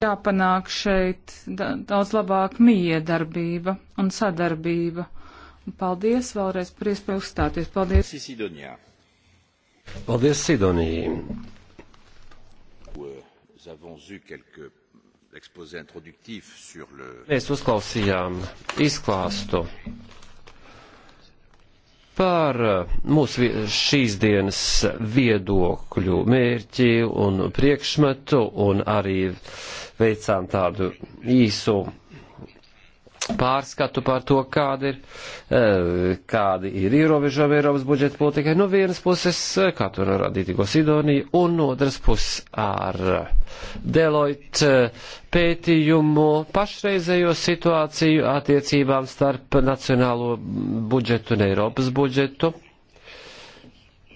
jāpanāk šeit daudz labāk miedarbība un sadarbība. Un paldies vēlreiz par iespēju uzstāties. Paldies, Sidonijā. Paldies, Sidonijā. Euh, Mēs uzklausījām izklāstu par uh, mūsu šīs dienas viedokļu mērķi un priekšmetu un arī veicām tādu īsu pārskatu par to, kāda ir, e, kādi ir ierobežojumi Eiropas budžeta politikai. No vienas puses, e, kā to norādīja Tigo Sidonija, un no otras puses ar e, Deloitte pētījumu pašreizējo situāciju attiecībām starp nacionālo budžetu un Eiropas budžetu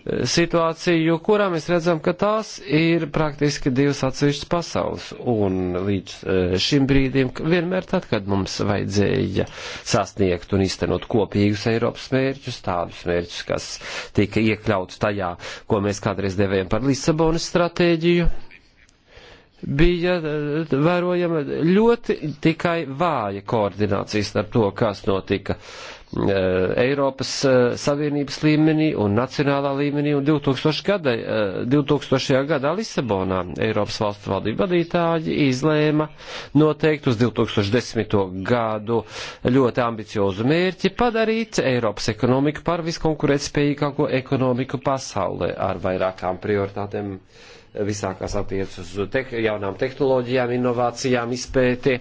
situāciju, kurā mēs redzam, ka tās ir praktiski divas atsevišķas pasaules. Un līdz e, šim brīdim vienmēr tad, kad mums vajadzēja sasniegt un iztenot kopīgus Eiropas mērķus, tādus mērķus, kas tika iekļauts tajā, ko mēs kādreiz devējam par Lisabonas stratēģiju, bija e, vērojama ļoti tikai vāja koordinācija starp to, kas notika Eh, Eiropas eh, Savienības līmenī un nacionālā līmenī, un 2000. Gada, 2000. Eh, gadā Lisabonā Eiropas valstu valdību vadītāji izlēma noteikt uz 2010. gadu ļoti ambiciozu mērķi padarīt Eiropas ekonomiku par viskonkurētspējīgāko ekonomiku pasaulē ar vairākām prioritātēm visā, kas attiec uz te jaunām tehnoloģijām, inovācijām, izpēti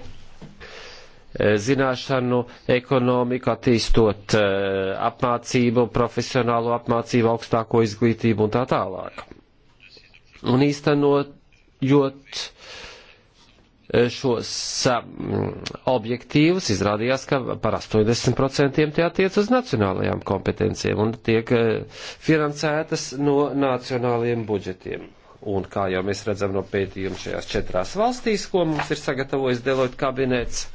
Eh, zināšanu ekonomiku, attīstot eh, apmācību, profesionālo apmācību, augstāko izglītību un tā tālāk. Un īstenojot eh, šos objektīvus, izrādījās, ka par 80% tie attiec uz nacionālajām kompetencijām un tiek finansētas no nacionālajiem budžetiem. Un kā jau mēs redzam no pētījuma šajās četrās valstīs, ko mums ir sagatavojis Deloitte kabinets,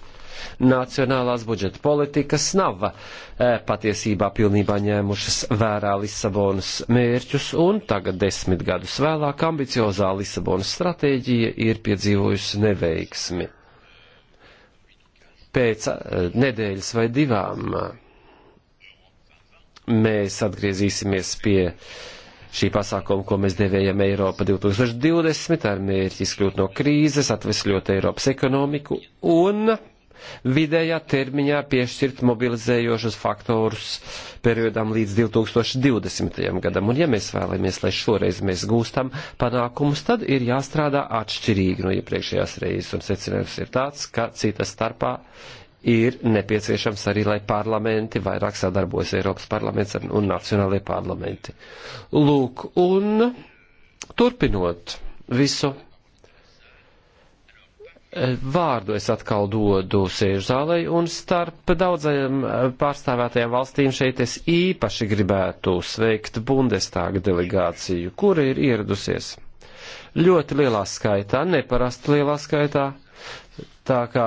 nacionālās budžeta politikas nav eh, patiesībā pilnībā ņēmušas vērā Lisabonas mērķus, un tagad desmit gadus vēlāk ambiciozā Lisabonas stratēģija ir piedzīvojusi neveiksmi. Pēc eh, nedēļas vai divām eh, mēs atgriezīsimies pie šī pasākuma, ko mēs devējam Eiropa 2020 ar mērķi izkļūt no krīzes, atvesļot Eiropas ekonomiku un vidējā termiņā piešķirt mobilizējošus faktorus periodam līdz 2020. gadam. Un ja mēs vēlamies, lai šoreiz mēs gūstam panākumus, tad ir jāstrādā atšķirīgi no iepriekšējās reizes. Un secinājums ir tāds, ka citas starpā ir nepieciešams arī, lai parlamenti vairāk sadarbojas Eiropas parlaments un nacionālajie parlamenti. Lūk, un turpinot visu Vārdu es atkal dodu sēžzālei, un starp daudzajām eh, pārstāvētajām valstīm šeit es īpaši gribētu sveikt Bundestāga delegāciju, kura ir ieradusies ļoti lielā skaitā, neparasti lielā skaitā, tā kā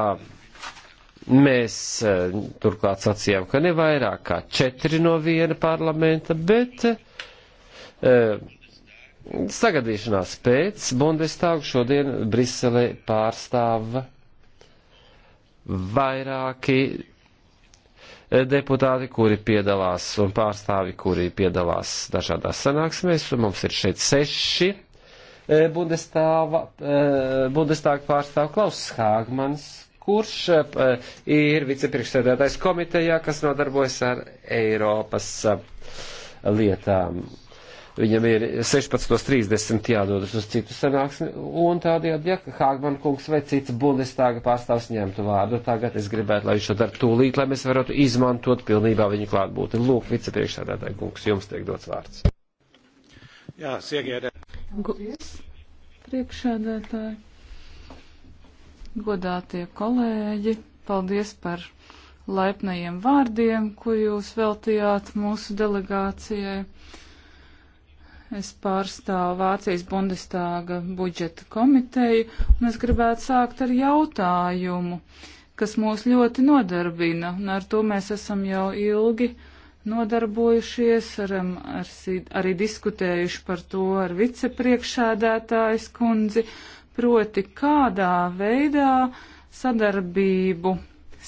mēs eh, turklāt sacījām, ka ne vairāk kā četri no viena parlamenta, bet. Uh, sagadīšanās pēc Bundestāgu šodien Briselē pārstāv vairāki deputāti, kuri piedalās un pārstāvi, kuri piedalās dažādās sanāksmēs, un mums ir šeit seši e, Bundestāva, e, Bundestāga pārstāv Klaus Hāgmans, kurš e, ir vicepriekšsēdētājs komitejā, kas nodarbojas ar Eiropas lietām viņam ir 16.30 jādodas uz citu sanāksmi, un tādējādi, ja Hāgman kungs vai cits bundestāga pārstāvs ņemtu vārdu, tagad es gribētu, lai viņš to darītu tūlīt, lai mēs varētu izmantot pilnībā viņa klātbūtni. Lūk, vicepriekšsēdētāji kungs, jums tiek dots vārds. Jā, siegiedē. Guds, priekšsēdētāji, godātie kolēģi, paldies par laipnajiem vārdiem, ko jūs veltījāt mūsu delegācijai. Es pārstāvu Vācijas Bundestāga budžeta komiteju, un es gribētu sākt ar jautājumu, kas mūs ļoti nodarbina, un ar to mēs esam jau ilgi nodarbojušies, ar, ar, arī diskutējuši par to ar vicepriekšēdētājas kundzi, proti kādā veidā sadarbību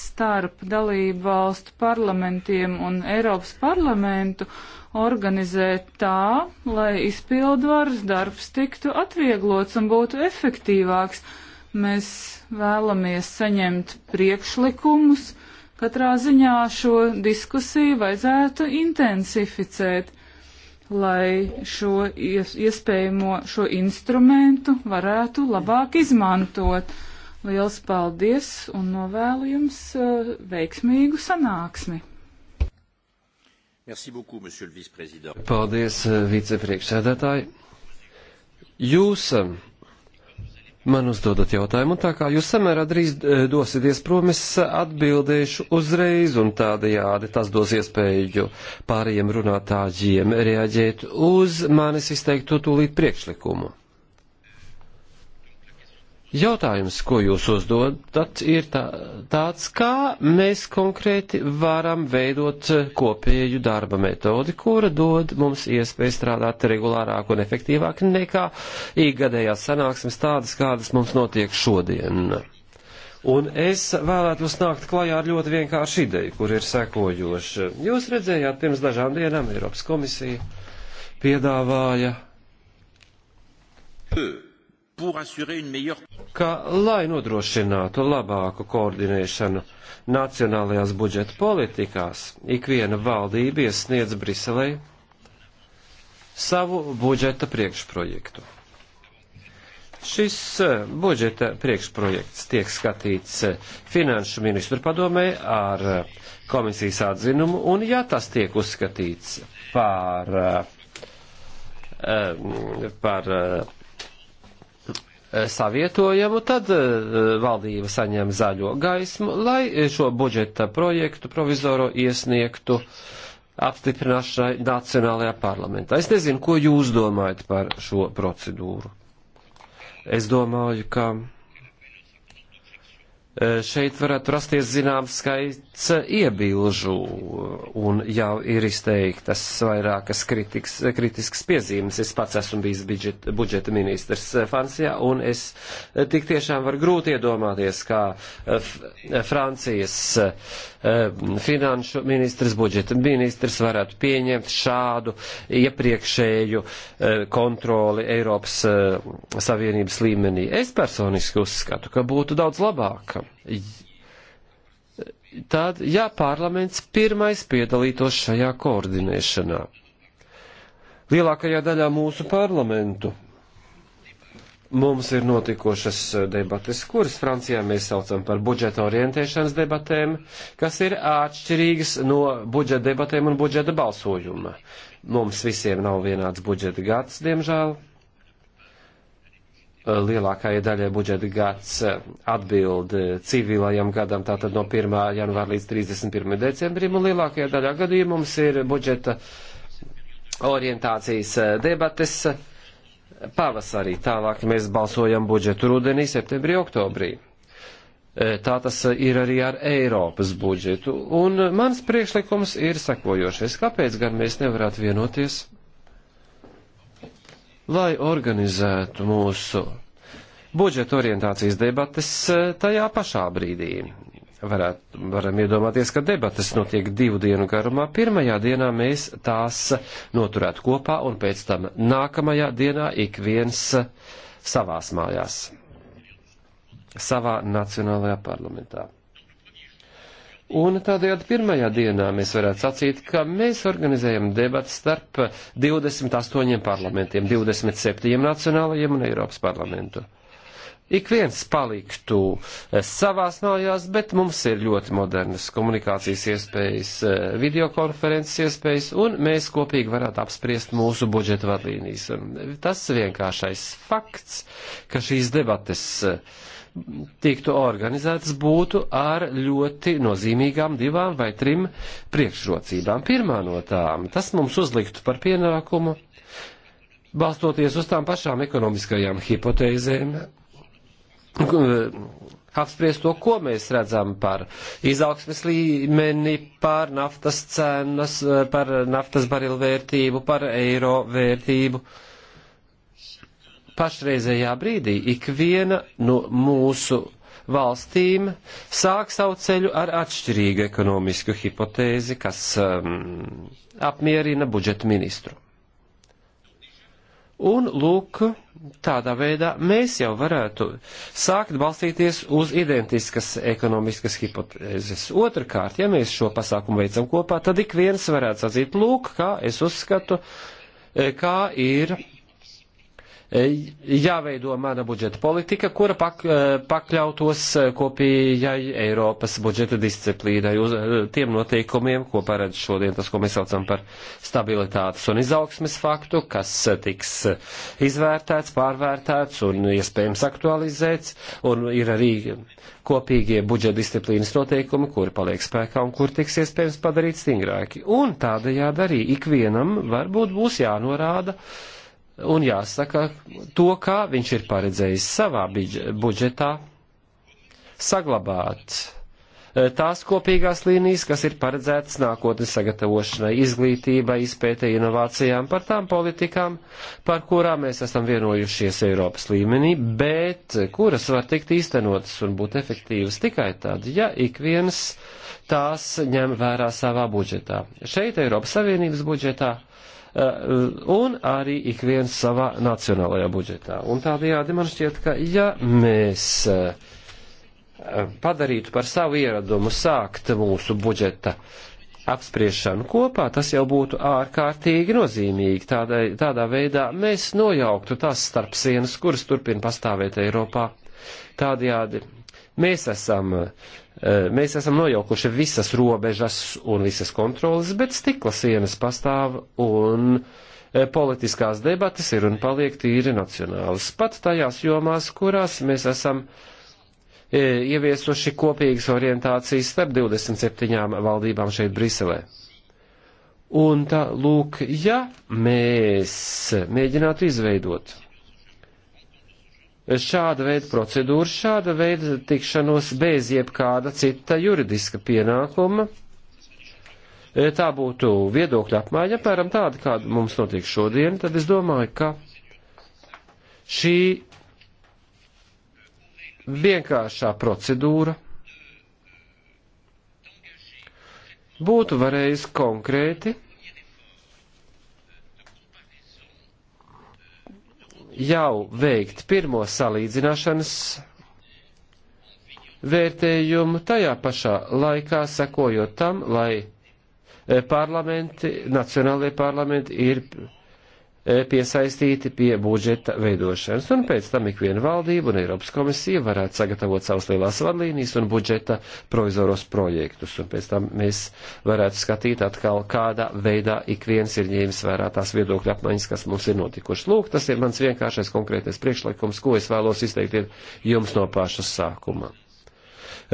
starp dalību valstu parlamentiem un Eiropas parlamentu organizēt tā, lai izpildvaras darbs tiktu atvieglots un būtu efektīvāks. Mēs vēlamies saņemt priekšlikumus. Katrā ziņā šo diskusiju vajadzētu intensificēt, lai šo iespējamo šo instrumentu varētu labāk izmantot Liels paldies un novēlu jums eh, veiksmīgu sanāksmi! Merci beaucoup, monsieur le vice-président. Paldies, eh, vicepriekšsēdētāji. Jūs eh, man uzdodat jautājumu, un tā kā jūs samērā drīz dosieties prom, es atbildēšu uzreiz, un tādajādi tas dos iespēju pārējiem runātājiem reaģēt uz manis izteikto tūlīt priekšlikumu. Jautājums, ko jūs uzdodat, ir tā, tāds, kā mēs konkrēti varam veidot kopēju darba metodi, kura dod mums iespēju strādāt regulārāk un efektīvāk nekā īgadējās sanāksmes tādas, kādas mums notiek šodien. Un es vēlētos nākt klajā ar ļoti vienkāršu ideju, kur ir sekojoša. Jūs redzējāt, pirms dažām dienām Eiropas komisija piedāvāja. P hm ka, lai nodrošinātu labāku koordinēšanu nacionālajās budžeta politikās, ikviena valdība iesniedz Briselei savu budžeta priekšprojektu. Šis eh, budžeta priekšprojekts tiek skatīts eh, Finanšu ministru padomē ar eh, komisijas atzinumu, un ja tas tiek uzskatīts par, par Eh, savietojamu, tad eh, valdība saņem zaļo gaismu, lai šo budžeta projektu provizoro iesniegtu apstiprināšanai Nacionālajā parlamentā. Es nezinu, ko jūs domājat par šo procedūru. Es domāju, ka eh, šeit varētu rasties zināms skaits Eh, iebilžu eh, un jau ir izteiktas vairākas kritikas, eh, kritiskas piezīmes. Es pats esmu bijis budžet, budžeta ministrs Francijā un es tik tiešām varu grūti iedomāties, kā Francijas finanšu ministrs, budžeta ministrs varētu pieņemt šādu iepriekšēju kontroli Eiropas Savienības līmenī. Es personiski uzskatu, ka būtu daudz labāk tad, ja parlaments pirmais piedalītos šajā koordinēšanā. Lielākajā daļā mūsu parlamentu mums ir notikušas eh, debates, kuras Francijā mēs saucam par budžeta orientēšanas debatēm, kas ir atšķirīgas no budžeta debatēm un budžeta balsojuma. Mums visiem nav vienāds budžeta gads, diemžēl. Eh, lielākajai daļai budžeta gads eh, atbild eh, civilajam gadam, tātad no 1. janvāra līdz 31. decembrim, un lielākajā daļā gadījumā mums ir budžeta orientācijas debates pavasarī. Tālāk mēs balsojam budžetu rudenī, septembrī, oktobrī. Tā tas ir arī ar Eiropas budžetu. Un mans priekšlikums ir sekojošais. Kāpēc gan mēs nevarētu vienoties? lai organizētu mūsu budžeta orientācijas debates eh, tajā pašā brīdī. Varētu, varam iedomāties, ka debatas notiek divu dienu garumā. Pirmajā dienā mēs tās noturētu kopā un pēc tam nākamajā dienā ik viens savās mājās, savā nacionālajā parlamentā. Un tādējādi pirmajā dienā mēs varētu sacīt, ka mēs organizējam debats starp 28 parlamentiem, 27 nacionālajiem un Eiropas parlamentu. Ik viens paliktu eh, savās mājās, bet mums ir ļoti modernas komunikācijas iespējas, eh, videokonferences iespējas, un mēs kopīgi varētu apspriest mūsu budžeta vadlīnijas. Tas vienkāršais fakts, ka šīs debates uh, tiktu organizētas, būtu ar ļoti nozīmīgām divām vai trim priekšrocībām. Pirmā no tām tas mums uzliktu par pienākumu, balstoties uz tām pašām ekonomiskajām hipotēzēm, apspriest to, ko mēs redzam par izaugsmes līmeni, par naftas cenas, par naftas barilu vērtību, par eiro vērtību. Uh, pašreizējā brīdī ikviena no mūsu valstīm sāk savu ceļu ar atšķirīgu ekonomisku hipotēzi, kas um, apmierina budžeta ministru. Un, lūk, tādā veidā mēs jau varētu sākt balstīties uz identiskas ekonomiskas hipotēzes. Otrakārt, ja mēs šo pasākumu veicam kopā, tad ik viens varētu sacīt, lūk, kā es uzskatu, e, kā ir jāveido mana budžeta politika, kura pak, eh, pakļautos eh, kopējai Eiropas budžeta disciplīnai uz eh, tiem noteikumiem, ko paredz šodien tas, ko mēs saucam par stabilitātes un izaugsmes faktu, kas tiks izvērtēts, pārvērtēts un iespējams aktualizēts, un ir arī kopīgie budžeta disciplīnas noteikumi, kuri paliek spēkā un kur tiks iespējams padarīt stingrāki. Un tādējādi arī ikvienam varbūt būs jānorāda, uh, un jāsaka to, kā viņš ir paredzējis savā budžetā saglabāt eh, tās kopīgās līnijas, kas ir paredzētas nākotnes sagatavošanai, izglītībai, izpētē, inovācijām, par tām politikām, par kurām mēs esam vienojušies Eiropas līmenī, bet kuras var tikt īstenotas un būt efektīvas tikai tad, ja ik viens tās ņem vērā savā budžetā. Šeit Eiropas Savienības budžetā Eh, un arī ik viens savā nacionālajā budžetā. Un tādējādi man šķiet, ka ja mēs eh, padarītu par savu ieradumu sākt mūsu budžeta apspriešanu kopā, tas jau būtu ārkārtīgi nozīmīgi. Tādai, tādā veidā mēs nojauktu tās starp sienas, kuras turpina pastāvēt Eiropā. Tādējādi mēs esam uh, Eh, mēs esam nojaukuši visas robežas un visas kontrolas, bet stikla sienas pastāv un eh, politiskās debatas ir un paliek tīri nacionālas. Pat tajās jomās, kurās mēs esam eh, ieviesuši kopīgas orientācijas starp 27 valdībām šeit Briselē. Un tā, lūk, ja mēs mēģinātu izveidot šāda veida procedūra, šāda veida tikšanos bez jebkāda cita juridiska pienākuma. E, tā būtu viedokļa apmaiņa, apmēram tāda, kāda mums notiek šodien, tad es domāju, ka šī vienkāršā procedūra būtu varējis konkrēti jau veikt pirmo salīdzināšanas vērtējumu tajā pašā laikā, sekojot tam, lai eh, parlamenti, nacionālajie parlamenti ir E, piesaistīti pie budžeta veidošanas, un pēc tam ikviena valdība un Eiropas komisija varētu sagatavot savas lielās vadlīnijas un budžeta provizoros projektus, un pēc tam mēs varētu skatīt atkal, kādā veidā ik viens ir ņēmis vērā tās viedokļa apmaiņas, kas mums ir notikušas. Lūk, tas ir mans vienkāršais konkrētais priekšlikums, ko es vēlos izteikt jums no paša sākuma.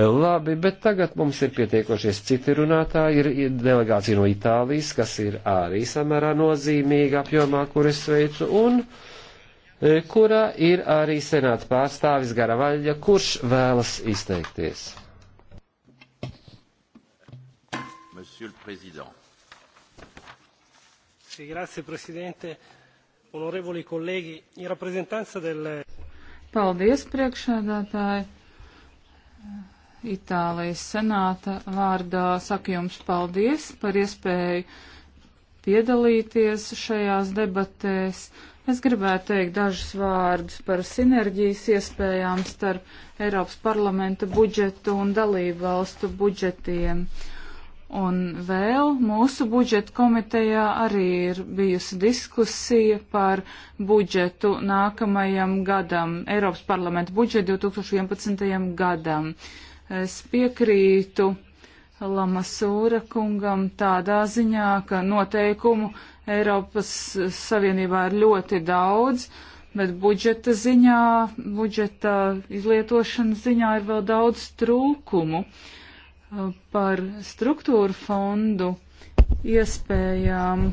Labi, bet tagad mums ir pietiekošies citi runātāji. Ir delegācija no Itālijas, kas ir arī samērā nozīmīga apjomā, kur es sveicu, un e, kurā ir arī senāta pārstāvis Garavaļa, kurš vēlas izteikties. Monsieur le Président. Sì, grazie Presidente. Onorevoli colleghi, in rappresentanza del. Paldies, priekšsēdētāji. Itālijas senāta vārdā saku jums paldies par iespēju piedalīties šajās debatēs. Es gribētu teikt dažus vārdus par sinerģijas iespējām starp Eiropas parlamenta budžetu un dalību valstu budžetiem. Un vēl mūsu budžeta komitejā arī ir bijusi diskusija par budžetu nākamajam gadam, Eiropas parlamenta budžetu 2011. gadam Es piekrītu Lamasūra kungam tādā ziņā, ka noteikumu Eiropas Savienībā ir ļoti daudz, bet budžeta ziņā, budžeta izlietošanas ziņā ir vēl daudz trūkumu par struktūru fondu iespējām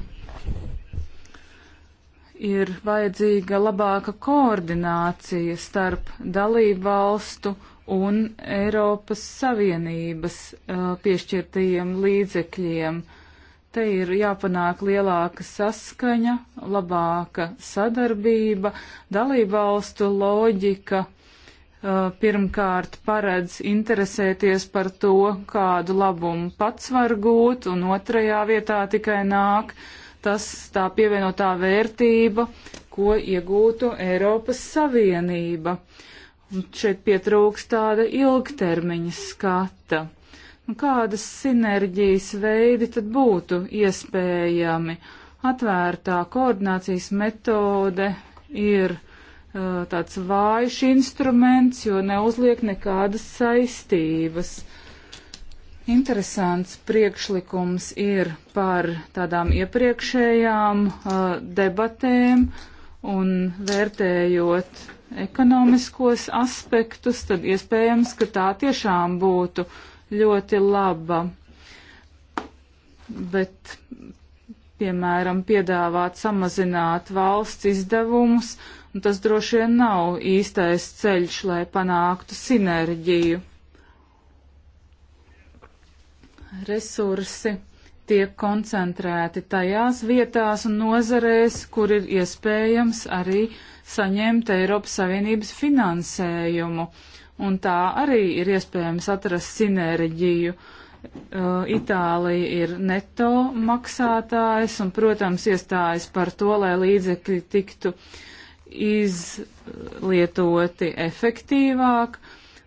ir vajadzīga labāka koordinācija starp dalību valstu un Eiropas Savienības uh, piešķirtajiem līdzekļiem. Te ir jāpanāk lielāka saskaņa, labāka sadarbība, dalībvalstu loģika uh, pirmkārt paredz interesēties par to, kādu labumu pats var gūt, un otrajā vietā tikai nāk tas tā pievienotā vērtība, ko iegūtu Eiropas Savienība. Uh, Un šeit pietrūkst tāda ilgtermiņa skata. Un nu, kādas sinerģijas veidi tad būtu iespējami? Atvērtā koordinācijas metode ir uh, tāds vājš instruments, jo neuzliek nekādas saistības. Interesants priekšlikums ir par tādām iepriekšējām uh, debatēm un vērtējot ekonomiskos aspektus, tad iespējams, ka tā tiešām būtu ļoti laba. Bet, piemēram, piedāvāt samazināt valsts izdevumus, un tas droši vien nav īstais ceļš, lai panāktu sinerģiju. Resursi tiek koncentrēti tajās vietās un nozarēs, kur ir iespējams arī uh, saņemt Eiropas Savienības finansējumu, un tā arī ir iespējams atrast sinerģiju. Uh, Itālija ir neto maksātājs un, protams, iestājas par to, lai līdzekļi tiktu izlietoti efektīvāk,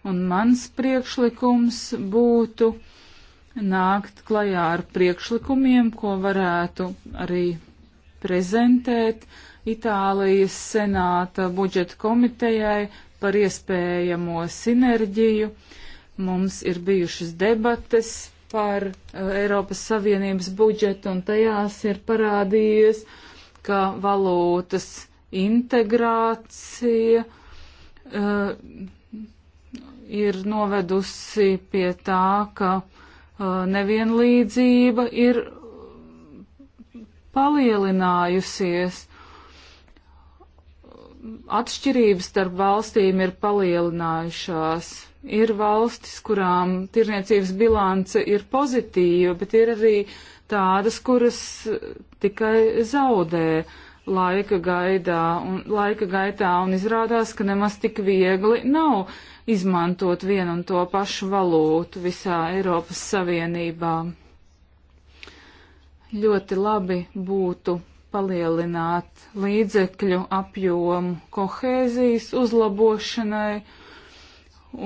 un mans priekšlikums būtu nākt klajā ar priekšlikumiem, ko varētu arī prezentēt, uh, Itālijas senāta budžeta komitejai par iespējamo sinerģiju. Mums ir bijušas debates par uh, Eiropas Savienības budžetu, un tajās ir parādījies, ka valūtas integrācija uh, ir novedusi pie tā, ka uh, nevienlīdzība ir palielinājusies atšķirības starp valstīm ir palielinājušās. Ir valstis, kurām tirniecības bilance ir pozitīva, bet ir arī tādas, kuras tikai zaudē laika, gaidā un, laika gaitā un izrādās, ka nemaz tik viegli nav izmantot vienu un to pašu valūtu visā Eiropas Savienībā. Ļoti labi būtu palielināt līdzekļu apjomu kohēzijas uzlabošanai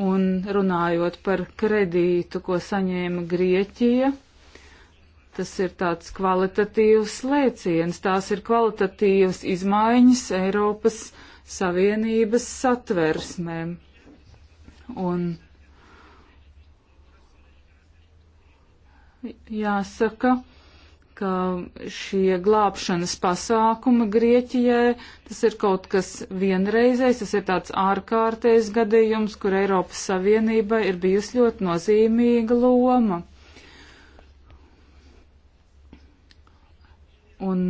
un runājot par kredītu, ko saņēma Grieķija. Tas ir tāds kvalitatīvs lēciens, tās ir kvalitatīvas izmaiņas Eiropas Savienības satversmēm. Un jāsaka, ka šie glābšanas pasākumi Grieķijai, tas ir kaut kas vienreizējs, tas ir tāds ārkārtējs gadījums, kur Eiropas Savienībai ir bijusi ļoti nozīmīga loma. Un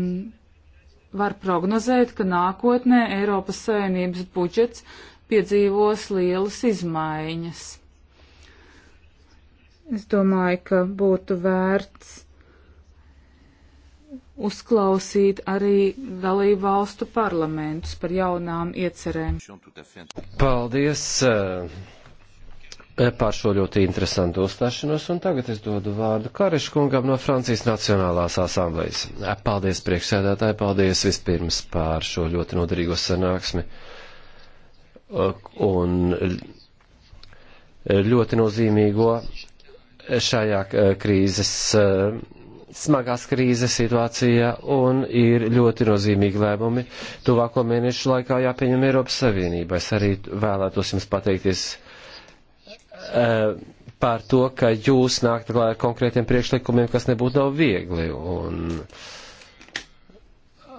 var prognozēt, ka nākotnē Eiropas Savienības budžets piedzīvos lielas izmaiņas. Es domāju, ka būtu vērts uzklausīt arī dalību valstu parlamentus par jaunām iecerēm. Paldies eh, par šo ļoti interesantu uzstāšanos, un tagad es dodu vārdu Kareškungam no Francijas Nacionālās asamblejas. Eh, paldies priekšsēdētāji, paldies vispirms par šo ļoti noderīgo sanāksmi. Eh, un ļoti nozīmīgo šajā krīzes smagās krīzes situācijā un ir ļoti nozīmīgi lēmumi tuvāko mēnešu laikā jāpieņem Eiropas Savienībai. Es arī vēlētos jums pateikties uh, par to, ka jūs nākt klāt ar konkrētiem priekšlikumiem, kas nebūtu nav viegli. Un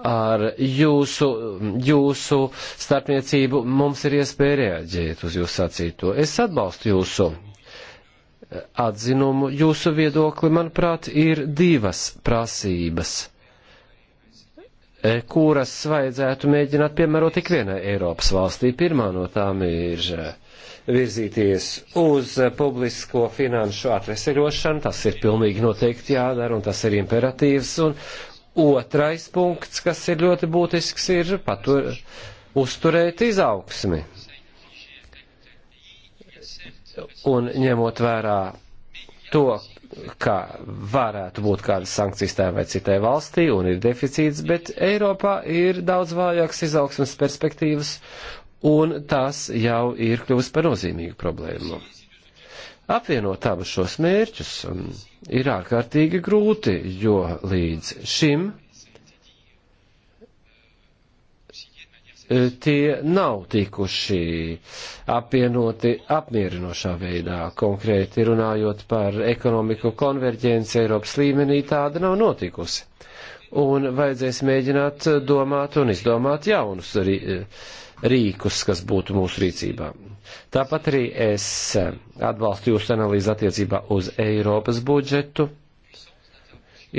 ar jūsu, jūsu starpniecību mums ir iespēja reaģēt uz jūsu sacīto. Es atbalstu jūsu atzinumu. Jūsu viedokli, manuprāt, ir divas prasības, e, kuras vajadzētu mēģināt piemērot tik vienai Eiropas valstī. Pirmā no tām ir e, virzīties uz e, publisko finanšu atveseļošanu, tas ir pilnīgi noteikti jādara un tas ir imperatīvs. Un otrais punkts, kas ir ļoti būtisks, ir patur, uzturēt izaugsmi un ņemot vērā to, kā varētu būt kādas sankcijas tā vai citai valstī un ir deficīts, bet Eiropā ir daudz vājāks izaugsmas perspektīvas un tās jau ir kļuvusi par nozīmīgu problēmu. Apvienot abus šos mērķus um, ir ārkārtīgi grūti, jo līdz šim E, tie nav tikuši apvienoti apmierinošā veidā. Konkrēti runājot par ekonomiku konverģenci Eiropas līmenī, tāda nav notikusi. Un vajadzēs mēģināt domāt un izdomāt jaunus e, rīkus, kas būtu mūsu rīcībā. Tāpat arī es e, atbalstu jūsu analīzi attiecībā uz Eiropas budžetu.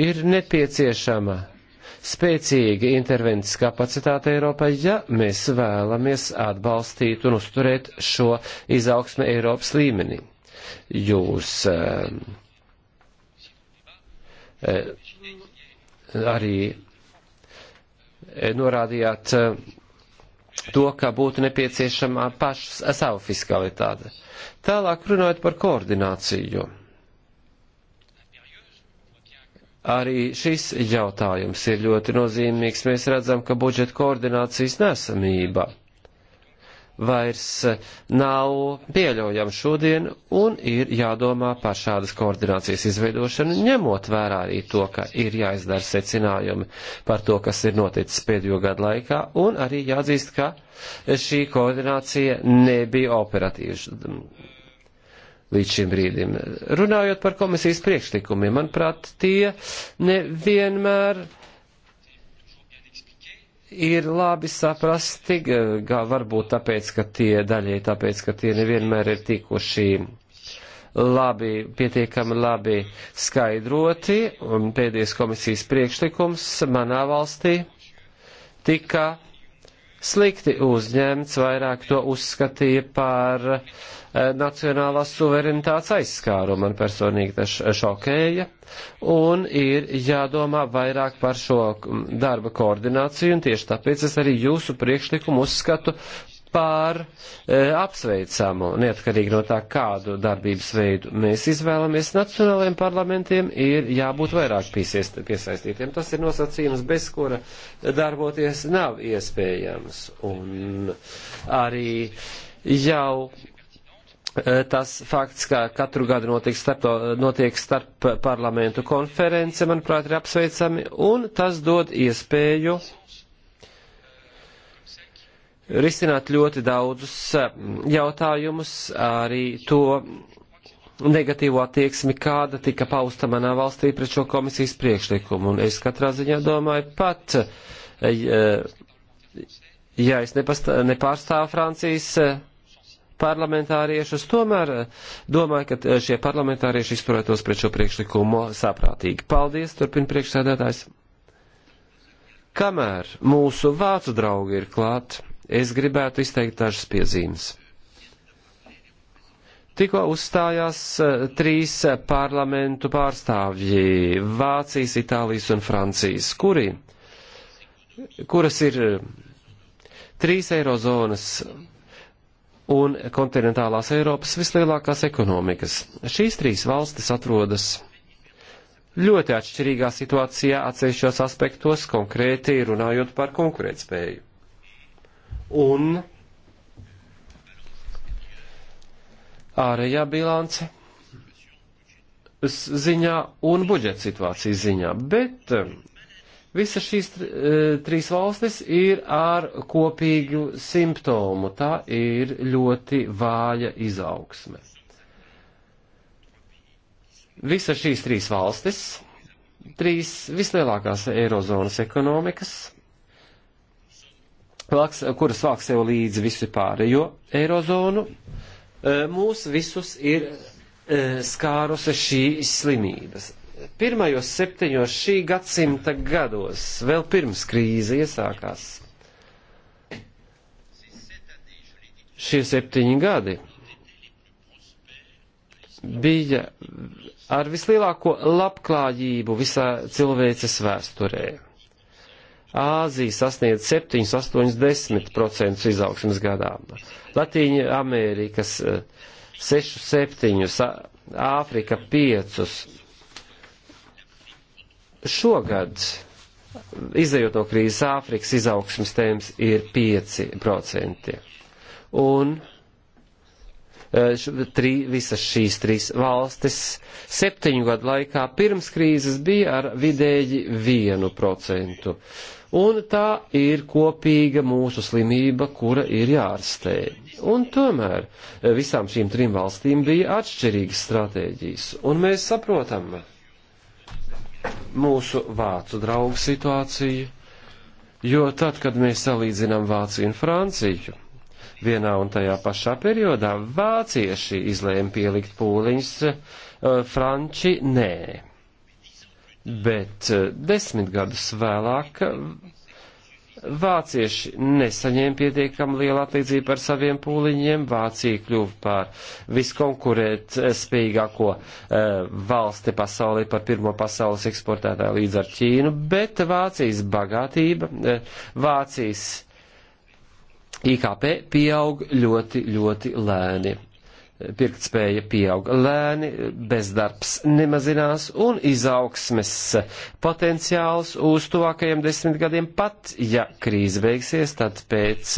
Ir nepieciešama spēcīga intervences kapacitāte Eiropai, ja mēs vēlamies atbalstīt un uzturēt šo izaugsmi Eiropas līmenī. Jūs eh, eh, arī eh, norādījāt to, ka būtu nepieciešama paša savu fiskalitāte. Tālāk runājot par koordināciju. Arī šis jautājums ir ļoti nozīmīgs. Mēs redzam, ka budžeta koordinācijas nesamība vairs eh, nav pieļaujama šodien un ir jādomā par šādas koordinācijas izveidošanu, ņemot vērā arī to, ka ir jāizdara secinājumi par to, kas ir noticis pēdējo gadu laikā, un arī jāatzīst, ka šī koordinācija nebija operatīva līdz šim brīdim. Runājot par komisijas priekšlikumiem, manuprāt, tie nevienmēr ir labi saprasti, kā varbūt tāpēc, ka tie daļai, tāpēc, ka tie nevienmēr ir tikuši labi, pietiekami labi skaidroti, un pēdējais komisijas priekšlikums manā valstī tika slikti uzņemts, vairāk to uzskatīja par uh, Eh, nacionālās suverenitātes aizskāru. Man personīgi tas šokēja. Un ir jādomā vairāk par šo mm, darba koordināciju, un tieši tāpēc es arī jūsu priekšlikumu uzskatu par e, apsveicamu, neatkarīgi no tā, kādu darbības veidu mēs izvēlamies. Nacionālajiem parlamentiem ir jābūt vairāk piesiest, piesaistītiem. Tas ir nosacījums, bez kura darboties nav iespējams. Un arī jau Eh, tas fakts, ka katru gadu notiek starp, notiek starp parlamentu konference, manuprāt, ir apsveicami, un tas dod iespēju risināt ļoti daudzus eh, jautājumus, arī to negatīvo attieksmi, kāda tika pausta manā valstī pret šo komisijas priekšlikumu. Un es katrā ziņā domāju, pat, eh, ja es nepastāv, nepārstāvu Francijas parlamentāriešus, tomēr eh, domāju, ka eh, šie parlamentārieši izturētos pret šo priekšlikumu saprātīgi. Paldies, turpina priekšsēdētājs. Kamēr mūsu vācu draugi ir klāt, es gribētu izteikt dažas piezīmes. Tikko uzstājās eh, trīs parlamentu pārstāvji - Vācijas, Itālijas un Francijas, kuri, kuras ir trīs eirozonas un kontinentālās Eiropas vislielākās ekonomikas. Šīs trīs valstis atrodas ļoti atšķirīgā situācijā atsevišķos aspektos, konkrēti runājot par konkurētspēju. Un ārējā bilance ziņā un budžeta situācijas ziņā, bet Visas šīs e, trīs valstis ir ar kopīgu simptomu. Tā ir ļoti vāja izaugsme. Visas šīs trīs valstis, trīs vislielākās eirozonas ekonomikas, laks, kuras vāk sev līdzi visu pārējo eirozonu, e, mūs visus ir e, skārusi šīs slimības pirmajos septiņos šī gadsimta gados, vēl pirms krīze iesākās, šie septiņi gadi bija ar vislielāko labklājību visā cilvēces vēsturē. Āzija sasniedz 7, 8, 10% izaugsmas gadā. Latīņa Amerikas 6, eh, 7, Āfrika 5, Šogad, izējot no krīzes, Āfrikas izaugsmas tēmas ir 5%. Un e, tri, visas šīs trīs valstis septiņu gadu laikā pirms krīzes bija ar vidēji vienu procentu. Un tā ir kopīga mūsu slimība, kura ir jārastē. Un tomēr e, visām šīm trim valstīm bija atšķirīgas stratēģijas. Un mēs saprotam, mūsu vācu draugu situāciju, jo tad, kad mēs salīdzinām Vāciju un Franciju, vienā un tajā pašā periodā vācieši izlēma pielikt pūliņus, eh, franči nē. Bet eh, desmit gadus vēlāk Vācieši nesaņēma pietiekami lielu atlīdzību par saviem pūliņiem, Vācija kļuva par viskonkurēt spējīgāko e, eh, valsti pasaulē, par pirmo pasaules eksportētāju līdz ar Ķīnu, bet Vācijas bagātība, e, Vācijas IKP pieaug ļoti, ļoti lēni pirktspēja pieaug lēni, bezdarbs nemazinās un izaugsmes potenciāls uz tuvākajiem desmit gadiem pat, ja krīze beigsies, tad pēc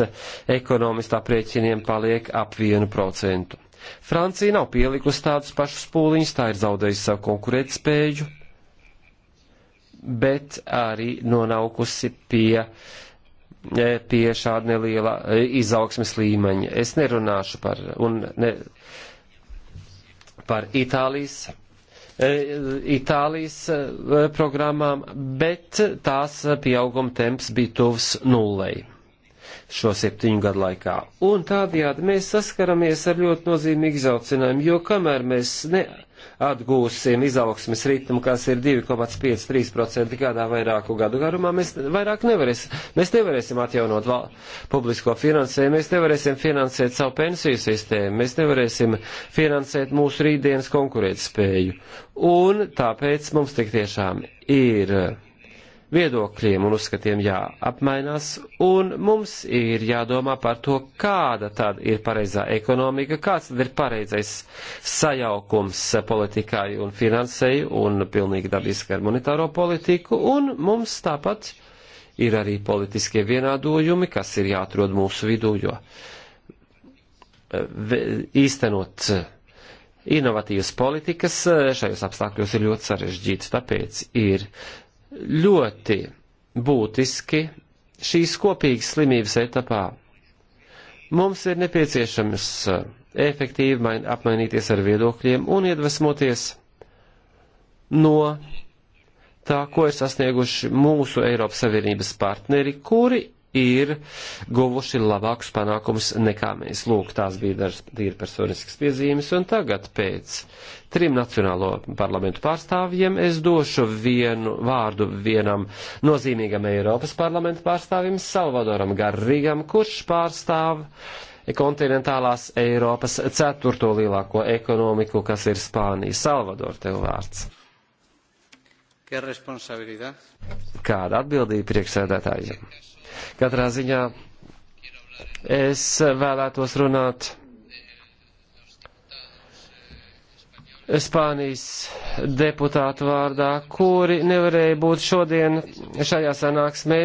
ekonomista aprēķiniem paliek ap vienu procentu. Francija nav pielikusi tādus pašus pūliņus, tā ir zaudējusi savu konkurētspēju, bet arī nonākusi pie uh, pie šāda neliela e, izaugsmes līmeņa. Es nerunāšu par, un ne, par Itālijas e, Itālijas e, programmām, bet tās pieauguma temps bija tuvs nulei šo septiņu gadu laikā. Un tādējādi mēs saskaramies ar ļoti nozīmīgu izaucinājumu, jo kamēr mēs ne, atgūsim izaugsmes ritmu, kas ir 2,53% gadā vairāku gadu garumā, mēs vairāk nevarēs, mēs nevarēsim atjaunot val, publisko finansējumu, mēs nevarēsim finansēt savu pensiju sistēmu, mēs nevarēsim finansēt mūsu rītdienas konkurētspēju. Un tāpēc mums tik tiešām ir viedokļiem un uzskatiem jāapmainās, un mums ir jādomā par to, kāda tad ir pareizā ekonomika, kāds tad ir pareizais sajaukums politikai un finansēju un pilnīgi dabiski ar monetāro politiku, un mums tāpat ir arī politiskie vienādojumi, kas ir jāatrod mūsu vidū, jo eh, īstenot eh, inovatīvas politikas eh, šajos apstākļos ir ļoti sarežģīts, tāpēc ir ļoti būtiski šīs kopīgas slimības etapā. Mums ir nepieciešams eh, efektīvi apmainīties ar viedokļiem un iedvesmoties no tā, ko ir sasnieguši mūsu Eiropas Savienības partneri, kuri ir guvuši labākus panākumus nekā mēs. Lūk, tās bija dažas tīri personiskas piezīmes, un tagad pēc trim nacionālo parlamentu pārstāvjiem es došu vienu vārdu vienam nozīmīgam Eiropas parlamentu pārstāvim, Salvadoram Garrigam, kurš pārstāv kontinentālās Eiropas ceturto lielāko ekonomiku, kas ir Spānija. Salvador, tev vārds kāda atbildība priekšsēdētājiem. Katrā ziņā es vēlētos runāt Spānijas deputātu vārdā, kuri nevarēja būt šodien šajā sanāksmē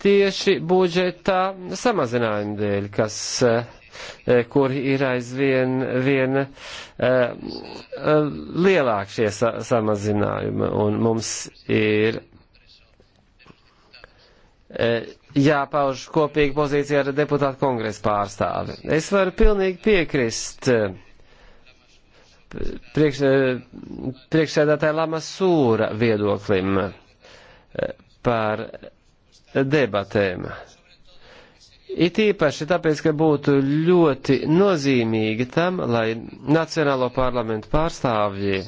tieši budžeta samazinājuma dēļ, kas, eh, kur ir aizvien vien, eh, lielāk šie samazinājumi. Un mums ir E, jāpauž kopīga pozīcija ar deputātu kongresa pārstāvi. Es varu pilnīgi piekrist e, priekš, e, priekšsēdētāja Lama Sūra viedoklim par debatēm. It īpaši tāpēc, ka būtu ļoti nozīmīgi tam, lai Nacionālo parlamentu pārstāvji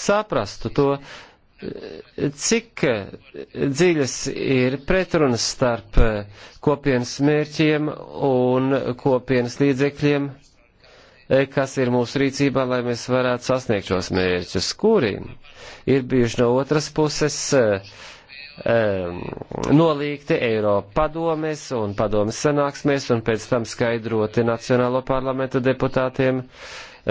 saprastu to, cik dziļas ir pretrunas starp kopienas mērķiem un kopienas līdzekļiem, kas ir mūsu rīcībā, lai mēs varētu sasniegt šos mērķus, kuri ir bijuši no otras puses ehm, nolīgti Eiropa padomes un padomes sanāksmēs un pēc tam skaidroti Nacionālo parlamentu deputātiem. Uh,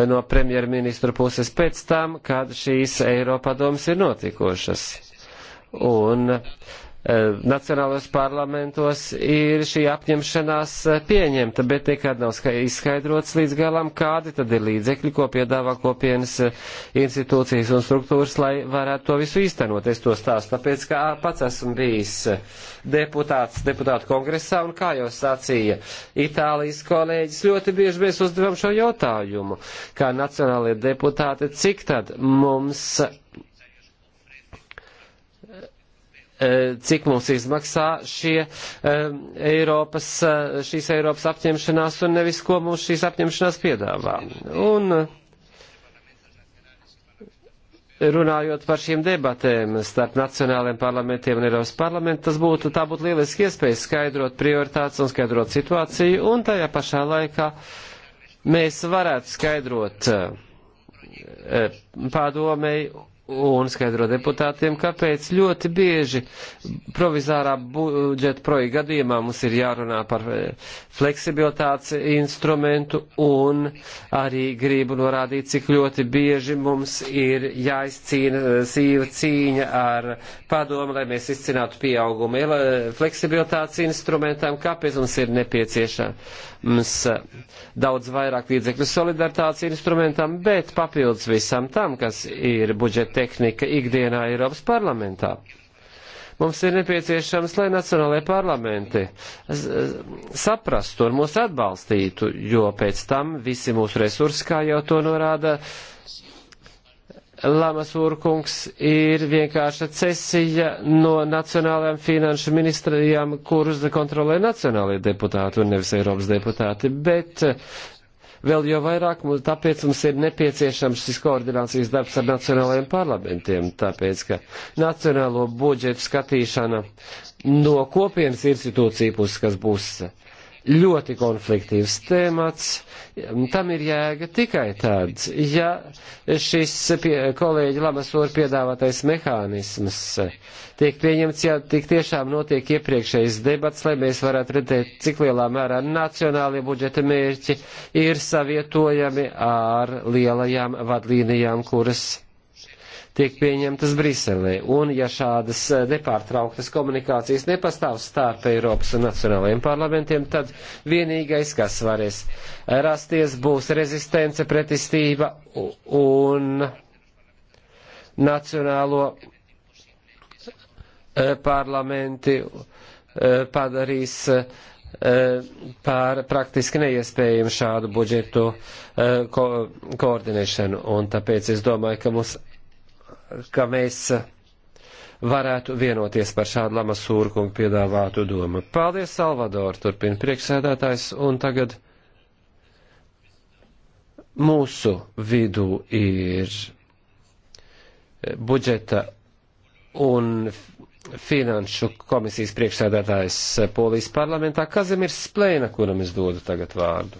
no premjerministra puses pēc tam, kad šīs Eiropadomas ir notikušas. Un uh, Eh, nacionālajos parlamentos ir šī apņemšanās eh, pieņemta, bet nekad nav izskaidrots līdz galam, kādi tad ir līdzekļi, ko piedāvā kopienas eh, institūcijas un struktūras, lai varētu to visu īstenot. Es to stāstu, tāpēc, ka pats esmu bijis deputāts deputātu kongresā un, kā jau sacīja Itālijas kolēģis, ļoti bieži mēs uzdevam šo jautājumu, kā nacionālie deputāti, cik tad mums Eh, cik mums izmaksā šie eh, Eiropas, eh, šīs Eiropas apņemšanās un nevis, ko mums šīs apņemšanās piedāvā. Un runājot par šīm debatēm starp nacionāliem parlamentiem un Eiropas parlamentu, tas būtu, tā būtu lieliski iespēja skaidrot prioritātes un skaidrot situāciju, un tajā pašā laikā mēs varētu skaidrot padomēji un skaidro deputātiem, kāpēc ļoti bieži provizārā budžeta projekta gadījumā mums ir jārunā par eh, fleksibilitātes instrumentu un arī gribu norādīt, cik ļoti bieži mums ir jāizcīna eh, sīva cīņa ar padomu, lai mēs izcinātu pieaugumu eh, fleksibilitātes instrumentam, kāpēc mums ir nepieciešama mums eh, daudz vairāk līdzekļu solidaritātes instrumentam, bet papildus visam tam, kas ir budžeta tehnika ikdienā Eiropas parlamentā. Mums ir nepieciešams, lai nacionālajie parlamenti eh, saprastu un mūs atbalstītu, jo pēc tam visi mūsu resursi, kā jau to norāda, uh, Lamasūrkungs ir vienkārša cesija no nacionālajām finanšu ministrijām, kuras kontrolē nacionālajie deputāti un nevis Eiropas deputāti, bet eh, vēl jau vairāk, tāpēc mums ir nepieciešams šis koordinācijas darbs ar nacionālajiem parlamentiem, tāpēc, ka nacionālo budžetu skatīšana no kopienas institūcija puses, kas būs uh, ļoti konfliktīvs tēmats. Tam ir jēga tikai tāds, ja šis pie, kolēģi Lamasūra piedāvātais mehānisms tiek pieņemts, ja tik tiešām notiek iepriekšējais debats, lai mēs varētu redzēt, cik lielā mērā nacionālie budžeta mērķi ir savietojami ar lielajām vadlīnijām, kuras tiek pieņemtas Briselē. Un ja šādas eh, nepārtrauktas komunikācijas nepastāv starp Eiropas un nacionālajiem parlamentiem, tad vienīgais, kas varēs rasties, būs rezistence, pretestība un nacionālo eh, parlamenti eh, padarīs pār praktiski neiespējumu šādu budžetu ko koordinēšanu. Un tāpēc es domāju, ka mums ka mēs varētu vienoties par šādu Lamasūru kungu piedāvātu domu. Paldies, Salvador, turpina priekšsēdētājs, un tagad mūsu vidū ir budžeta un finanšu komisijas priekšsēdētājs Polijas parlamentā Kazimirs Splēna, kuram es dodu tagad vārdu.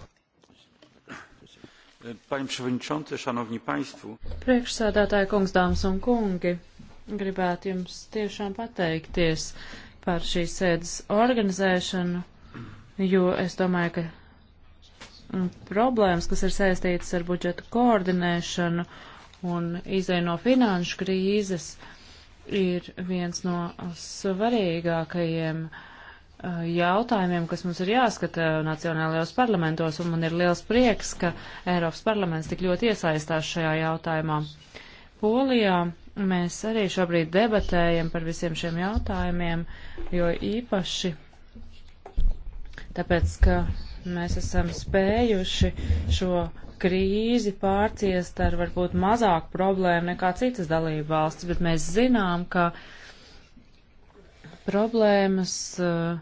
Priekšsēdētāji kungs, dāmas un kungi, gribētu jums tiešām pateikties par šīs sēdes organizēšanu, jo es domāju, ka mm, problēmas, kas ir saistītas ar budžetu koordinēšanu un izēju no finanšu krīzes, ir viens no svarīgākajiem uh, jautājumiem, kas mums ir jāskata nacionālajos parlamentos, un man ir liels prieks, ka Eiropas parlaments tik ļoti iesaistās šajā jautājumā. Polijā mēs arī šobrīd debatējam par visiem šiem jautājumiem, jo īpaši tāpēc, ka mēs esam spējuši šo krīzi pārciest ar varbūt mazāk problēmu nekā citas dalība valsts, bet mēs zinām, ka problēmas uh,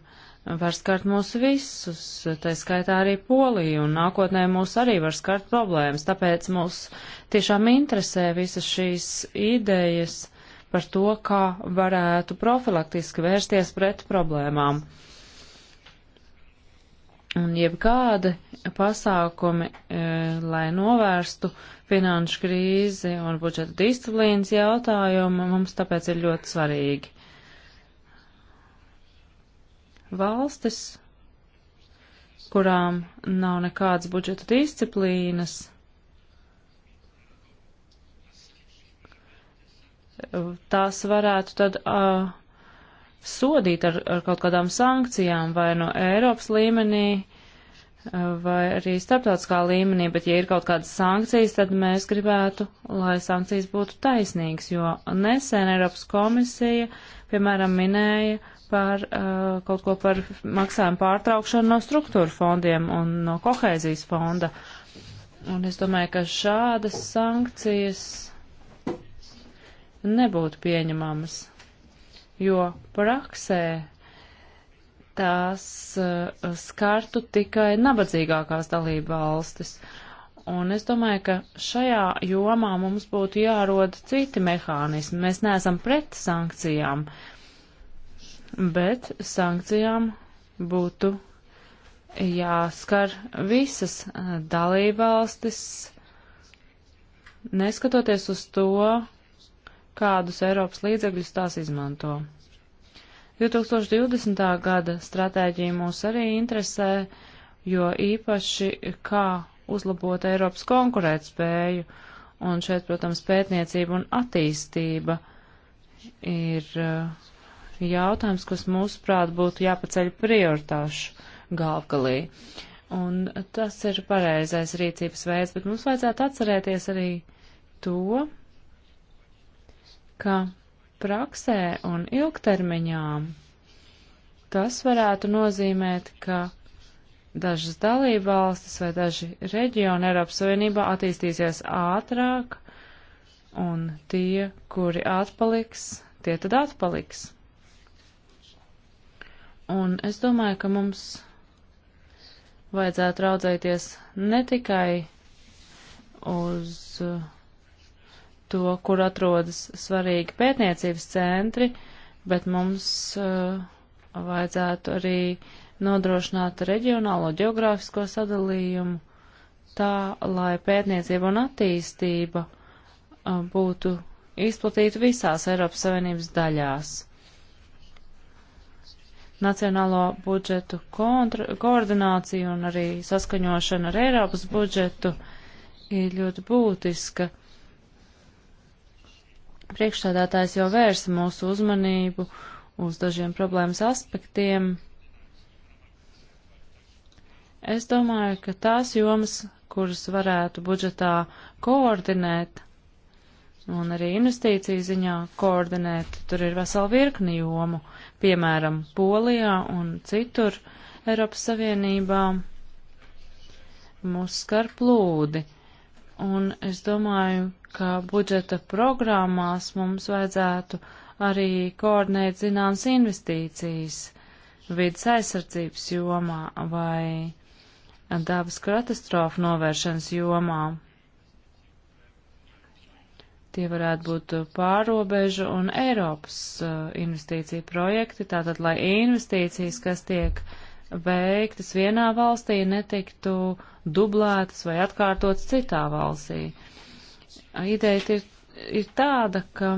var skart mūs visus, tā skaitā arī Poliju, un nākotnē mūs arī var skart problēmas. Tāpēc mūs tiešām interesē visas šīs idejas par to, kā varētu profilaktiski vērsties pret problēmām. Un jebkādi pasākumi, e, lai novērstu finanšu krīzi un budžeta disciplīnas jautājumu, mums tāpēc ir ļoti svarīgi. Valstis, kurām nav nekādas budžeta disciplīnas, tās varētu tad uh, sodīt ar, ar kaut kādām sankcijām vai no Eiropas līmenī vai arī starptautiskā līmenī, bet ja ir kaut kādas sankcijas, tad mēs gribētu, lai sankcijas būtu taisnīgas, jo nesen Eiropas komisija, piemēram, minēja par uh, kaut ko par maksājumu pārtraukšanu no struktūra fondiem un no kohēzijas fonda. Un es domāju, ka šādas sankcijas nebūtu pieņemamas, jo praksē tās uh, skartu tikai nabadzīgākās dalība valstis. Un es domāju, ka šajā jomā mums būtu jāroda citi mehānismi. Mēs neesam pret sankcijām. Uh, bet sankcijām būtu jāskar visas eh, dalībvalstis, neskatoties uz to, kādus Eiropas līdzekļus tās izmanto. 2020. gada stratēģija mūs arī interesē, jo īpaši kā uzlabot Eiropas konkurētspēju, un šeit, protams, pētniecība un attīstība ir uh, jautājums, kas mūsuprāt būtu jāpaceļ prioritāšu galvgalī. Un tas ir pareizais rīcības veids, bet mums vajadzētu atcerēties arī to, ka praksē un ilgtermiņā tas varētu nozīmēt, ka dažas dalībvalstis vai daži reģioni Eiropas Savienībā attīstīsies ātrāk, un tie, kuri atpaliks, tie tad atpaliks. Un es domāju, ka mums vajadzētu raudzēties ne tikai uz uh, to, kur atrodas svarīgi pētniecības centri, bet mums uh, vajadzētu arī nodrošināt reģionālo geogrāfisko sadalījumu tā, lai pētniecība un attīstība uh, būtu izplatīta visās Eiropas Savienības daļās nacionālo budžetu kontra, koordināciju un arī saskaņošana ar Eiropas budžetu ir ļoti būtiska. Priekšstādātājs jau vērsa mūsu uzmanību uz dažiem problēmas aspektiem. Es domāju, ka tās jomas, kuras varētu budžetā koordinēt, un arī investīciju ziņā koordinēt. Tur ir vesela virkni jomu, piemēram, Polijā un citur Eiropas Savienībā mūs skar plūdi. Un es domāju, ka budžeta programmās mums vajadzētu arī koordinēt zināmas investīcijas vidas aizsardzības jomā vai dabas katastrofu novēršanas jomā Tie varētu būt pārobežu un Eiropas eh, investīciju projekti, tātad, lai investīcijas, kas tiek veiktas vienā valstī, netiktu dublētas vai atkārtotas citā valstī. Ideja ir, ir tāda, ka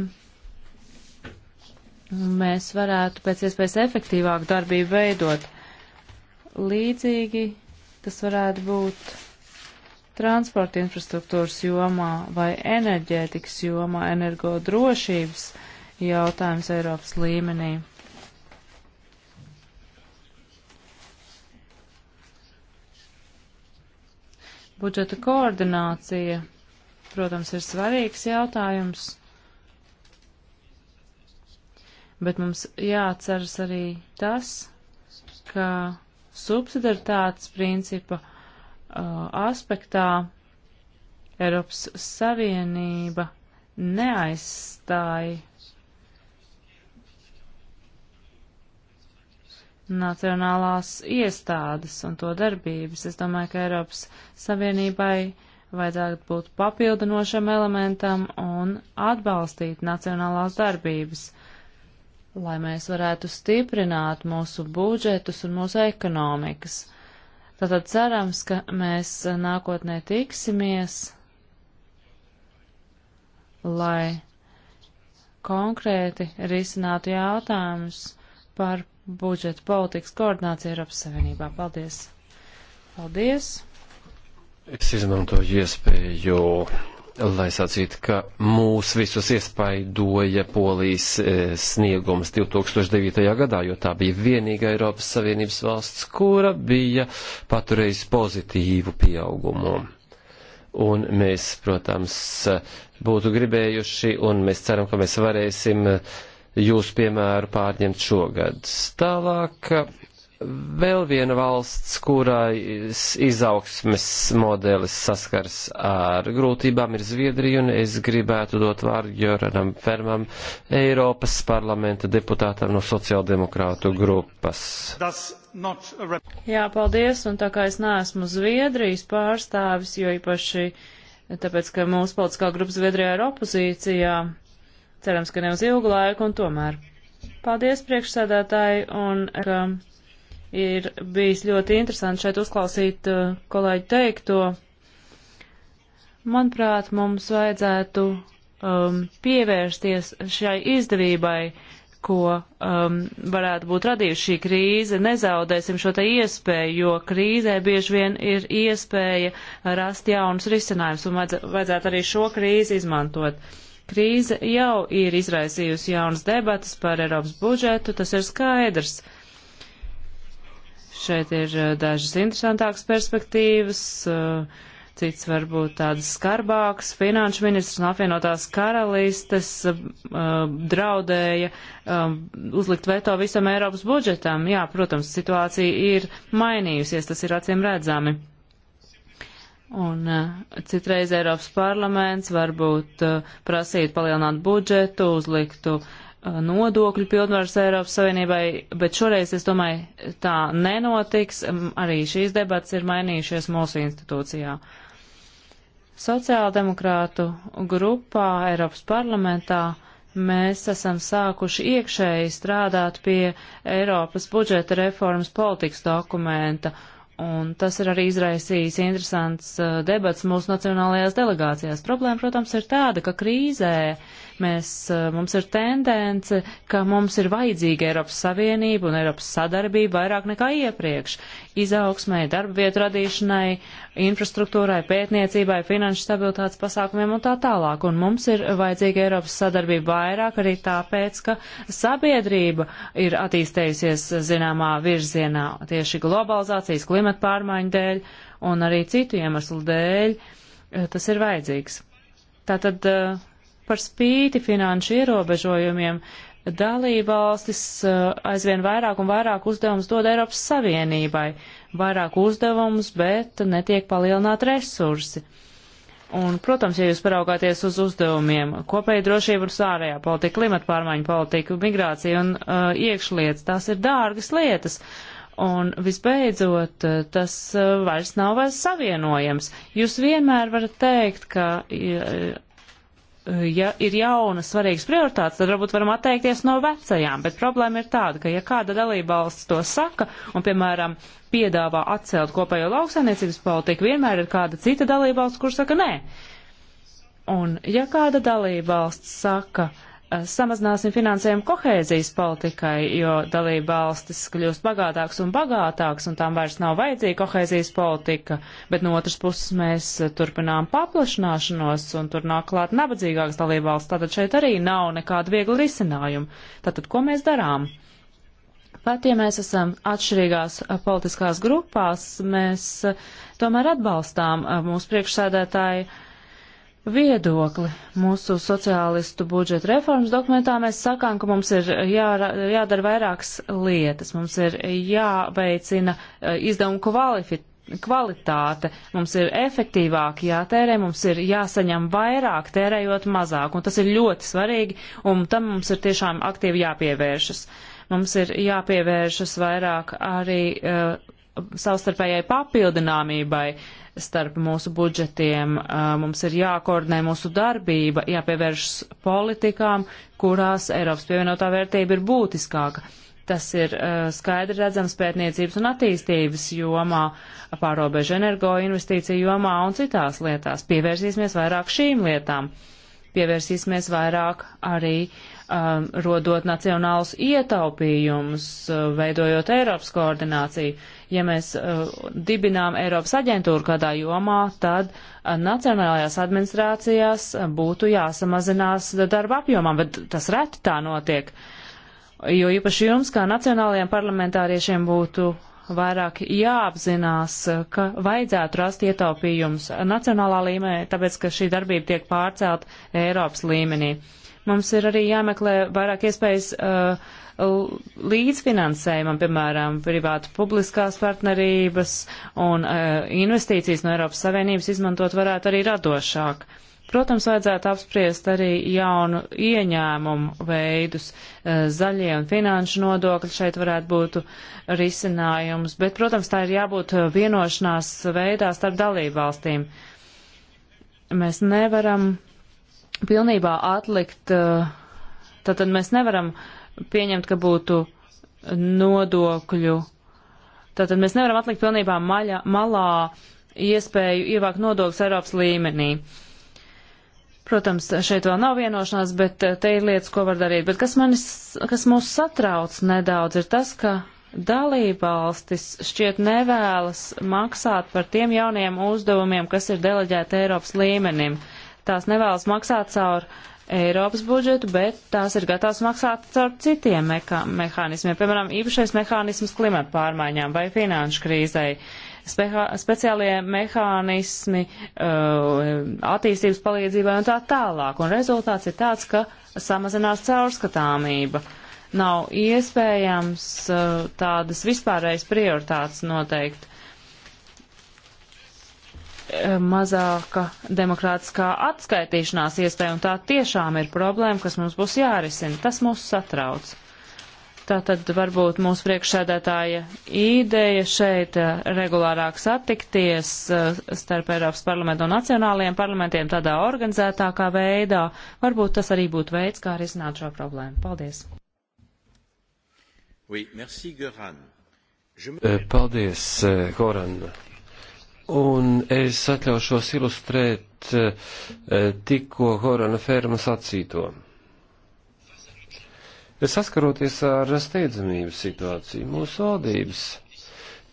mēs varētu pēc iespējas efektīvāk darbību veidot. Līdzīgi tas varētu būt transporta infrastruktūras jomā vai enerģētikas jomā, energodrošības jautājums Eiropas līmenī. Budžeta koordinācija, protams, ir svarīgs jautājums, bet mums jāatceras arī tas, ka subsidaritātes principa Uh, aspektā Eiropas Savienība neaizstāja nacionālās iestādes un to darbības. Es domāju, ka Eiropas Savienībai vajadzētu būt papildinošam elementam un atbalstīt nacionālās darbības, lai mēs varētu stiprināt mūsu budžetus un mūsu ekonomikas. Tātad cerams, ka mēs nākotnē tiksimies, lai konkrēti risinātu jautājumus par budžeta politikas koordināciju Eiropas Savienībā. Paldies! Paldies! Es izmantoju iespēju lai sacītu, ka mūs visus iespaidoja polijas e, sniegums 2009. gadā, jo tā bija vienīgā Eiropas Savienības valsts, kura bija paturējis pozitīvu pieaugumu. Un mēs, protams, būtu gribējuši, un mēs ceram, ka mēs varēsim e, jūsu piemēru pārņemt šogad. Tālāk vēl viena valsts, kurai izaugsmes modelis saskars ar grūtībām, ir Zviedrija, un es gribētu dot vārdu Joranam Fermam, Eiropas parlamenta deputātam no sociāldemokrātu grupas. Jā, paldies, un tā kā es neesmu Zviedrijas pārstāvis, jo īpaši tāpēc, ka mūsu politiskā grupa Zviedrijā ir opozīcijā, cerams, ka ne uz ilgu laiku, un tomēr. Paldies priekšsēdētāji, un ka Ir bijis ļoti interesanti šeit uzklausīt eh, kolēģi teikto. Manuprāt, mums vajadzētu um, pievērsties šai izdevībai, ko um, varētu būt radījusi šī krīze. Nezaudēsim šo te iespēju, jo krīzē bieži vien ir iespēja rast jaunus risinājumus, un vajadzētu arī šo krīzi izmantot. Krīze jau ir izraisījusi jaunas debatas par Eiropas budžetu, tas ir skaidrs. Šeit ir eh, dažas interesantākas perspektīvas, eh, cits varbūt tādas skarbākas. Finanšu ministrs un apvienotās karalistes eh, draudēja uzlikt veto visam Eiropas budžetam. Jā, protams, situācija ir mainījusies, tas ir acīm redzami. Un uh, citreiz Eiropas parlaments varbūt uh, prasīt palielināt budžetu, uzliktu uh, Eh, nodokļu pilnvaras Eiropas Savienībai, bet šoreiz, es domāju, tā nenotiks. Arī šīs debats ir mainījušies mūsu institūcijā. Sociāldemokrātu grupā Eiropas parlamentā mēs esam sākuši iekšēji strādāt pie Eiropas budžeta reformas politikas dokumenta, un tas ir arī izraisījis interesants eh, debats mūsu nacionālajās delegācijās. Problēma, protams, ir tāda, ka krīzē uh, Mēs, mums ir tendence, ka mums ir vajadzīga Eiropas Savienība un Eiropas sadarbība vairāk nekā iepriekš - izaugsmai, darba vietu radīšanai, infrastruktūrai, pētniecībai, finanšu stabilitātes pasākumiem un tā tālāk. Un mums ir vajadzīga Eiropas sadarbība vairāk arī tāpēc, ka sabiedrība ir attīstējusies zināmā virzienā tieši globalizācijas, klimata pārmaiņu dēļ un arī citu iemeslu dēļ tas ir vajadzīgs. Tātad Par spīti finanšu ierobežojumiem dalībvalstis eh, aizvien vairāk un vairāk uzdevums dod Eiropas Savienībai, vairāk uzdevums, bet netiek palielināt resursi. Un, protams, ja jūs paraugāties uz uzdevumiem, kopēja drošība un sārējā politika, klimata pārmaiņu politika, migrācija un uh, iekšlietas, tās ir dārgas lietas. Un visbeidzot, tas eh, vairs nav vairs savienojams. Jūs vienmēr varat teikt, ka ja ir jaunas svarīgas prioritātes, tad varbūt varam atteikties no vecajām, bet problēma ir tāda, ka ja kāda dalībvalsts to saka un, piemēram, piedāvā atcelt kopējo lauksainiecības politiku, vienmēr ir kāda cita dalībvalsts, kur saka nē. Un ja kāda dalībvalsts saka, uh, Eh, samazināsim finansējumu kohēzijas politikai, jo dalība valstis kļūst bagātāks un bagātāks, un tām vairs nav vajadzīga kohēzijas politika, bet no otras puses mēs eh, turpinām paplašināšanos, un tur nāk klāt nabadzīgāks dalība valsts, tātad šeit arī nav nekāda viegla risinājuma. Tātad, ko mēs darām? Pat ja mēs esam atšķirīgās eh, politiskās grupās, mēs tomēr atbalstām mūsu priekšsēdētāju viedokli. Mūsu sociālistu budžeta reformas dokumentā mēs sakām, ka mums ir jā, jādara vairākas lietas. Mums ir jāveicina eh, izdevumu kvalifi, kvalitāte, mums ir efektīvāk jātērē, mums ir jāsaņem vairāk, tērējot mazāk. Un tas ir ļoti svarīgi, un tam mums ir tiešām aktīvi jāpievēršas. Mums ir jāpievēršas vairāk arī uh, savstarpējai papildināmībai. Uh, starp mūsu budžetiem. Mums ir jākoordinē mūsu darbība, jāpievēršas politikām, kurās Eiropas pievienotā vērtība ir būtiskāka. Tas ir uh, skaidri redzams pētniecības un attīstības jomā, pārobežu energo investīciju jomā un citās lietās. Pievērsīsimies vairāk šīm lietām. Pievērsīsimies vairāk arī uh, um, rodot nacionālus ietaupījumus, uh, veidojot Eiropas koordināciju. Ja mēs uh, dibinām Eiropas aģentūru kādā jomā, tad uh, nacionālajās administrācijās uh, būtu jāsamazinās darba apjomam, bet tas reti tā notiek. Jo īpaši jums, kā nacionālajiem parlamentāriešiem, būtu vairāk jāapzinās, uh, ka vajadzētu rast ietaupījumus nacionālā līmenī, tāpēc, ka šī darbība tiek pārcelt Eiropas līmenī. Uh, Mums ir arī jāmeklē vairāk iespējas uh, līdzfinansējumam, piemēram, privātu publiskās partnerības un uh, investīcijas no Eiropas Savienības izmantot varētu arī radošāk. Protams, vajadzētu apspriest arī jaunu ieņēmumu veidus, uh, zaļie un finanšu nodokļi šeit varētu būt risinājums, bet, protams, tā ir jābūt vienošanās veidā starp dalībvalstīm. Mēs nevaram pilnībā atlikt, eh, tad mēs nevaram pieņemt, ka būtu nodokļu. Tātad mēs nevaram atlikt pilnībā maļa, malā iespēju ievākt nodokļus Eiropas līmenī. Protams, šeit vēl nav vienošanās, bet eh, te ir lietas, ko var darīt. Bet kas, manis, kas mūs satrauc nedaudz, ir tas, ka dalībvalstis šķiet nevēlas maksāt par tiem jaunajiem uzdevumiem, kas ir deleģēti Eiropas līmenim. Uh, Tās nevēlas maksāt caur Eiropas budžetu, bet tās ir gatavas maksāt caur citiem mehānismiem, piemēram, īpašais mehānisms klimata pārmaiņām vai finanšu krīzei. Speha, speciālie mehānismi uh, attīstības palīdzībai un tā tālāk. Un rezultāts ir tāds, ka samazinās caurskatāmība. Nav iespējams uh, tādas vispārējas prioritātes noteikt mazāka demokrātiskā atskaitīšanās iespēja, un tā tiešām ir problēma, kas mums būs jārisina. Tas mūs satrauc. Tātad varbūt mūsu priekšsēdētāja ideja šeit eh, regulārāk satikties eh, starp Eiropas parlamentu un nacionālajiem parlamentiem tādā organizētākā veidā, varbūt tas arī būtu veids, kā risināt šo problēmu. Paldies! Oui, merci, Göran. Je... Eh, paldies, Goran. Un es atļaušos ilustrēt eh, tikko Horana Ferma sacīto. Saskaroties ar steidzamības situāciju, mūsu valdības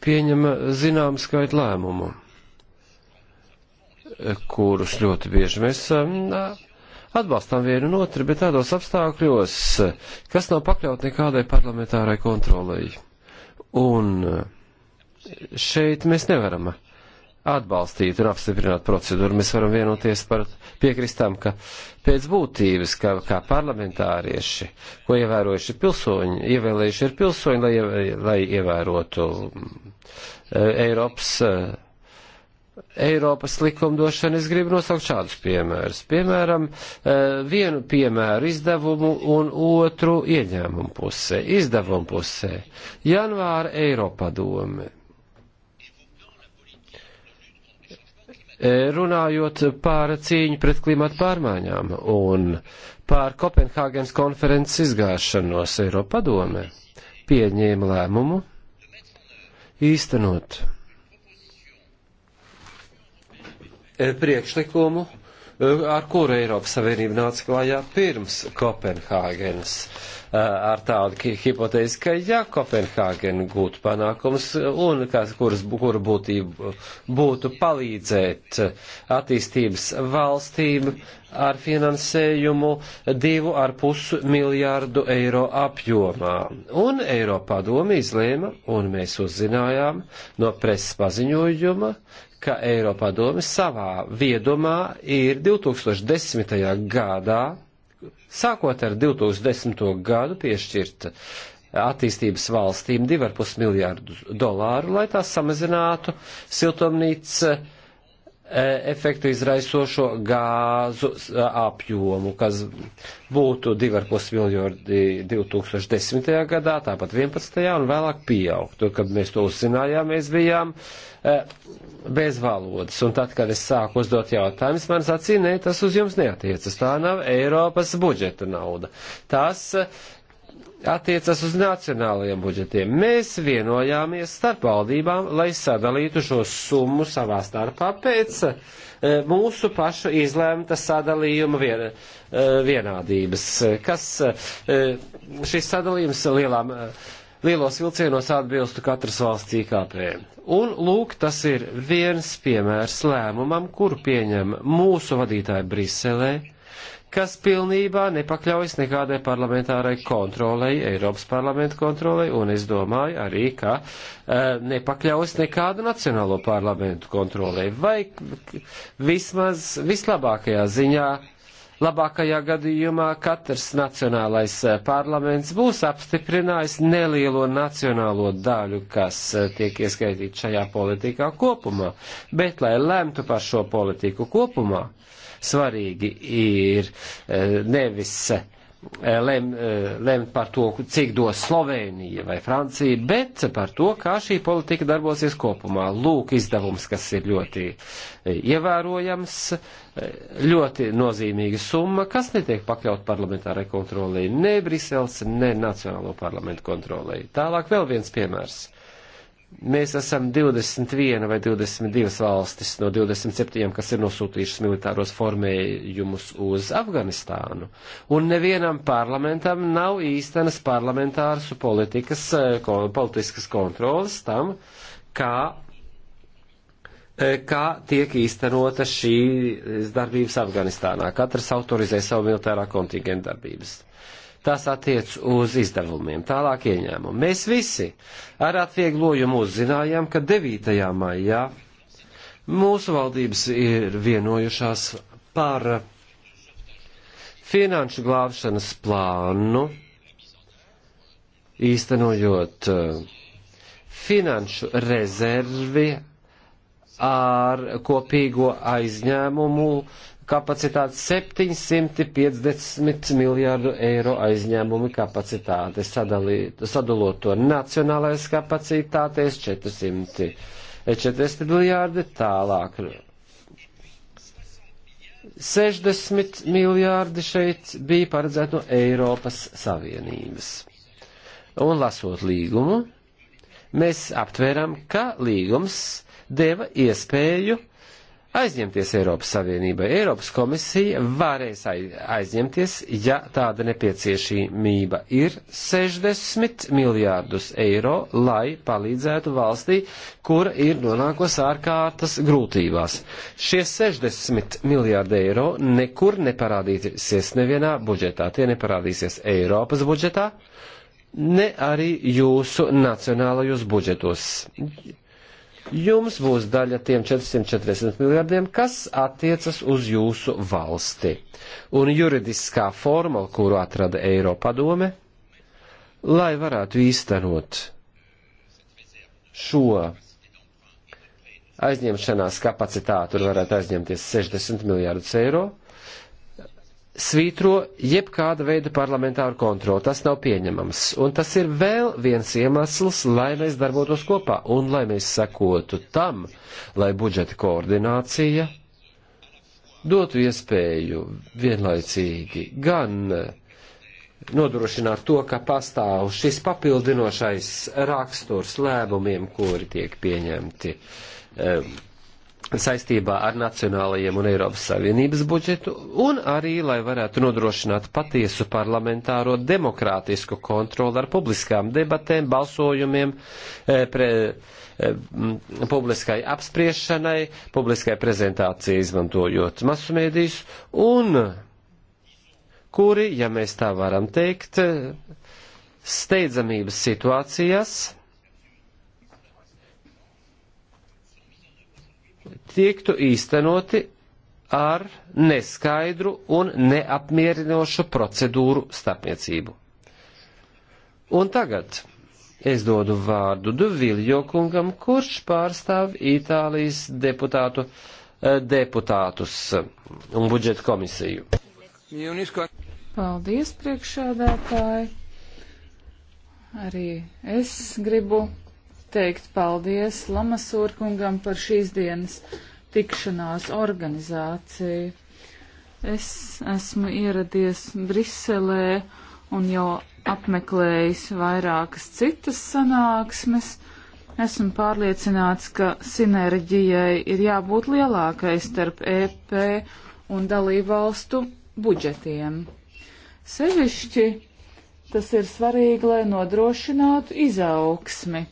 pieņem zinām skaitu lēmumu, kurus ļoti bieži mēs eh, atbalstām vienu un otru, bet tādos apstākļos, kas nav pakļaut nekādai parlamentārai kontrolei. Un eh, šeit mēs nevaram uh, atbalstīt un apstiprināt procedūru. Mēs varam vienoties par piekristām, ka pēc būtības, kā, kā parlamentārieši, ko ievērojuši pilsoņi, ievēlējuši ir pilsoņi, lai, lai ievērotu eh, Eiropas, eh, Eiropas likumdošanu. Es gribu nosaukt šādus piemērus. Piemēram, eh, vienu piemēru izdevumu un otru ieņēmumu pusē. Izdevumu pusē. Janvāra Eiropadome runājot par cīņu pret klimatu pārmaiņām un par Kopenhāgenes konferences izgāšanos Eiropadome pieņēma lēmumu īstenot priekšlikumu, ar kuru Eiropas Savienība nāca klājā pirms Kopenhāgenes Eh, ar tādu hipotēzi, ka ja Kopenhāgen gūtu panākums eh, un kas, kuras, kuru būtību būtu palīdzēt attīstības valstīm ar finansējumu 2,5 miljārdu eiro apjomā. Un Eiropā doma izlēma, un mēs uzzinājām no preses paziņojuma, ka Eiropā doma savā viedumā ir 2010. gadā sākot ar 2010. gadu piešķirta attīstības valstīm 2,5 miljārdu dolāru, lai tās samazinātu siltumnīca e, efektu izraisošo gāzu e, apjomu, kas būtu 2,5 miljardi 2010. gadā, tāpat 11. un vēlāk pieaugtu. Kad mēs to uzzinājām, mēs bijām uh, Eh, bez valodas. Un tad, kad es sāku uzdot jautājumus, man sacīja, nē, tas uz jums neatiecas. Tā nav Eiropas budžeta nauda. Tas eh, attiecas uz nacionālajiem budžetiem. Mēs vienojāmies starp valdībām, lai sadalītu šo summu savā starpā pēc eh, mūsu pašu izlēmta sadalījuma vien, vienādības, kas šis sadalījums lielām lielos vilcienos atbilstu katras valsts IKP. Un lūk, tas ir viens piemērs lēmumam, kuru pieņem mūsu vadītāji Briselē, kas pilnībā nepakļaujas nekādai parlamentārai kontrolei, Eiropas parlamenta kontrolei, un es domāju arī, ka e, nepakļaujas nekādu nacionālo parlamentu kontrolei, vai vismaz vislabākajā ziņā Labākajā gadījumā katrs nacionālais eh, parlaments būs apstiprinājis nelielo nacionālo daļu, kas eh, tiek ieskaitīta šajā politikā kopumā, bet lai lemtu par šo politiku kopumā, svarīgi ir eh, nevis Eh, lem, eh, lemt par to, cik dos Slovenija vai Francija, bet par to, kā šī politika darbosies kopumā. Lūk, izdevums, kas ir ļoti eh, ievērojams, ļoti nozīmīga summa, kas netiek pakļaut parlamentārai kontrolē, ne Brisels, ne Nacionālo parlamentu kontrolē. Tālāk vēl viens piemērs Mēs esam 21 vai 22 valstis no 27, kas ir nosūtījušas militāros formējumus uz Afganistānu. Un nevienam parlamentam nav īstenas parlamentāras politikas, eh, politiskas kontrolas tam, kā, eh, kā tiek īstenota šī darbības Afganistānā. Katrs autorizē savu militārā kontingentu darbības. Tas attiec uz izdevumiem, tālāk ieņēmumu. Mēs visi ar atvieglojumu uzzinājām, ka 9. maijā mūsu valdības ir vienojušās par finanšu glābšanas plānu, īstenojot eh, finanšu rezervi ar kopīgo aizņēmumu uh, kapacitāti 750 miljārdu eiro aizņēmumu kapacitāti, sadalīt, sadalot to nacionālais kapacitātēs 440 miljārdi, tālāk 60 miljārdi šeit bija paredzēti no Eiropas Savienības. Un lasot līgumu, mēs aptvēram, ka līgums deva iespēju aizņemties Eiropas Savienībai. Eiropas komisija varēs aizņemties, ja tāda nepieciešamība ir 60 miljārdus eiro, lai palīdzētu valstī, kura ir nonākos ārkārtas grūtībās. Šie 60 miljārdi eiro nekur neparādīsies nevienā budžetā. Tie neparādīsies Eiropas budžetā, ne arī jūsu nacionālajos budžetos jums būs daļa tiem 440 miljardiem, kas attiecas uz jūsu valsti. Un juridiskā forma, kuru atrada Eiropadome, lai varētu īstenot šo aizņemšanās kapacitāti un varētu aizņemties 60 miljardus eiro, svītro jebkāda veida parlamentāru kontroli. Tas nav pieņemams. Un tas ir vēl viens iemesls, lai mēs darbotos kopā un lai mēs sekotu tam, lai budžeta koordinācija dotu iespēju vienlaicīgi gan nodrošināt to, ka pastāv šis papildinošais raksturs lēmumiem, kuri tiek pieņemti. Um, saistībā ar nacionālajiem un Eiropas Savienības budžetu, un arī, lai varētu nodrošināt patiesu parlamentāro demokrātisku kontroli ar publiskām debatēm, balsojumiem, eh, pre, eh, publiskai apspriešanai, publiskai prezentācijai izmantojot masu mēdīs, un kuri, ja mēs tā varam teikt, eh, steidzamības situācijas, tiektu īstenoti ar neskaidru un neapmierinošu procedūru starpniecību. Un tagad es dodu vārdu Duviljo kungam, kurš pārstāv Itālijas deputātu, eh, deputātus un budžeta komisiju. Paldies, priekšsēdētāji! Arī es gribu teikt paldies Lamasūrkungam par šīs dienas tikšanās organizāciju. Es esmu ieradies Briselē un jau apmeklējis vairākas citas sanāksmes. Esmu pārliecināts, ka sinerģijai ir jābūt lielākai starp EP un dalībvalstu budžetiem. Sevišķi tas ir svarīgi, lai nodrošinātu izaugsmi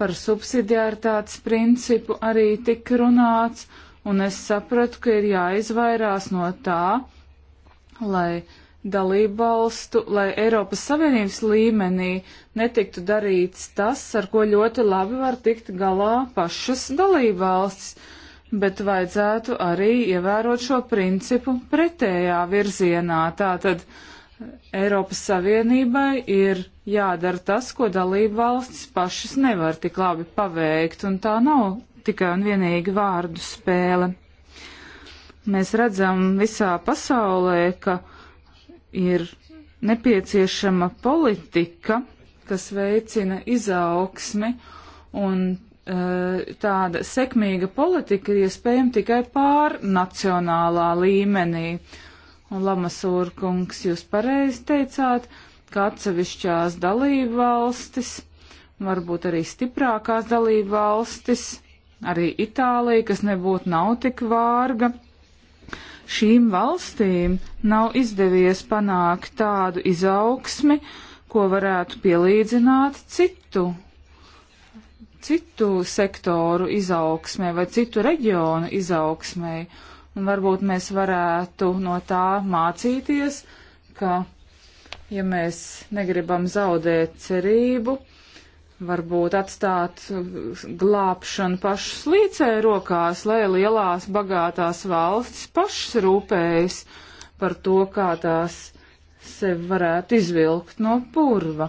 par subsidiaritātes principu arī tik runāts, un es sapratu, ka ir jāizvairās no tā, lai dalībvalstu, lai Eiropas Savienības līmenī netiktu darīts tas, ar ko ļoti labi var tikt galā pašas dalībvalstis, bet vajadzētu arī ievērot šo principu pretējā virzienā. Tātad, uh, Eiropas Savienībai ir jādara tas, ko dalība valstis pašas nevar tik labi paveikt, un tā nav tikai un vienīgi vārdu spēle. Mēs redzam visā pasaulē, ka ir nepieciešama politika, kas veicina izaugsmi, un eh, tāda sekmīga politika ir iespējama tikai pārnacionālā līmenī. Un Lamasūrkungs, jūs pareizi teicāt, ka atsevišķās dalību valstis, varbūt arī stiprākās dalību valstis, arī Itālija, kas nebūtu nav tik vārga, šīm valstīm nav izdevies panākt tādu izaugsmi, ko varētu pielīdzināt citu, citu sektoru izaugsmē vai citu reģionu izaugsmē. Uh, un varbūt mēs varētu no tā mācīties, ka, ja mēs negribam zaudēt cerību, varbūt atstāt glābšanu pašas līcē rokās, lai lielās bagātās valstis pašas rūpējas par to, kā tās sevi varētu izvilkt no purva.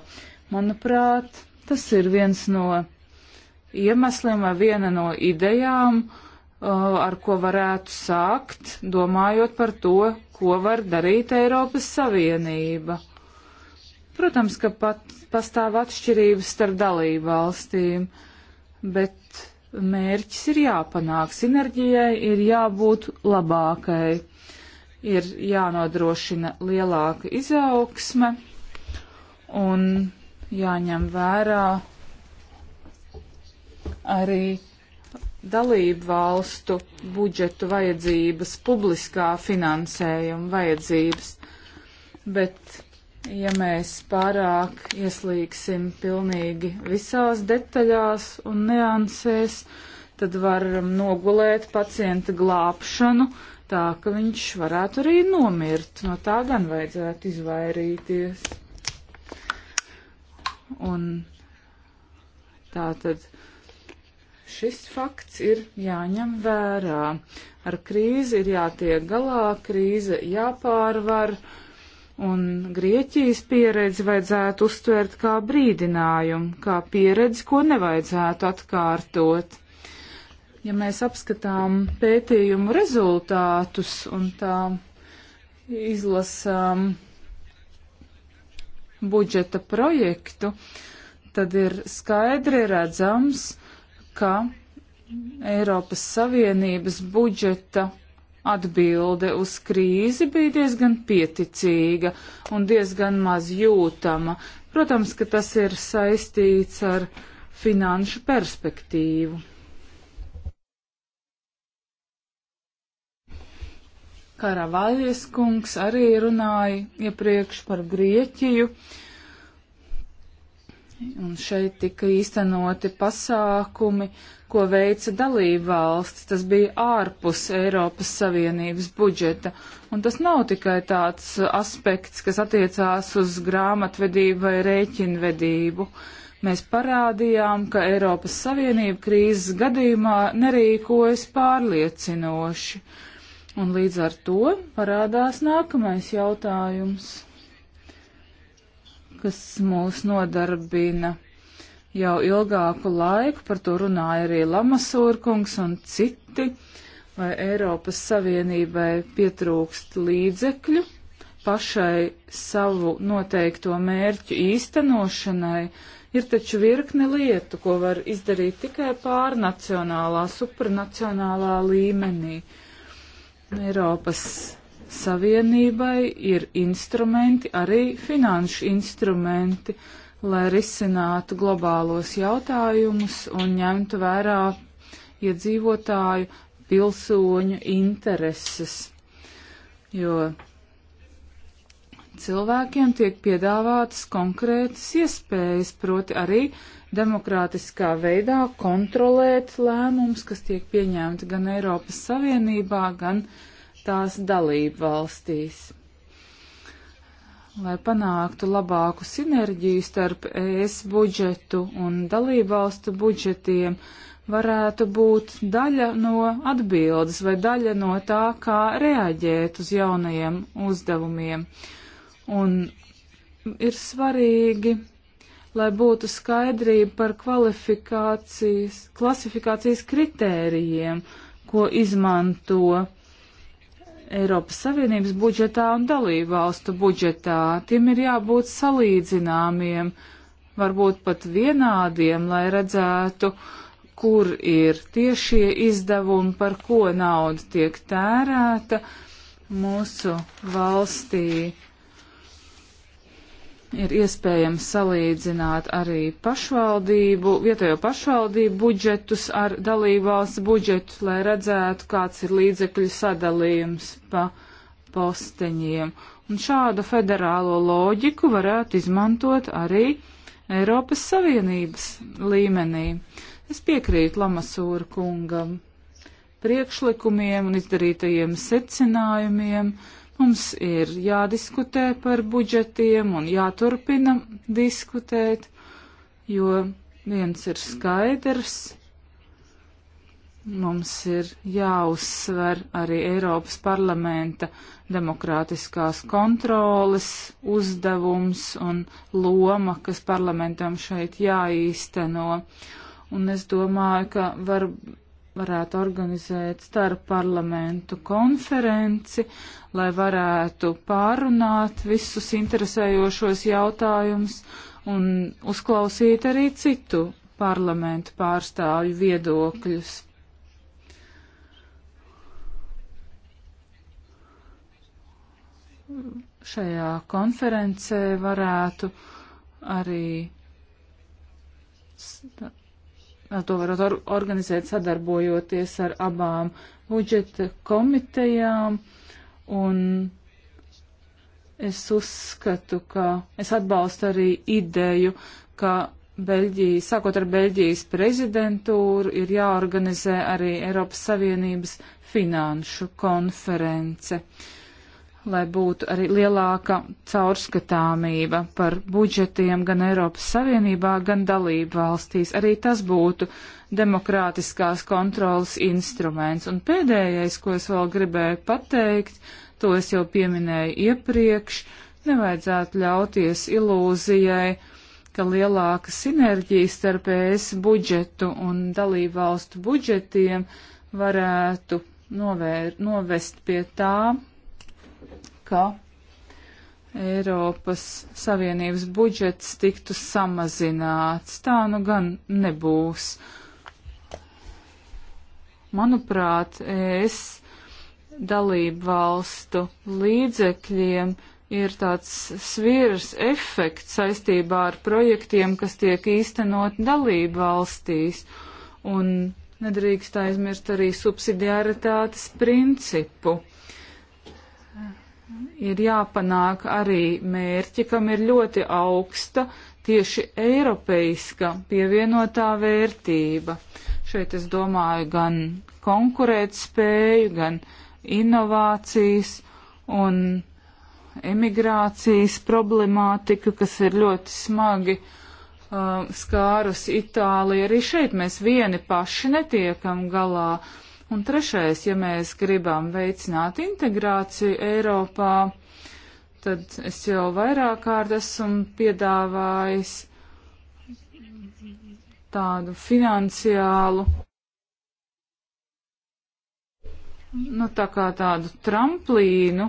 Manuprāt, tas ir viens no iemesliem vai viena no idejām, Uh, ar ko varētu sākt, domājot par to, ko var darīt Eiropas Savienība. Protams, ka pat pastāv atšķirības starp dalību valstīm, bet mērķis ir jāpanāk, sinerģijai ir jābūt labākai, ir jānodrošina lielāka izaugsme un jāņem vērā arī dalību valstu budžetu vajadzības, publiskā finansējuma vajadzības. Bet, ja mēs pārāk ieslīgsim pilnīgi visās detaļās un niansēs, tad varam nogulēt pacienta glābšanu tā, ka viņš varētu arī nomirt. No tā gan vajadzētu izvairīties. Un tā tad Šis fakts ir jāņem vērā. Ar krīzi ir jātiek galā, krīze jāpārvar, un Grieķijas pieredzi vajadzētu uztvert kā brīdinājumu, kā pieredzi, ko nevajadzētu atkārtot. Ja mēs apskatām pētījumu rezultātus un tā izlasām budžeta projektu, tad ir skaidri redzams, ka Eiropas Savienības budžeta atbilde uz krīzi bija diezgan pieticīga un diezgan maz jūtama. Protams, ka tas ir saistīts ar finanšu perspektīvu. Karavaļies kungs arī runāja iepriekš par Grieķiju. Uh, Un šeit tika īstenoti pasākumi, ko veica dalība valsts. Tas bija ārpus Eiropas Savienības budžeta. Un tas nav tikai tāds aspekts, kas attiecās uz grāmatvedību vai rēķinvedību. Mēs parādījām, ka Eiropas Savienība krīzes gadījumā nerīkojas pārliecinoši. Un līdz ar to parādās nākamais jautājums kas mūs nodarbina jau ilgāku laiku, par to runāja arī Lamasūrkungs un citi, vai Eiropas Savienībai pietrūkst līdzekļu pašai savu noteikto mērķu īstenošanai, ir taču virkne lietu, ko var izdarīt tikai pārnacionālā, supranacionālā līmenī. Eiropas Savienībai ir instrumenti, arī finanšu instrumenti, lai risinātu globālos jautājumus un ņemtu vērā iedzīvotāju pilsoņu intereses. Jo cilvēkiem tiek piedāvātas konkrētas iespējas, proti arī demokrātiskā veidā kontrolēt lēmumus, kas tiek pieņemti gan Eiropas Savienībā, gan Eiropas tās dalību valstīs. Lai panāktu labāku sinerģiju starp ES budžetu un dalību valstu budžetiem, varētu būt daļa no atbildes vai daļa no tā, kā reaģēt uz jaunajiem uzdevumiem. Un ir svarīgi, lai būtu skaidrība par kvalifikācijas, klasifikācijas kritērijiem, ko izmanto Eiropas Savienības budžetā un dalību valstu budžetā. Tiem ir jābūt salīdzināmiem, varbūt pat vienādiem, lai redzētu, kur ir tiešie izdevumi, par ko nauda tiek tērēta mūsu valstī ir iespējams salīdzināt arī pašvaldību, vietējo pašvaldību budžetus ar dalībvalsts budžetu, lai redzētu, kāds ir līdzekļu sadalījums pa posteņiem. Un šādu federālo loģiku varētu izmantot arī Eiropas Savienības līmenī. Es piekrītu Lamasūra kungam priekšlikumiem un izdarītajiem secinājumiem Mums ir jādiskutē par budžetiem un jāturpina diskutēt, jo viens ir skaidrs. Mums ir jāuzsver arī Eiropas parlamenta demokrātiskās kontroles uzdevums un loma, kas parlamentam šeit jāīsteno. Un es domāju, ka var varētu organizēt starp parlamentu konferenci, lai varētu pārunāt visus interesējošos jautājumus un uzklausīt arī citu parlamentu pārstāvju viedokļus. Šajā konferencē varētu arī To var or organizēt sadarbojoties ar abām budžeta komitejām. Un es uzskatu, ka es atbalstu arī ideju, ka Beļģija, sākot ar Beļģijas prezidentūru, ir jāorganizē arī Eiropas Savienības finanšu konference. Uh, lai būtu arī lielāka caurskatāmība par budžetiem gan Eiropas Savienībā, gan dalību valstīs. Arī tas būtu demokrātiskās kontrolas instruments. Un pēdējais, ko es vēl gribēju pateikt, to es jau pieminēju iepriekš, nevajadzētu ļauties ilūzijai, ka lielāka sinerģija starp ES budžetu un dalību valstu budžetiem varētu novēr, novest pie tā, ka Eiropas Savienības budžets tiktu samazināts. Tā nu gan nebūs. Manuprāt, es dalību valstu līdzekļiem ir tāds svirs efekts saistībā ar projektiem, kas tiek īstenot dalību valstīs. Un nedrīkst aizmirst arī subsidiaritātes principu ir jāpanāk arī mērķi, kam ir ļoti augsta tieši eiropeiska pievienotā vērtība. Šeit es domāju gan konkurētspēju, gan inovācijas un emigrācijas problemātiku, kas ir ļoti smagi uh, skārus Itāliju. Arī šeit mēs vieni paši netiekam galā. Uh, Un trešais, ja mēs gribam veicināt integrāciju Eiropā, tad es jau vairāk kārt esmu piedāvājis tādu finansiālu, nu tā kā tādu tramplīnu,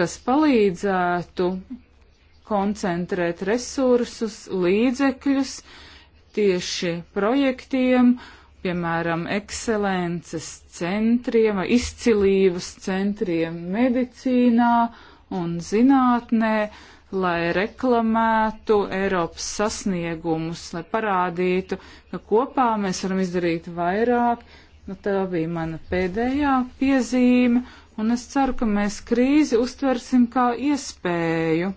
kas palīdzētu koncentrēt resursus, līdzekļus tieši projektiem, uh, piemēram, ekscelences centriem vai izcilības centriem medicīnā un zinātnē, lai reklamētu Eiropas sasniegumus, lai parādītu, ka kopā mēs varam izdarīt vairāk. Nu, tā bija mana pēdējā piezīme, un es ceru, ka mēs krīzi uztversim kā iespēju.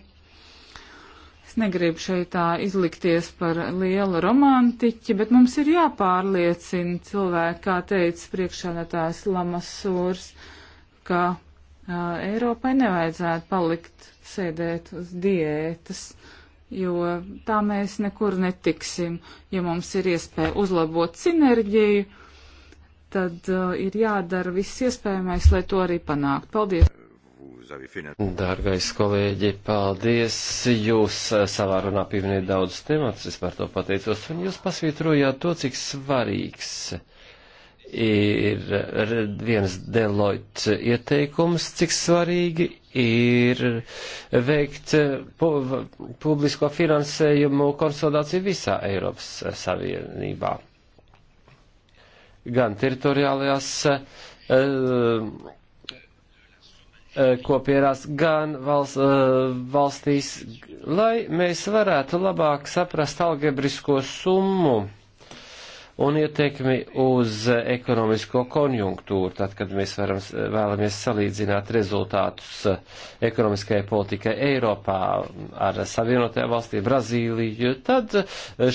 Es negribu šeit tā izlikties par lielu romantiķi, bet mums ir jāpārliecina cilvēki, kā teica priekšādātājs Lamasūrs, ka uh, Eiropai nevajadzētu palikt sēdēt uz diētas, jo tā mēs nekur netiksim. Ja mums ir iespēja uzlabot sinerģiju, tad uh, ir jādara viss iespējamais, lai to arī panākt. Paldies! Dārgais kolēģi, paldies! Jūs eh, savā runā pieminējat daudz temats, es par to pateicos, un jūs pasvītrojāt to, cik svarīgs ir viens Deloitte ieteikums, cik svarīgi ir veikt eh, pu publisko finansējumu konsolidāciju visā Eiropas eh, Savienībā. Gan teritoriālajās uh, Eh, kopierās gan valst, eh, valstīs, lai mēs varētu labāk saprast algebrisko summu un ietekmi uz ekonomisko konjunktūru, tad, kad mēs varam, vēlamies salīdzināt rezultātus ekonomiskajai politikai Eiropā ar Savienotajā valstī Brazīliju, tad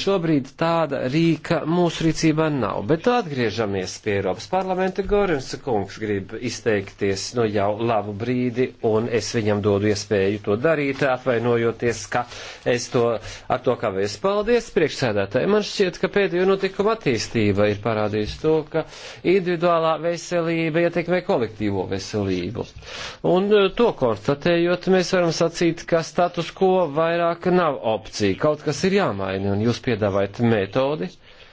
šobrīd tāda rīka mūsu rīcībā nav. Bet atgriežamies pie Eiropas parlamenta. Gorins kungs grib izteikties no jau labu brīdi, un es viņam dodu iespēju to darīt, atvainojoties, ka es to ar to kavēju. Paldies priekšsēdētāji. Man šķiet, ka pēdējo notikumu attīstību attīstība ir parādījusi to, ka individuālā veselība ietekmē kolektīvo veselību. Un eh, to konstatējot, mēs varam sacīt, ka status quo vairāk nav opcija. Kaut kas ir jāmaina, un jūs piedāvājat metodi, uh,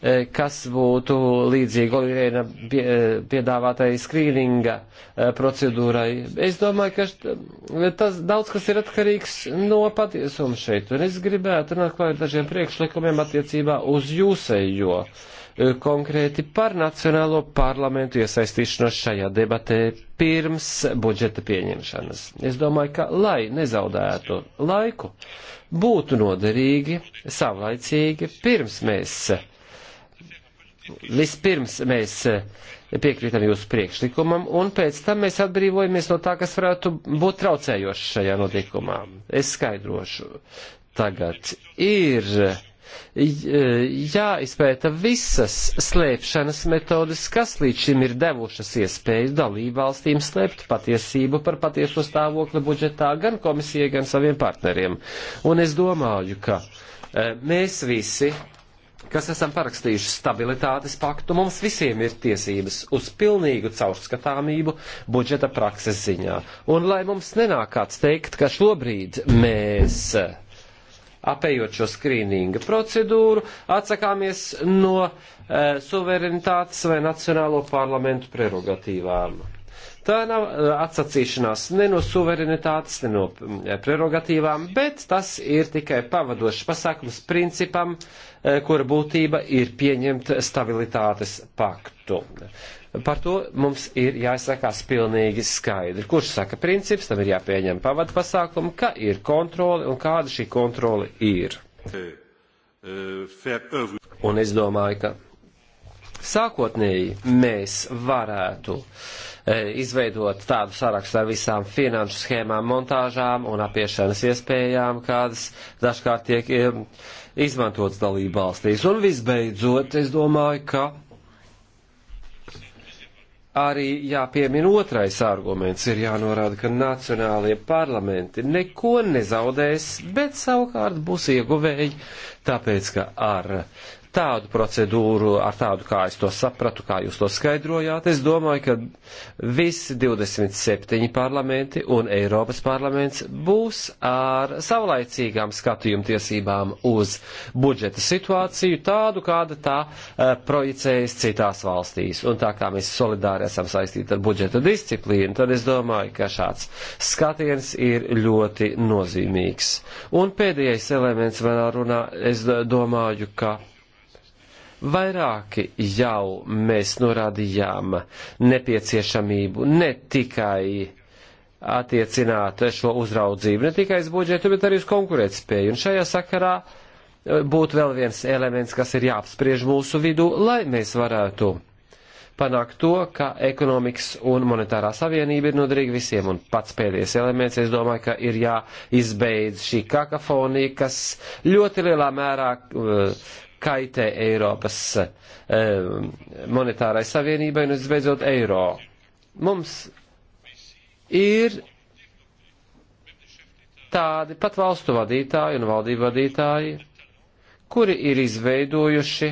E, kas būtu līdzīga Olivierina e, piedāvātai skrīninga e, procedūrai. Es domāju, ka tas daudz kas ir atkarīgs no patiesuma šeit, un es gribētu nākt klāt dažiem priekšlikumiem attiecībā uz jūsējo, konkrēti par Nacionālo parlamentu iesaistīšanos šajā debatē pirms budžeta pieņemšanas. Es domāju, ka lai nezaudētu laiku, būtu noderīgi savlaicīgi pirms mēs Vispirms mēs eh, piekrītam jūsu priekšlikumam, un pēc tam mēs atbrīvojamies no tā, kas varētu būt traucējoši šajā notikumā. Es skaidrošu. Tagad ir eh, jāizpēta visas slēpšanas metodes, kas līdz šim ir devušas iespēju dalībvalstīm slēpt patiesību par patieso stāvokli budžetā gan komisijai, gan saviem partneriem. Un es domāju, ka eh, mēs visi kas esam parakstījuši stabilitātes paktu, mums visiem ir tiesības uz pilnīgu caurskatāmību budžeta prakses ziņā. Un lai mums nenāk kāds teikt, ka šobrīd mēs eh, apējot šo skrīninga procedūru, atsakāmies no e, suverenitātes vai nacionālo parlamentu prerogatīvām. Tā nav e, atsacīšanās ne no suverenitātes, ne no e, prerogatīvām, bet tas ir tikai pavadošs pasākums principam, e, kura būtība ir pieņemt stabilitātes paktu. Par to mums ir jāizsakās pilnīgi skaidri. Kurš saka princips, tam ir jāpieņem pavadu pasākumu, ka ir kontroli un kāda šī kontroli ir. Un es domāju, ka sākotnēji mēs varētu uh, E, izveidot tādu sarakstu ar visām finanšu schēmām, montāžām un apiešanas iespējām, kādas dažkārt tiek e, izmantotas dalību valstīs. Un visbeidzot, es domāju, ka arī jāpiemin otrais arguments, ir jānorāda, ka nacionālie parlamenti neko nezaudēs, bet savukārt būs ieguvēji, tāpēc ka ar tādu procedūru, ar tādu, kā es to sapratu, kā jūs to skaidrojāt. Es domāju, ka visi 27 parlamenti un Eiropas parlaments būs ar savlaicīgām skatījuma tiesībām uz budžeta situāciju, tādu, kāda tā uh, projicējas citās valstīs. Un tā kā mēs solidāri esam saistīti ar budžeta disciplīnu, tad es domāju, ka šāds skatiens ir ļoti nozīmīgs. Un pēdējais elements manā runā, es domāju, ka Vairāki jau mēs norādījām nepieciešamību ne tikai attiecināt šo uzraudzību, ne tikai uz budžetu, bet arī uz konkurētspēju. Un šajā sakarā e, būtu vēl viens elements, kas ir jāapspriež mūsu vidū, lai mēs varētu panākt to, ka ekonomikas un monetārā savienība ir noderīga visiem. Un pats pēdējais elements, es domāju, ka ir jāizbeidz šī kakafonija, kas ļoti lielā mērā e, kaitē Eiropas eh, monetārai savienībai un, visbeidzot, eiro. Mums ir tādi pat valstu vadītāji un valdību vadītāji, kuri ir izveidojuši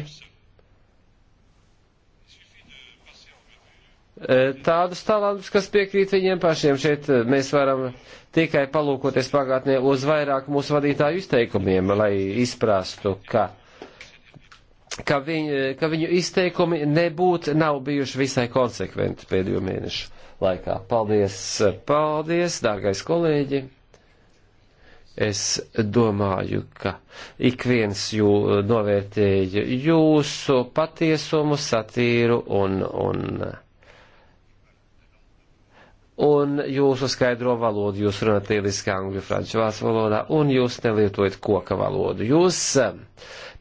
eh, tādus talantus, kas piekrīt viņiem pašiem. Šeit eh, mēs varam tikai palūkoties pagātnē uz vairāk mūsu vadītāju izteikumiem, lai izprastu, ka ka, viņ, ka viņu izteikumi nebūt nav bijuši visai konsekventi pēdējo mēnešu laikā. Paldies, paldies, dārgais kolēģi! Es domāju, ka ik viens jū, novērtēja jūsu patiesumu, satīru un, un, un jūsu skaidro valodu. Jūs runājat lieliski angļu, franču, vācu valodā, un jūs nelietojat koka valodu. Jūs uh,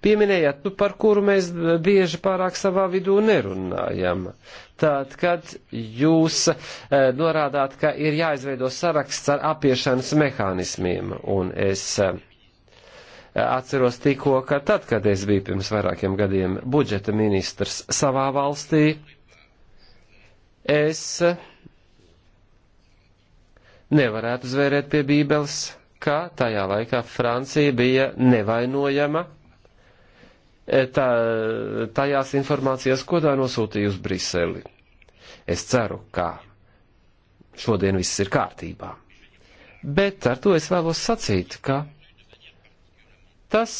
pieminējāt, nu, par kuru mēs bieži pārāk savā vidū nerunājam. Tātad, kad jūs e, norādāt, ka ir jāizveido saraksts ar apiešanas mehānismiem, un es e, atceros tikko, ka tad, kad es biju pirms vairākiem gadiem budžeta ministrs savā valstī, es eh, nevarētu zvērēt pie Bībeles, ka tajā laikā Francija bija nevainojama E, tā, tajās informācijās, ko tā nosūtīja uz Briseli. Es ceru, ka šodien viss ir kārtībā. Bet ar to es vēlos sacīt, ka tas,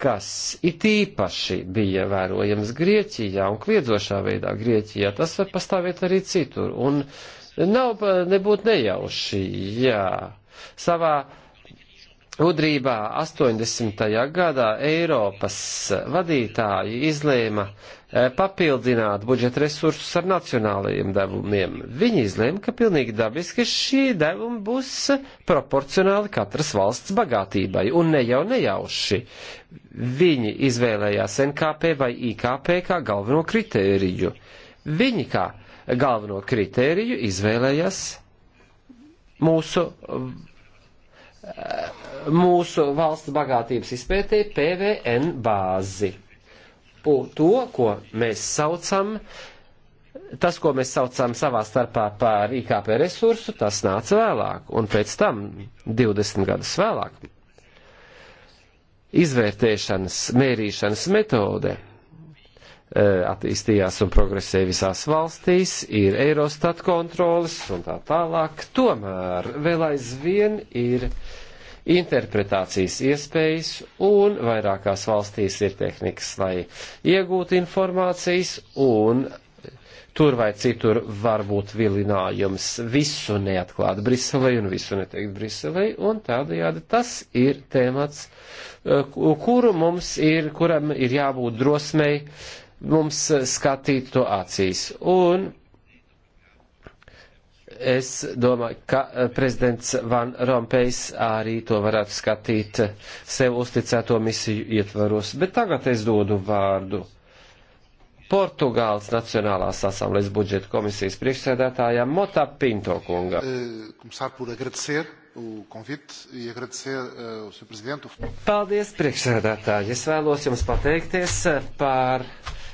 kas it īpaši bija vērojams Grieķijā un kliedzošā veidā Grieķijā, tas var pastāvēt arī citur. Un nav nebūt nejauši, jā. Savā Udrībā 80. gadā Eiropas vadītāji izlēma eh, papildināt budžeta resursus ar nacionālajiem devumiem. Viņi izlēma, ka pilnīgi dabiski šī devuma būs proporcionāli katras valsts bagātībai, un ne jau nejauši. Viņi izvēlējās NKP vai IKP kā galveno kritēriju. Viņi kā galveno kritēriju izvēlējās mūsu mūsu valsts bagātības izpētē PVN bāzi. Un to, ko mēs saucam, tas, ko mēs saucam savā starpā par IKP resursu, tas nāca vēlāk, un pēc tam, 20 gadus vēlāk, izvērtēšanas, mērīšanas metode E, attīstījās un progresēja visās valstīs, ir Eirostat kontrolas un tā tālāk. Tomēr vēl aizvien ir interpretācijas iespējas un vairākās valstīs ir tehnikas, lai iegūtu informācijas un tur vai citur var būt vilinājums visu neatklāt Briselē un visu neteikt Briselē, un tādējādi tas ir temats, e, kuru mums ir, kuram ir jābūt drosmei mums skatīt to acīs. Un es domāju, ka prezidents Van Rompējs arī to varētu skatīt sev uzticēto misiju ietvaros. Bet tagad es dodu vārdu Portugāles Nacionālās asamblejas budžeta komisijas priekšsēdētājām Motā Pinto kungam. Eh, e eh, Paldies, priekšsēdētāji! Es vēlos jums pateikties par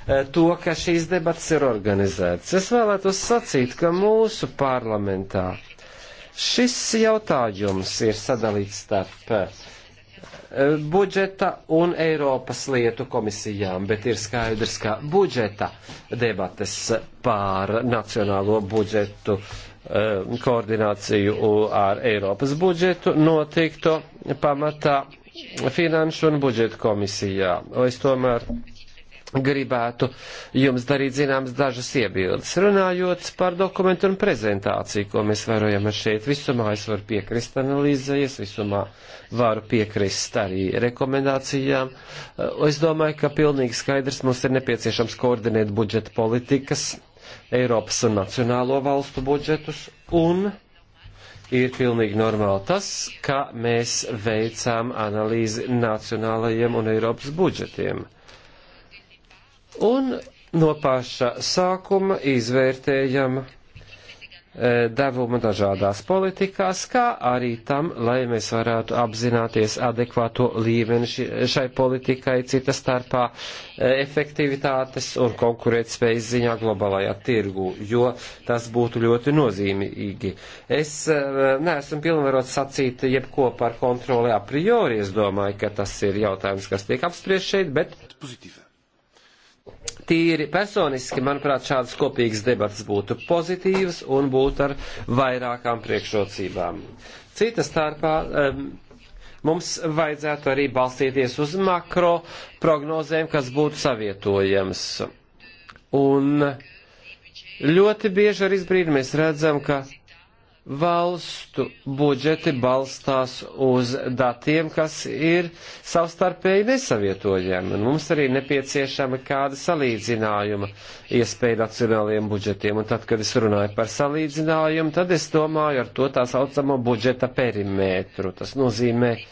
Eh, to, ka šīs debats ir organizētas. Es vēlētos sacīt, ka mūsu parlamentā šis jautājums ir sadalīts starp eh, budžeta un Eiropas lietu komisijām, bet ir skaidrs, ka budžeta debates pār nacionālo budžetu eh, koordināciju ar Eiropas budžetu notiktu pamatā Finanšu un budžeta komisijā. Es tomēr gribētu jums darīt zināmas dažas iebildes. Runājot par dokumentu un prezentāciju, ko mēs varojam šeit, visumā es varu piekrist analīzējies, visumā varu piekrist arī rekomendācijām. Eh, es domāju, ka pilnīgi skaidrs mums ir nepieciešams koordinēt budžeta politikas, Eiropas un nacionālo valstu budžetus un ir pilnīgi normāli tas, ka mēs veicām analīzi nacionālajiem un Eiropas budžetiem un no paša sākuma izvērtējam e, devuma dažādās politikās, kā arī tam, lai mēs varētu apzināties adekvāto līmeni šai politikai, cita starpā e, efektivitātes un konkurētspējas ziņā globālajā tirgu, jo tas būtu ļoti nozīmīgi. Es e, neesmu pilnvarots sacīt jebko par kontroli a priori, es domāju, ka tas ir jautājums, kas tiek apspriest šeit, bet. Pozitīvi tīri personiski, manuprāt, šādas kopīgas debats būtu pozitīvas un būtu ar vairākām priekšrocībām. Cita starpā. Um, mums vajadzētu arī balstīties uz makro prognozēm, kas būtu savietojams. Un ļoti bieži ar izbrīdu mēs redzam, ka valstu budžeti balstās uz datiem, kas ir savstarpēji nesavietojami. Un mums arī nepieciešama kāda salīdzinājuma iespēja nacionālajiem budžetiem. Un tad, kad es runāju par salīdzinājumu, tad es domāju ar to tā saucamo budžeta perimetru. Tas nozīmē eh,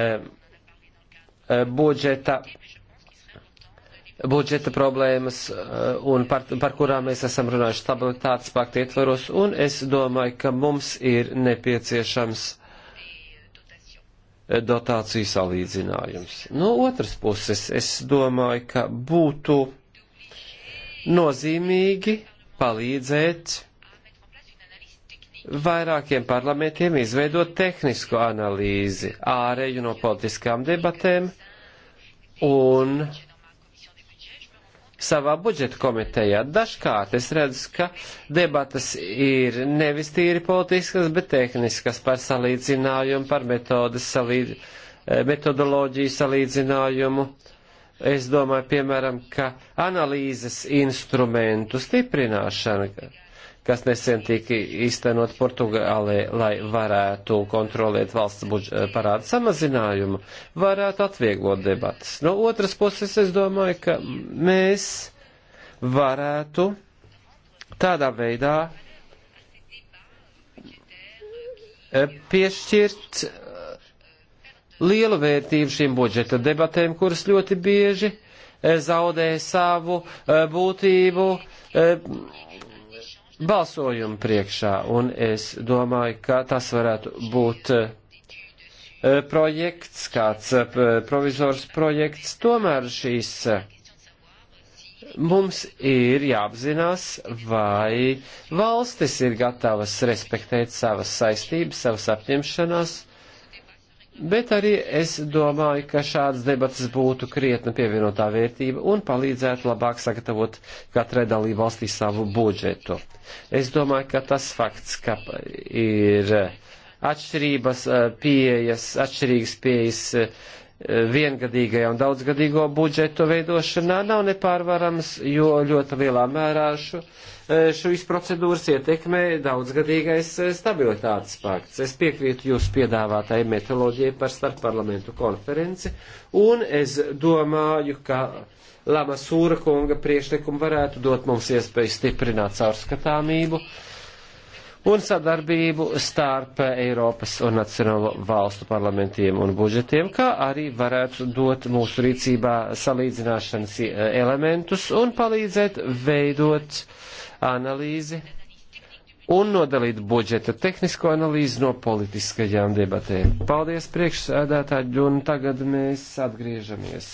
eh budžeta budžeta problēmas, eh, un par, par kurām mēs esam runājuši stabilitātes pakti ietvaros, un es domāju, ka mums ir nepieciešams eh, dotāciju salīdzinājums. No otras puses, es domāju, ka būtu nozīmīgi palīdzēt vairākiem parlamentiem izveidot tehnisku analīzi ārēju no politiskām debatēm un savā budžeta komitejā. Dažkārt es redzu, ka debatas ir nevis tīri politiskas, bet tehniskas par salīdzinājumu, par metodas salīd, eh, metodoloģiju salīdzinājumu. Es domāju, piemēram, ka analīzes instrumentu stiprināšana kas nesen tika īstenot Portugālē, lai varētu kontrolēt valsts eh, parādu samazinājumu, varētu atvieglot debatas. No otras puses, es domāju, ka mēs varētu tādā veidā eh, piešķirt eh, lielu vērtību šīm budžeta debatēm, kuras ļoti bieži zaudē savu būtību balsojumu priekšā, un es domāju, ka tas varētu būt eh, projekts, kāds eh, provizors projekts, tomēr šīs eh, mums ir jāapzinās, vai valstis ir gatavas respektēt savas saistības, savas apņemšanās Bet arī es domāju, ka šādas debatas būtu krietna pievienotā vērtība un palīdzētu labāk sagatavot katrai dalību valstī savu budžetu. Es domāju, ka tas fakts, ka ir atšķirības eh, pieejas, atšķirīgas pieejas eh, viengadīgajā un daudzgadīgo budžetu veidošanā nav nepārvarams, jo ļoti lielā mērā šo, e, šīs procedūras ietekmē daudzgadīgais e, stabilitātes pakts. Es piekrītu jūsu piedāvātai metoloģijai par starpparlamentu konferenci, un es domāju, ka Lama Sūra kunga priekšlikumu varētu dot mums iespēju stiprināt caurskatāmību. Uh, un sadarbību starp Eiropas un Nacionālo valstu parlamentiem un budžetiem, kā arī varētu dot mūsu rīcībā salīdzināšanas elementus un palīdzēt veidot analīzi un nodalīt budžeta tehnisko analīzi no politiskajām debatēm. Paldies priekšsēdētāji, un tagad mēs atgriežamies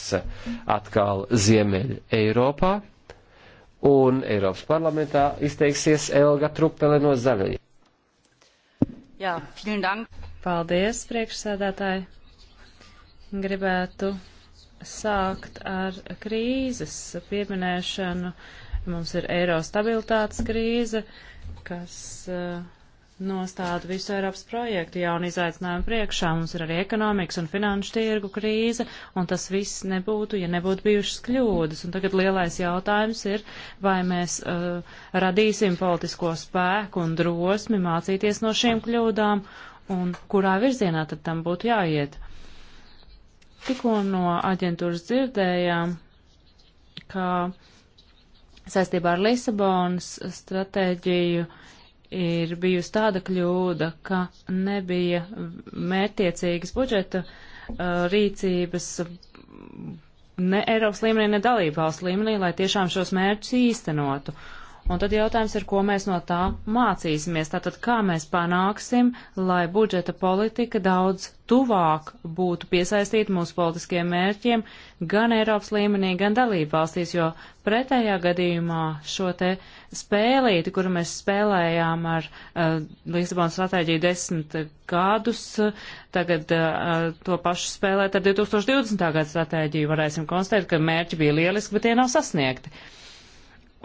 atkal Ziemeļ Eiropā un Eiropas parlamentā izteiksies Elga Trupele no Zaļajiem. Jā, vielen dank. Paldies, priekšsēdētāji. Gribētu sākt ar krīzes pieminēšanu. Mums ir eiro stabilitātes krīze, kas uh, nostādu visu Eiropas projektu jaunu izaicinājumu priekšā. Mums ir arī ekonomikas un finanšu tirgu krīze, un tas viss nebūtu, ja nebūtu bijušas kļūdas. Un tagad lielais jautājums ir, vai mēs uh, radīsim politisko spēku un drosmi mācīties no šīm kļūdām, un kurā virzienā tad tam būtu jāiet. Tikko no aģentūras dzirdējām, ka saistībā ar Lisabonas stratēģiju uh, ir bijusi tāda kļūda, ka nebija mērtiecīgas budžeta uh, rīcības ne Eiropas līmenī, ne dalībvalsts līmenī, lai tiešām šos mērķus īstenotu. Un tad jautājums ir, ko mēs no tā mācīsimies. Tātad, kā mēs panāksim, lai budžeta politika daudz tuvāk būtu piesaistīta mūsu politiskiem mērķiem gan Eiropas līmenī, gan dalību valstīs, jo pretējā gadījumā šo te spēlīti, kuru mēs spēlējām ar uh, Lisabonas stratēģiju desmit gadus, tagad uh, to pašu spēlēt ar 2020. gada stratēģiju, varēsim konstatēt, ka mērķi bija lieliski, bet tie nav sasniegti. Uh,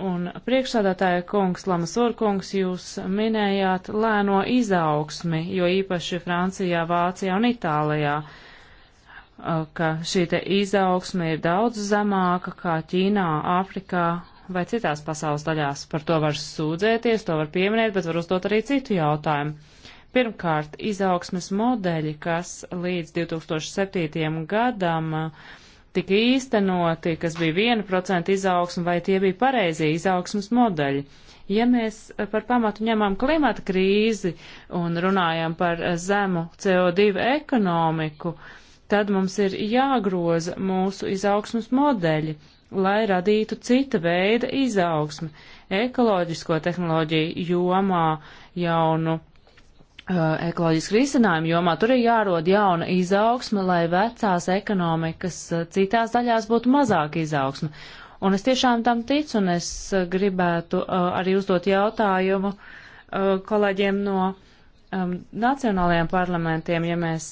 Un priekšsādātāja kungs, Lamasur kungs, jūs minējāt lēno izaugsmi, jo īpaši Francijā, Vācijā un Itālijā, ka šī te izaugsme ir daudz zemāka kā Ķīnā, Āfrikā vai citās pasaules daļās. Par to var sūdzēties, to var pieminēt, bet var uzdot arī citu jautājumu. Pirmkārt, izaugsmes modeļi, kas līdz 2007. gadam uh, tika īstenoti, kas bija 1% izaugsme, vai tie bija pareizie izaugsmas modeļi. Ja mēs eh, par pamatu ņemam klimata krīzi un runājam par eh, zemu CO2 ekonomiku, tad mums ir jāgroza mūsu izaugsmas modeļi, lai radītu cita veida izaugsmi ekoloģisko tehnoloģiju jomā jaunu Uh, ekoloģisku risinājumu jomā, tur ir jārod jauna izaugsme, lai vecās ekonomikas uh, citās daļās būtu mazāk izaugsme. Un es tiešām tam ticu, un es uh, gribētu arī uzdot jautājumu kolēģiem no um, nacionālajiem parlamentiem, ja mēs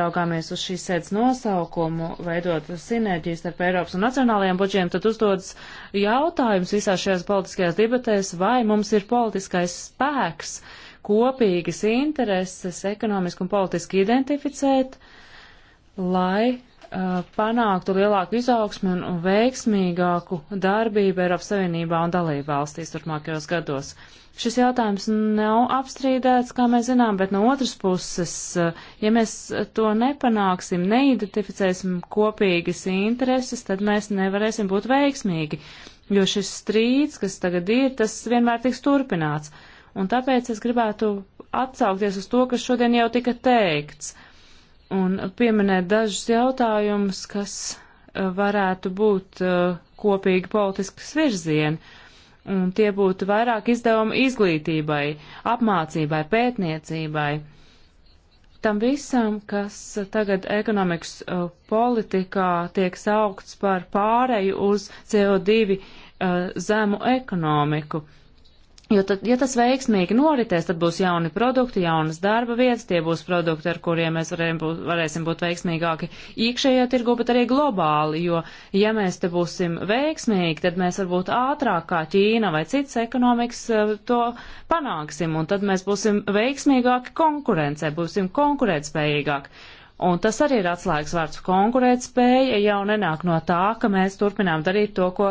raugāmies uz šīs sēdes nosaukumu, veidot sinerģijas starp Eiropas un nacionālajiem budžiem, tad uzdodas jautājums visās šajās politiskajās debatēs, vai mums ir politiskais spēks uh, kopīgas intereses ekonomiski un politiski identificēt, lai uh, panāktu lielāku izaugsmu un, un veiksmīgāku darbību Eiropas Savienībā un dalību valstīs turpmākajos gados. Šis jautājums nav apstrīdēts, kā mēs zinām, bet no otras puses, uh, ja mēs to nepanāksim, neidentificēsim kopīgas intereses, tad mēs nevarēsim būt veiksmīgi, jo šis strīds, kas tagad ir, tas vienmēr tiks turpināts. Uh, Un tāpēc es gribētu atsaukties uz to, kas šodien jau tika teikts, un pieminēt dažus jautājumus, kas eh, varētu būt eh, kopīgi politiskas virzieni. Un tie būtu vairāk izdevumi izglītībai, apmācībai, pētniecībai tam visam, kas tagad ekonomikas uh, politikā tiek saukts par pāreju uz CO2 uh, zemu ekonomiku. Jo tad, ja tas veiksmīgi noritēs, tad būs jauni produkti, jaunas darba vietas, tie būs produkti, ar kuriem mēs varēsim būt, varēsim būt veiksmīgāki iekšējā tirgu, bet arī globāli, jo ja mēs te būsim veiksmīgi, tad mēs varbūt ātrāk kā Ķīna vai cits ekonomikas eh, to panāksim, un tad mēs būsim veiksmīgāki konkurencē, būsim konkurētspējīgāki. Un tas arī ir atslēgas vārds konkurētspēja, jau nenāk no tā, ka mēs turpinām darīt to, ko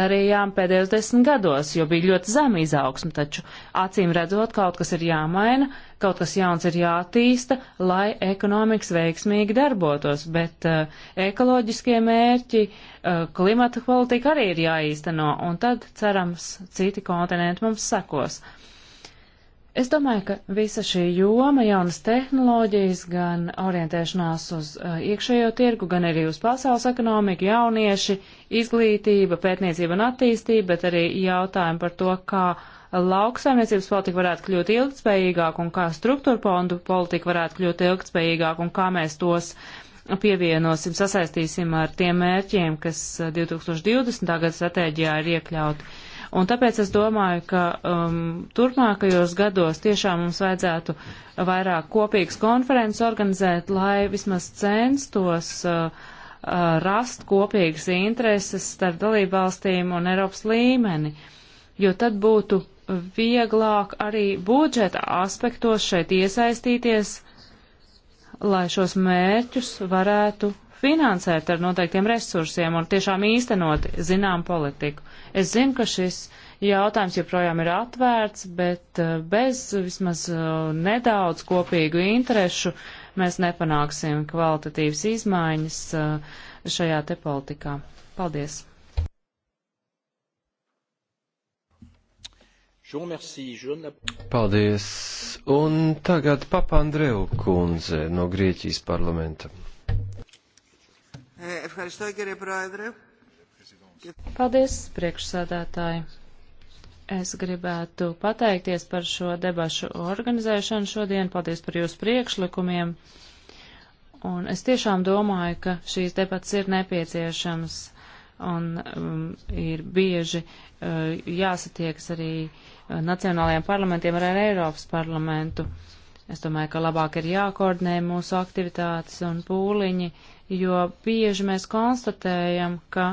darījām pēdējos desmit gados, jo bija ļoti zema izaugsme, taču acīm redzot, kaut kas ir jāmaina, kaut kas jauns ir jātīsta, lai ekonomikas veiksmīgi darbotos, bet uh, ekoloģiskie mērķi, uh, klimata politika arī ir jāīsteno, un tad cerams citi kontinenti mums sekos. Uh, Es domāju, ka visa šī joma, jaunas tehnoloģijas, gan orientēšanās uz uh, iekšējo tirgu, gan arī uz pasaules ekonomiku, jaunieši, izglītība, pētniecība un attīstība, bet arī jautājumi par to, kā lauksaimniecības politika varētu kļūt ilgtspējīgāk un kā struktūra fondu politika varētu kļūt ilgtspējīgāk un kā mēs tos pievienosim, sasaistīsim ar tiem mērķiem, kas 2020. Uh, gada stratēģijā ir iekļauti. Un tāpēc es domāju, ka um, turpmākajos gados tiešām mums vajadzētu vairāk kopīgas konferences organizēt, lai vismaz censtos uh, uh, rast kopīgas intereses starp dalībvalstīm un Eiropas līmeni, jo tad būtu vieglāk arī budžeta aspektos šeit iesaistīties, lai šos mērķus varētu finansēt ar noteiktiem resursiem un tiešām īstenot zinām politiku. Es zinu, ka šis jautājums joprojām ir atvērts, bet eh, bez vismaz eh, nedaudz kopīgu interešu mēs nepanāksim kvalitatīvas izmaiņas eh, šajā te politikā. Paldies! Paldies! Un tagad Papandreou kundze no Grieķijas parlamenta. Paldies, priekšsādātāji. Es gribētu pateikties par šo debašu organizēšanu šodien. Paldies par jūsu priekšlikumiem. Un es tiešām domāju, ka šīs debats ir nepieciešams un um, ir bieži uh, jāsatiekas arī uh, nacionālajiem parlamentiem ar Eiropas parlamentu. Es domāju, ka labāk ir jākoordinē mūsu aktivitātes un pūliņi. Uh, jo bieži mēs konstatējam, ka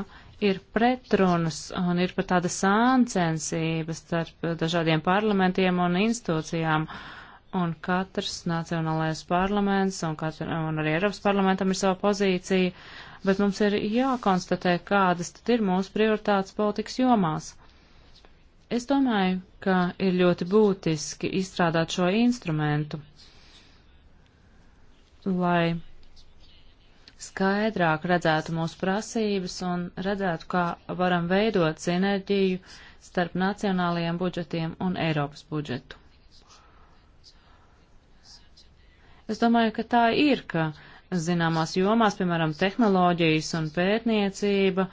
ir pretrunas un ir pat tāda sāncensība starp dažādiem parlamentiem un institūcijām. Un katrs nacionālais parlaments un, katru, un arī Eiropas parlamentam ir sava pozīcija, bet mums ir jākonstatē, kādas tad ir mūsu prioritātes politikas jomās. Es domāju, ka ir ļoti būtiski izstrādāt šo instrumentu, lai skaidrāk redzētu mūsu prasības un redzētu, kā varam veidot sinerģiju starp nacionālajiem budžetiem un Eiropas budžetu. Es domāju, ka tā ir, ka zināmās jomās, piemēram, tehnoloģijas un pētniecība,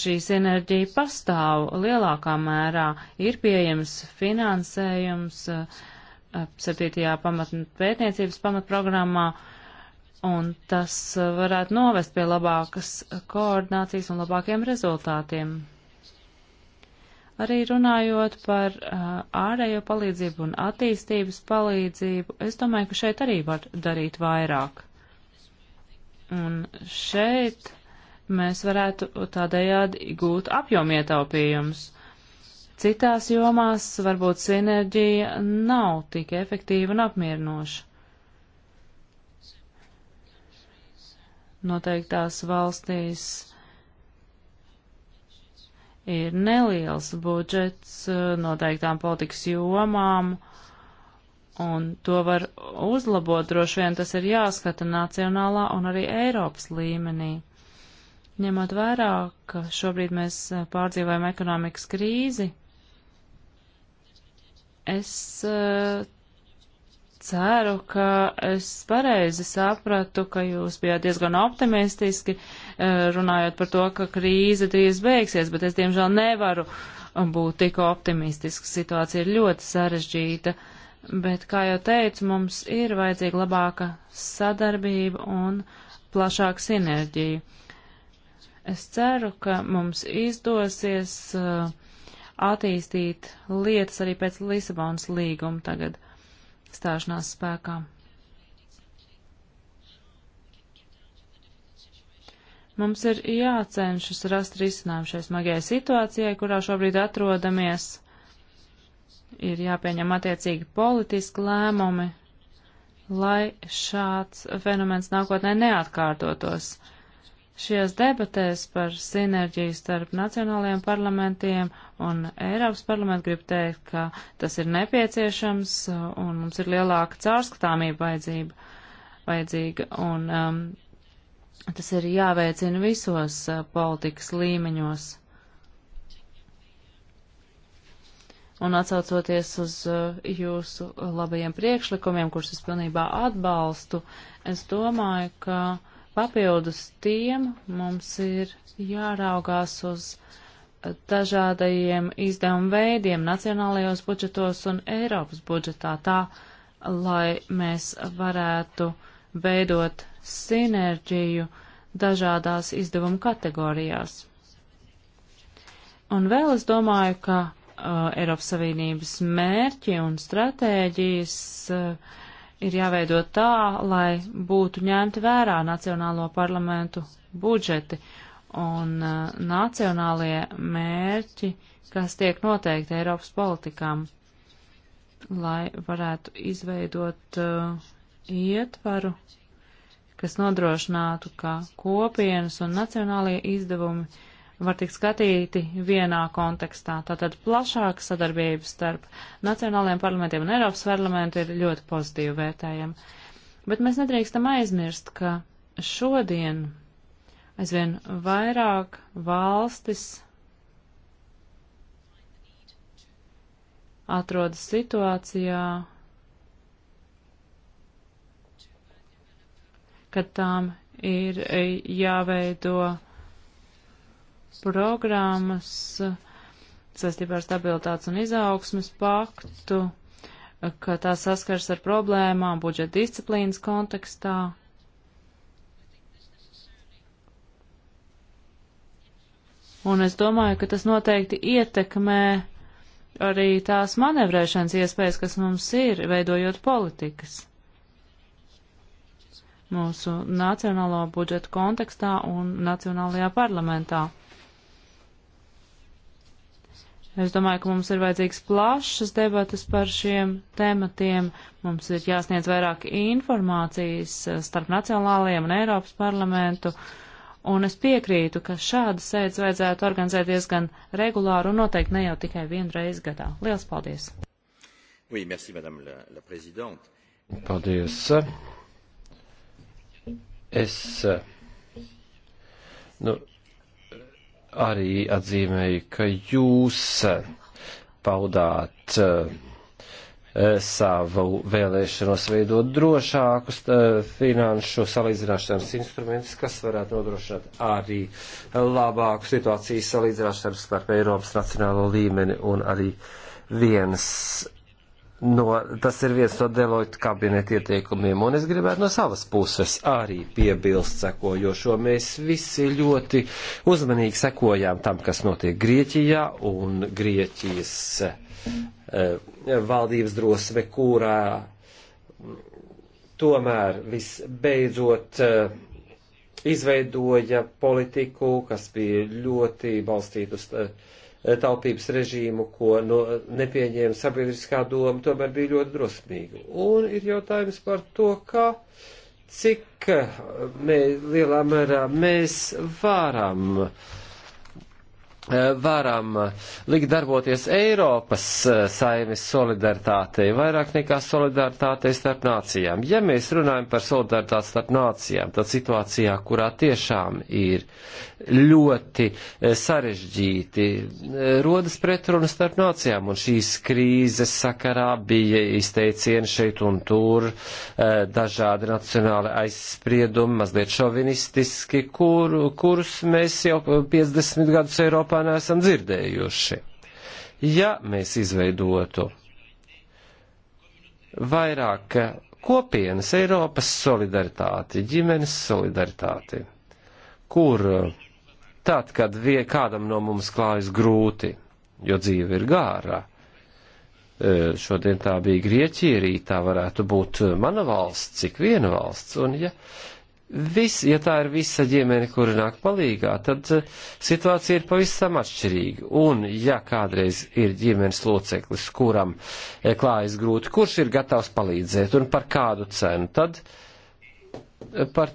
šī sinerģija pastāv lielākā mērā, ir pieejams finansējums 7. Eh, pamat pētniecības pamatprogrammā, uh, un tas uh, varētu novest pie labākas koordinācijas un labākiem rezultātiem. Arī runājot par uh, ārējo palīdzību un attīstības palīdzību, es domāju, ka šeit arī var darīt vairāk. Un šeit mēs varētu tādējādi gūt apjomietaupījumus. Citās jomās varbūt sinerģija nav tik efektīva un apmierinoša. noteiktās valstīs ir neliels budžets eh, noteiktām politikas jomām, un to var uzlabot, droši vien tas ir jāskata nacionālā un arī Eiropas līmenī. Ņemot vērā, ka šobrīd mēs eh, pārdzīvojam ekonomikas krīzi, es eh, ceru, ka es pareizi sapratu, ka jūs bijāt diezgan optimistiski eh, runājot par to, ka krīze drīz beigsies, bet es diemžēl nevaru būt tik optimistiska. Situācija ir ļoti sarežģīta, bet, kā jau teicu, mums ir vajadzīga labāka sadarbība un plašāka sinerģija. Es ceru, ka mums izdosies eh, attīstīt lietas arī pēc Lisabonas līguma tagad stāšanās spēkā. Mums ir jācenšas rast risinājumu šai smagajai situācijai, kurā šobrīd atrodamies. Ir jāpieņem attiecīgi politiski lēmumi, lai šāds fenomens nākotnē neatkārtotos. Šajās debatēs par sinerģiju starp nacionālajiem parlamentiem un Eiropas parlamentu gribu teikt, ka tas ir nepieciešams un mums ir lielāka caurskatāmība vajadzība, vajadzīga un um, tas ir jāveicina visos uh, politikas līmeņos. Un atsaucoties uz uh, jūsu labajiem priekšlikumiem, kurus es pilnībā atbalstu, es domāju, ka uh, Papildus tiem mums ir jāraugās uz eh, dažādajiem izdevumu veidiem nacionālajos budžetos un Eiropas budžetā tā, lai mēs varētu veidot sinerģiju dažādās izdevumu kategorijās. Un vēl es domāju, ka uh, Eiropas Savienības mērķi un stratēģijas uh, ir jāveido tā, lai būtu ņemti vērā nacionālo parlamentu budžeti un uh, nacionālie mērķi, kas tiek noteikti Eiropas politikām, lai varētu izveidot uh, ietvaru, kas nodrošinātu, ka kopienas un nacionālie izdevumi var tikt skatīti vienā kontekstā. Tātad plašāka sadarbība starp nacionālajiem parlamentiem un Eiropas parlamentu ir ļoti pozitīvi vērtējama. Bet mēs nedrīkstam aizmirst, ka šodien aizvien vairāk valstis atrodas situācijā, kad tām ir jāveido programmas eh, saistībā ar stabilitātes un izaugsmes paktu, eh, ka tā saskars ar problēmām budžeta disciplīnas kontekstā. Un es domāju, ka tas noteikti ietekmē arī tās manevrēšanas iespējas, kas mums ir, veidojot politikas mūsu nacionālo budžetu kontekstā un nacionālajā parlamentā. Es domāju, ka mums ir vajadzīgs plašas debatas par šiem tematiem. Mums ir jāsniedz vairāk informācijas eh, starp nacionālajiem un Eiropas parlamentu. Un es piekrītu, ka šādas sēdes vajadzētu organizēt diezgan regulāri un noteikti ne jau tikai vienu reizi gadā. Lielas paldies! Oui, merci, madame la, la présidente. Paldies. Es. Eh, nu, arī atzīmēju, ka jūs paudāt eh, savu vēlēšanos veidot drošākus eh, finanšu salīdzināšanas instrumentus, kas varētu nodrošināt arī labāku situācijas salīdzināšanu starp Eiropas nacionālo līmeni un arī vienas no, tas ir viens no Deloitte kabineta ieteikumiem, un es gribētu no savas puses arī piebilst sekojošo. Mēs visi ļoti uzmanīgi sekojām tam, kas notiek Grieķijā un Grieķijas eh, valdības drosme, kurā tomēr visbeidzot eh, izveidoja politiku, kas bija ļoti balstīta uz. Eh, Eh, taupības režīmu, ko no, nu, nepieņēma sabiedriskā doma, tomēr bija ļoti drosmīgi. Un ir jautājums par to, kā, cik eh, mē, lielā mērā mēs varam, eh, varam likt darboties Eiropas saimes solidaritātei, vairāk nekā solidaritātei starp nācijām. Ja mēs runājam par solidaritāti starp nācijām, tad situācijā, kurā tiešām ir ļoti eh, sarežģīti. Eh, rodas pretruna starp nācijām, un šīs krīzes sakarā bija izteicieni šeit un tur, eh, dažādi nacionāli aizspriedumi, mazliet šovinistiski, kur, kurus mēs jau 50 gadus Eiropā neesam dzirdējuši. Ja mēs izveidotu vairāk kopienas Eiropas solidaritāti, ģimenes solidaritāti, kur tad, kad vie, kādam no mums klājas grūti, jo dzīve ir gārā. E, šodien tā bija Grieķija, arī tā varētu būt mana valsts, cik viena valsts. Un, ja, vis, ja tā ir visa ģimene, kura nāk palīgā, tad e, situācija ir pavisam atšķirīga. Un, ja kādreiz ir ģimenes loceklis, kuram e, klājas grūti, kurš ir gatavs palīdzēt un par kādu cenu, tad par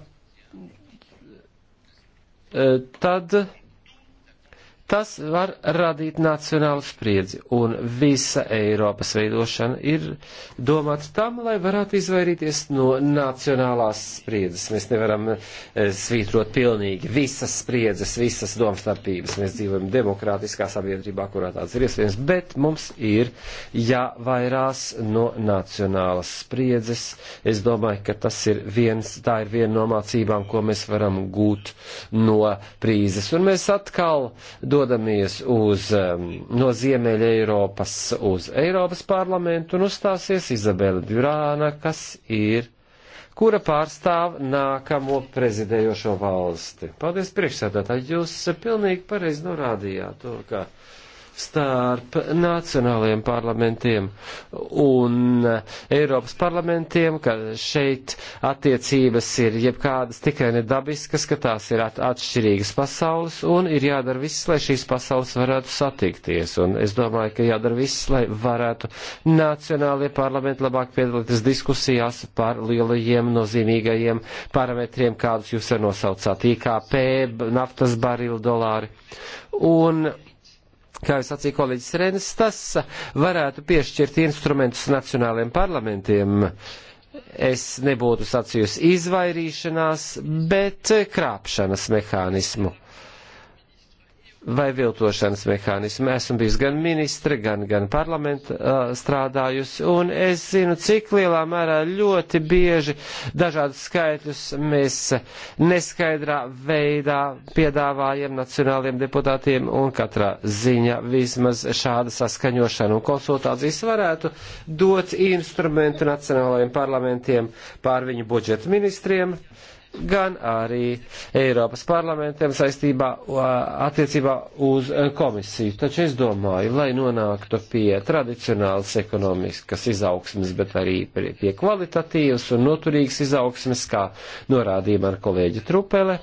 tad Tas var radīt nacionālu spriedzi, un visa Eiropas veidošana ir domāta tam, lai varētu izvairīties no nacionālās spriedzes. Mēs nevaram eh, svītrot pilnīgi visas spriedzes, visas domstarpības. Mēs dzīvojam demokrātiskā sabiedrībā, kurā tāds ir iespējams, bet mums ir jāvairās no nacionālas spriedzes. Es domāju, ka tas ir viens, tā ir viena no mācībām, ko mēs varam gūt no prīzes. Un mēs atkal dodamies uz, um, no Ziemeļa Eiropas uz Eiropas parlamentu un uzstāsies Izabela Durāna, kas ir, kura pārstāv nākamo prezidējošo valsti. Paldies priekšsēdētāji, jūs pilnīgi pareizi norādījāt to, ka starp nacionālajiem parlamentiem un Eiropas parlamentiem, ka šeit attiecības ir jebkādas tikai nedabiskas, ka tās ir at atšķirīgas pasaules un ir jādara viss, lai šīs pasaules varētu satikties. Un es domāju, ka jādara viss, lai varētu nacionālajie parlamenti labāk piedalīties diskusijās par lielajiem nozīmīgajiem parametriem, kādus jūs jau nosaucāt - IKP, naftas barili, dolāri. Un kā jau sacīja kolēģis Renes, tas varētu piešķirt instrumentus nacionāliem parlamentiem. Es nebūtu sacījusi izvairīšanās, bet krāpšanas mehānismu vai viltošanas mehānismu. Esmu bijis gan ministre, gan, gan parlamenta uh, strādājusi, un es zinu, cik lielā mērā ļoti bieži dažādus skaitļus mēs neskaidrā veidā piedāvājam nacionāliem deputātiem, un katrā ziņa vismaz šāda saskaņošana un konsultācijas varētu dot instrumentu nacionālajiem parlamentiem pār viņu budžeta ministriem. Uh, gan arī Eiropas parlamentiem saistībā attiecībā uz komisiju. Taču es domāju, lai nonāktu pie tradicionālas ekonomiskas izaugsmes, bet arī pie kvalitatīvas un noturīgas izaugsmes, kā norādīja man kolēģi Trupele,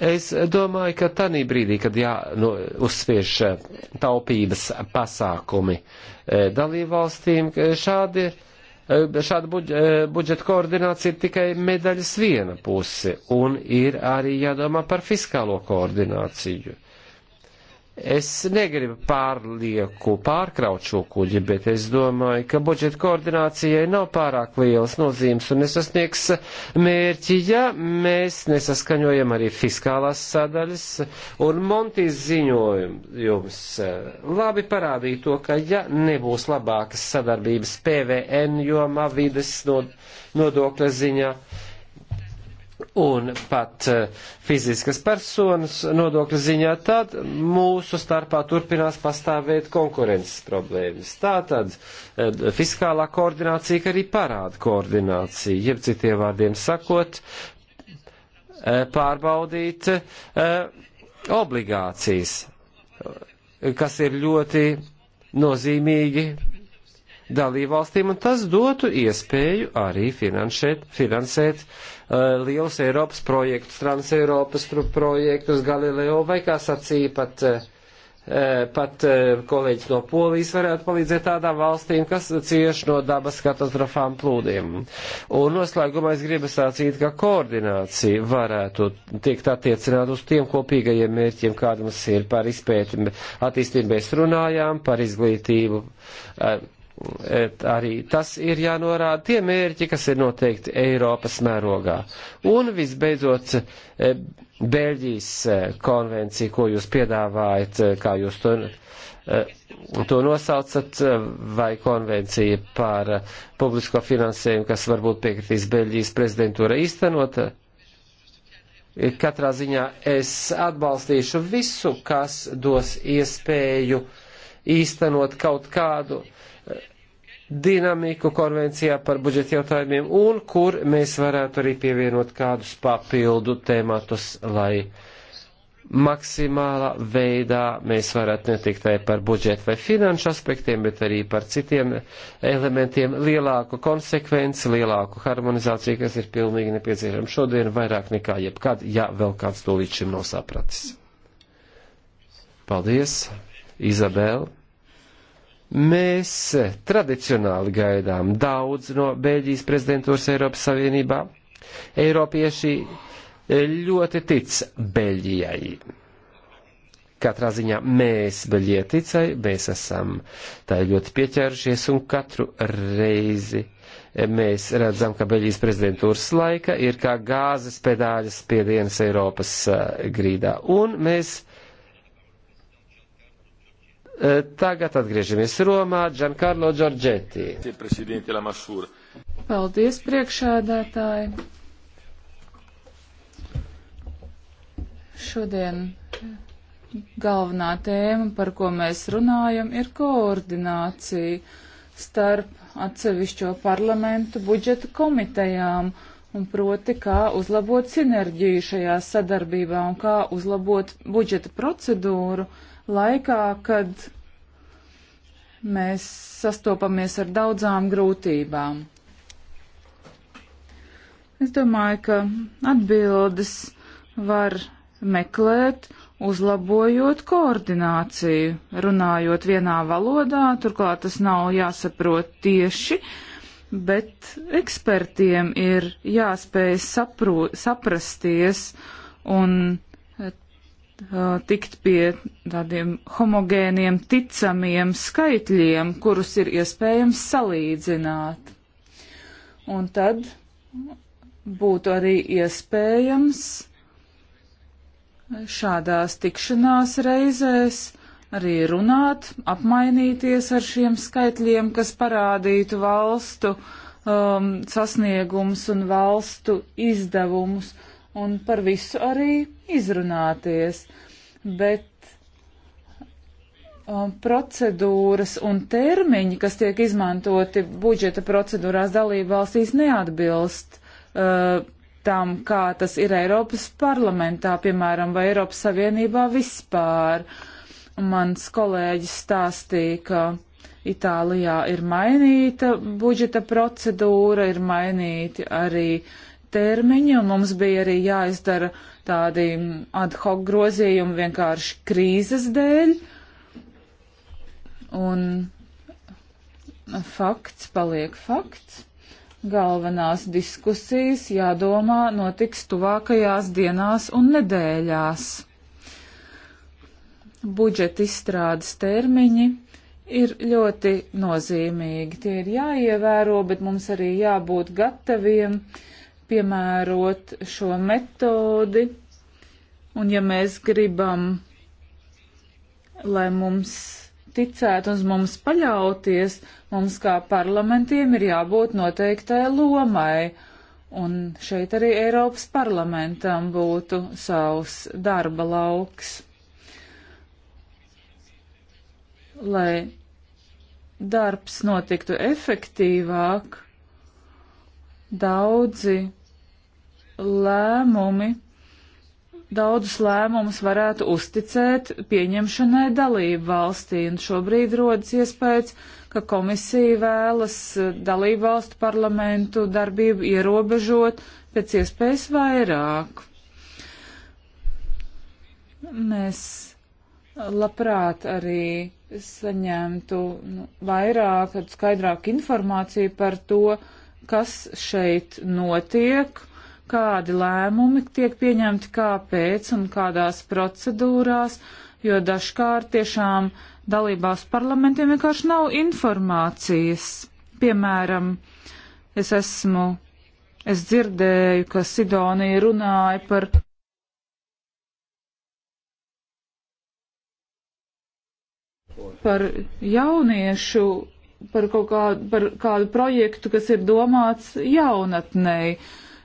es domāju, ka tanī brīdī, kad jā, nu, uzspiež taupības pasākumi e, dalībvalstīm, šādi Eh, šāda eh, budžeta koordinācija ir tikai medaļas viena puse, un ir arī jādomā par fiskālo koordināciju. Es negribu pārlieku pārkraut šo kuģi, bet es domāju, ka budžeta koordinācijai nav pārāk liels nozīmes un nesasniegs mērķi, ja mēs nesaskaņojam arī fiskālās sadaļas. Un Montijas ziņojums labi parādīja to, ka ja nebūs labākas sadarbības PVN jomā vides nodokļa ziņā, un pat eh, fiziskas personas nodokļa ziņā, tad mūsu starpā turpinās pastāvēt konkurences problēmas. Tātad eh, fiskālā koordinācija, ka arī parāda koordinācija, jeb citiem vārdiem sakot, eh, pārbaudīt obligācijas, kas ir ļoti nozīmīgi dalībvalstīm, un tas dotu iespēju arī finansēt, finansēt uh, Eh, lielus Eiropas projektus, Trans-Eiropas projektus, Galileo vai, kā sacīja pat, eh, eh, pat kolēģis no Polijas, varētu palīdzēt tādām valstīm, kas cieš no dabas katastrofām plūdiem. Un noslēgumā es gribu sacīt, ka koordinācija varētu tikt attiecināt uz tiem kopīgajiem mērķiem, kāda mums ir par izpēti attīstību, mēs runājām, par izglītību. Uh, arī tas ir jānorāda tie mērķi, kas ir noteikti Eiropas mērogā. Un visbeidzot, e, Beļģijas e, konvencija, ko jūs piedāvājat, e, kā jūs to, to nosaucat, vai konvencija par publisko finansējumu, kas varbūt piekritīs Beļģijas prezidentūra īstenot. Katrā ziņā es atbalstīšu visu, kas dos iespēju īstenot kaut kādu uh, dinamiku konvencijā par budžeta jautājumiem un kur mēs varētu arī pievienot kādus papildu tematus, lai maksimālā veidā mēs varētu ne tikai par budžetu vai finanšu aspektiem, bet arī par citiem elementiem lielāku konsekvenci, lielāku harmonizāciju, kas ir pilnīgi nepieciešama šodien vairāk nekā jebkad, ja vēl kāds to līdz šim nav sapratis. Paldies, Izabela! Mēs tradicionāli gaidām daudz no Bēļģijas prezidentūras Eiropas Savienībā. Eiropieši e, ļoti tic Beļģijai. Katrā ziņā mēs Beļģijai ticai, mēs esam tā ļoti pieķērušies un katru reizi e, mēs redzam, ka Beļģijas prezidentūras laika ir kā gāzes pedāļas spiedienas Eiropas e, grīdā. Un mēs Eh, tagad atgriežamies Romā, Giancarlo Giorgetti. Paldies, priekšādātāji. Šodien galvenā tēma, par ko mēs runājam, ir koordinācija starp atsevišķo parlamentu budžeta komitejām un proti, kā uzlabot sinerģiju šajā sadarbībā un kā uzlabot budžeta procedūru. Uh, laikā, kad mēs sastopamies ar daudzām grūtībām. Es domāju, ka atbildes var meklēt, uzlabojot koordināciju, runājot vienā valodā, turklāt tas nav jāsaprot tieši, bet ekspertiem ir jāspēj sapro, saprasties un uh, tikt pie tādiem homogēniem, ticamiem skaitļiem, kurus ir iespējams salīdzināt. Un tad būtu arī iespējams šādās tikšanās reizēs arī runāt, apmainīties ar šiem skaitļiem, kas parādītu valstu um, sasniegumus un valstu izdevumus. Uh, un par visu arī izrunāties. Bet um, procedūras un termiņi, kas tiek izmantoti budžeta procedūrās dalību valstīs, neatbilst uh, tam, kā tas ir Eiropas parlamentā, piemēram, vai Eiropas Savienībā vispār. Mans kolēģis stāstīja, ka Itālijā ir mainīta budžeta procedūra, ir mainīti arī ilgtermiņa, un mums bija arī jāizdara tādi ad hoc grozījumi vienkārši krīzes dēļ. Un fakts paliek fakts. Galvenās diskusijas, jādomā, notiks tuvākajās dienās un nedēļās. Budžeta izstrādes termiņi ir ļoti nozīmīgi. Tie ir jāievēro, bet mums arī jābūt gataviem uh, piemērot šo metodi, un ja mēs gribam, lai mums ticēt un uz mums paļauties, mums kā parlamentiem ir jābūt noteiktai lomai, un šeit arī Eiropas parlamentam būtu savs darba lauks. Lai darbs notiktu efektīvāk, daudzi lēmumi, daudzus lēmumus varētu uzticēt pieņemšanai dalību valstī, un šobrīd rodas iespējas, ka komisija vēlas eh, dalību valstu parlamentu darbību ierobežot pēc iespējas vairāk. Mēs labprāt arī saņemtu nu, vairāk, skaidrāku informāciju par to, uh, kas šeit notiek, kādi lēmumi tiek pieņemti, kāpēc un kādās procedūrās, jo dažkārt tiešām dalībās parlamentiem vienkārši nav informācijas. Piemēram, es esmu, es dzirdēju, ka Sidonija runāja par. par jauniešu par kaut kādu, par kādu projektu, kas ir domāts jaunatnei.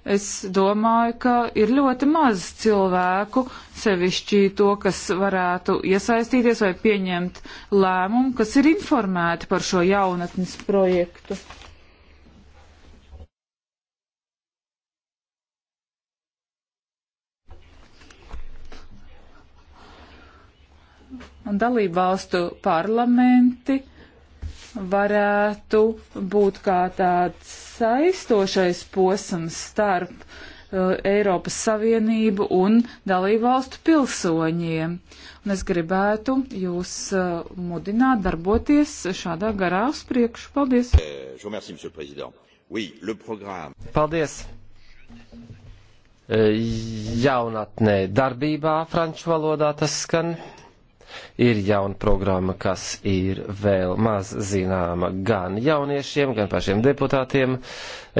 Es domāju, ka ir ļoti maz cilvēku, sevišķi to, kas varētu iesaistīties vai pieņemt lēmumu, kas ir informēti par šo jaunatnes projektu. Un dalībvalstu parlamenti varētu būt kā tāds saistošais posms starp uh, Eiropas Savienību un dalībvalstu pilsoņiem. Un es gribētu jūs uh, mudināt darboties šādā garā uz priekšu. Paldies! Eh, Paldies! Eh, jaunatnē darbībā franču valodā tas skan ir jauna programma, kas ir vēl maz zināma gan jauniešiem, gan pašiem deputātiem,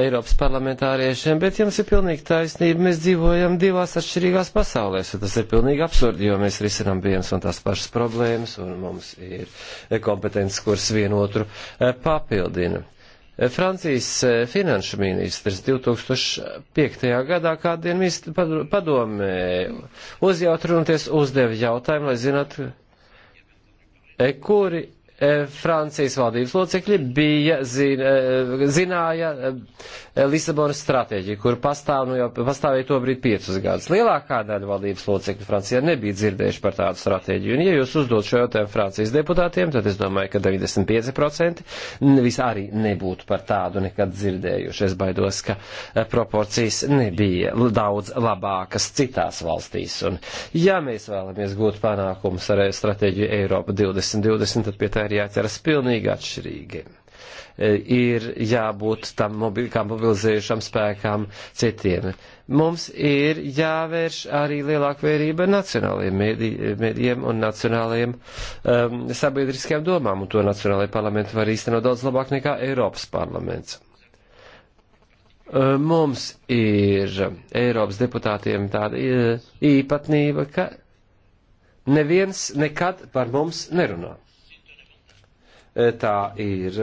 Eiropas parlamentāriešiem, bet jums ir pilnīgi taisnība, mēs dzīvojam divās atšķirīgās pasaulēs, un tas ir pilnīgi absurdi, jo mēs risinām viens un tās pašas problēmas, un mums ir kompetences, kuras vienotru eh, papildina. Francijas eh, finanšu ministrs 2005. gadā kādien padomē uzjautrinoties uzdeva jautājumu, lai zinātu, e, kuri Eh, Francijas valdības locekļi bija zin, eh, zināja eh, Lisabonas stratēģiju, kur pastāv, nu jau pastāvēja to brīdi piecus gadus. Lielākā daļa valdības locekļu Francijā nebija dzirdējuši par tādu stratēģiju. Un ja jūs uzdot šo jautājumu Francijas deputātiem, tad es domāju, ka 95% vis arī nebūtu par tādu nekad dzirdējuši. Es baidos, ka proporcijas nebija daudz labākas citās valstīs. Un ja mēs vēlamies gūt panākumus ar stratēģiju Eiropa 2020, tad pie tā ir jāķeras pilnīgi atšķirīgi. E, ir jābūt tam mobil, kā mobilizējušam spēkām citiem. Mums ir jāvērš arī lielāka vērība nacionālajiem mēdījiem un nacionālajiem um, sabiedriskajām domām, un to nacionālajie parlamenti var īstenot daudz labāk nekā Eiropas parlaments. E, mums ir Eiropas deputātiem tāda e, īpatnība, ka neviens nekad par mums nerunā tā ir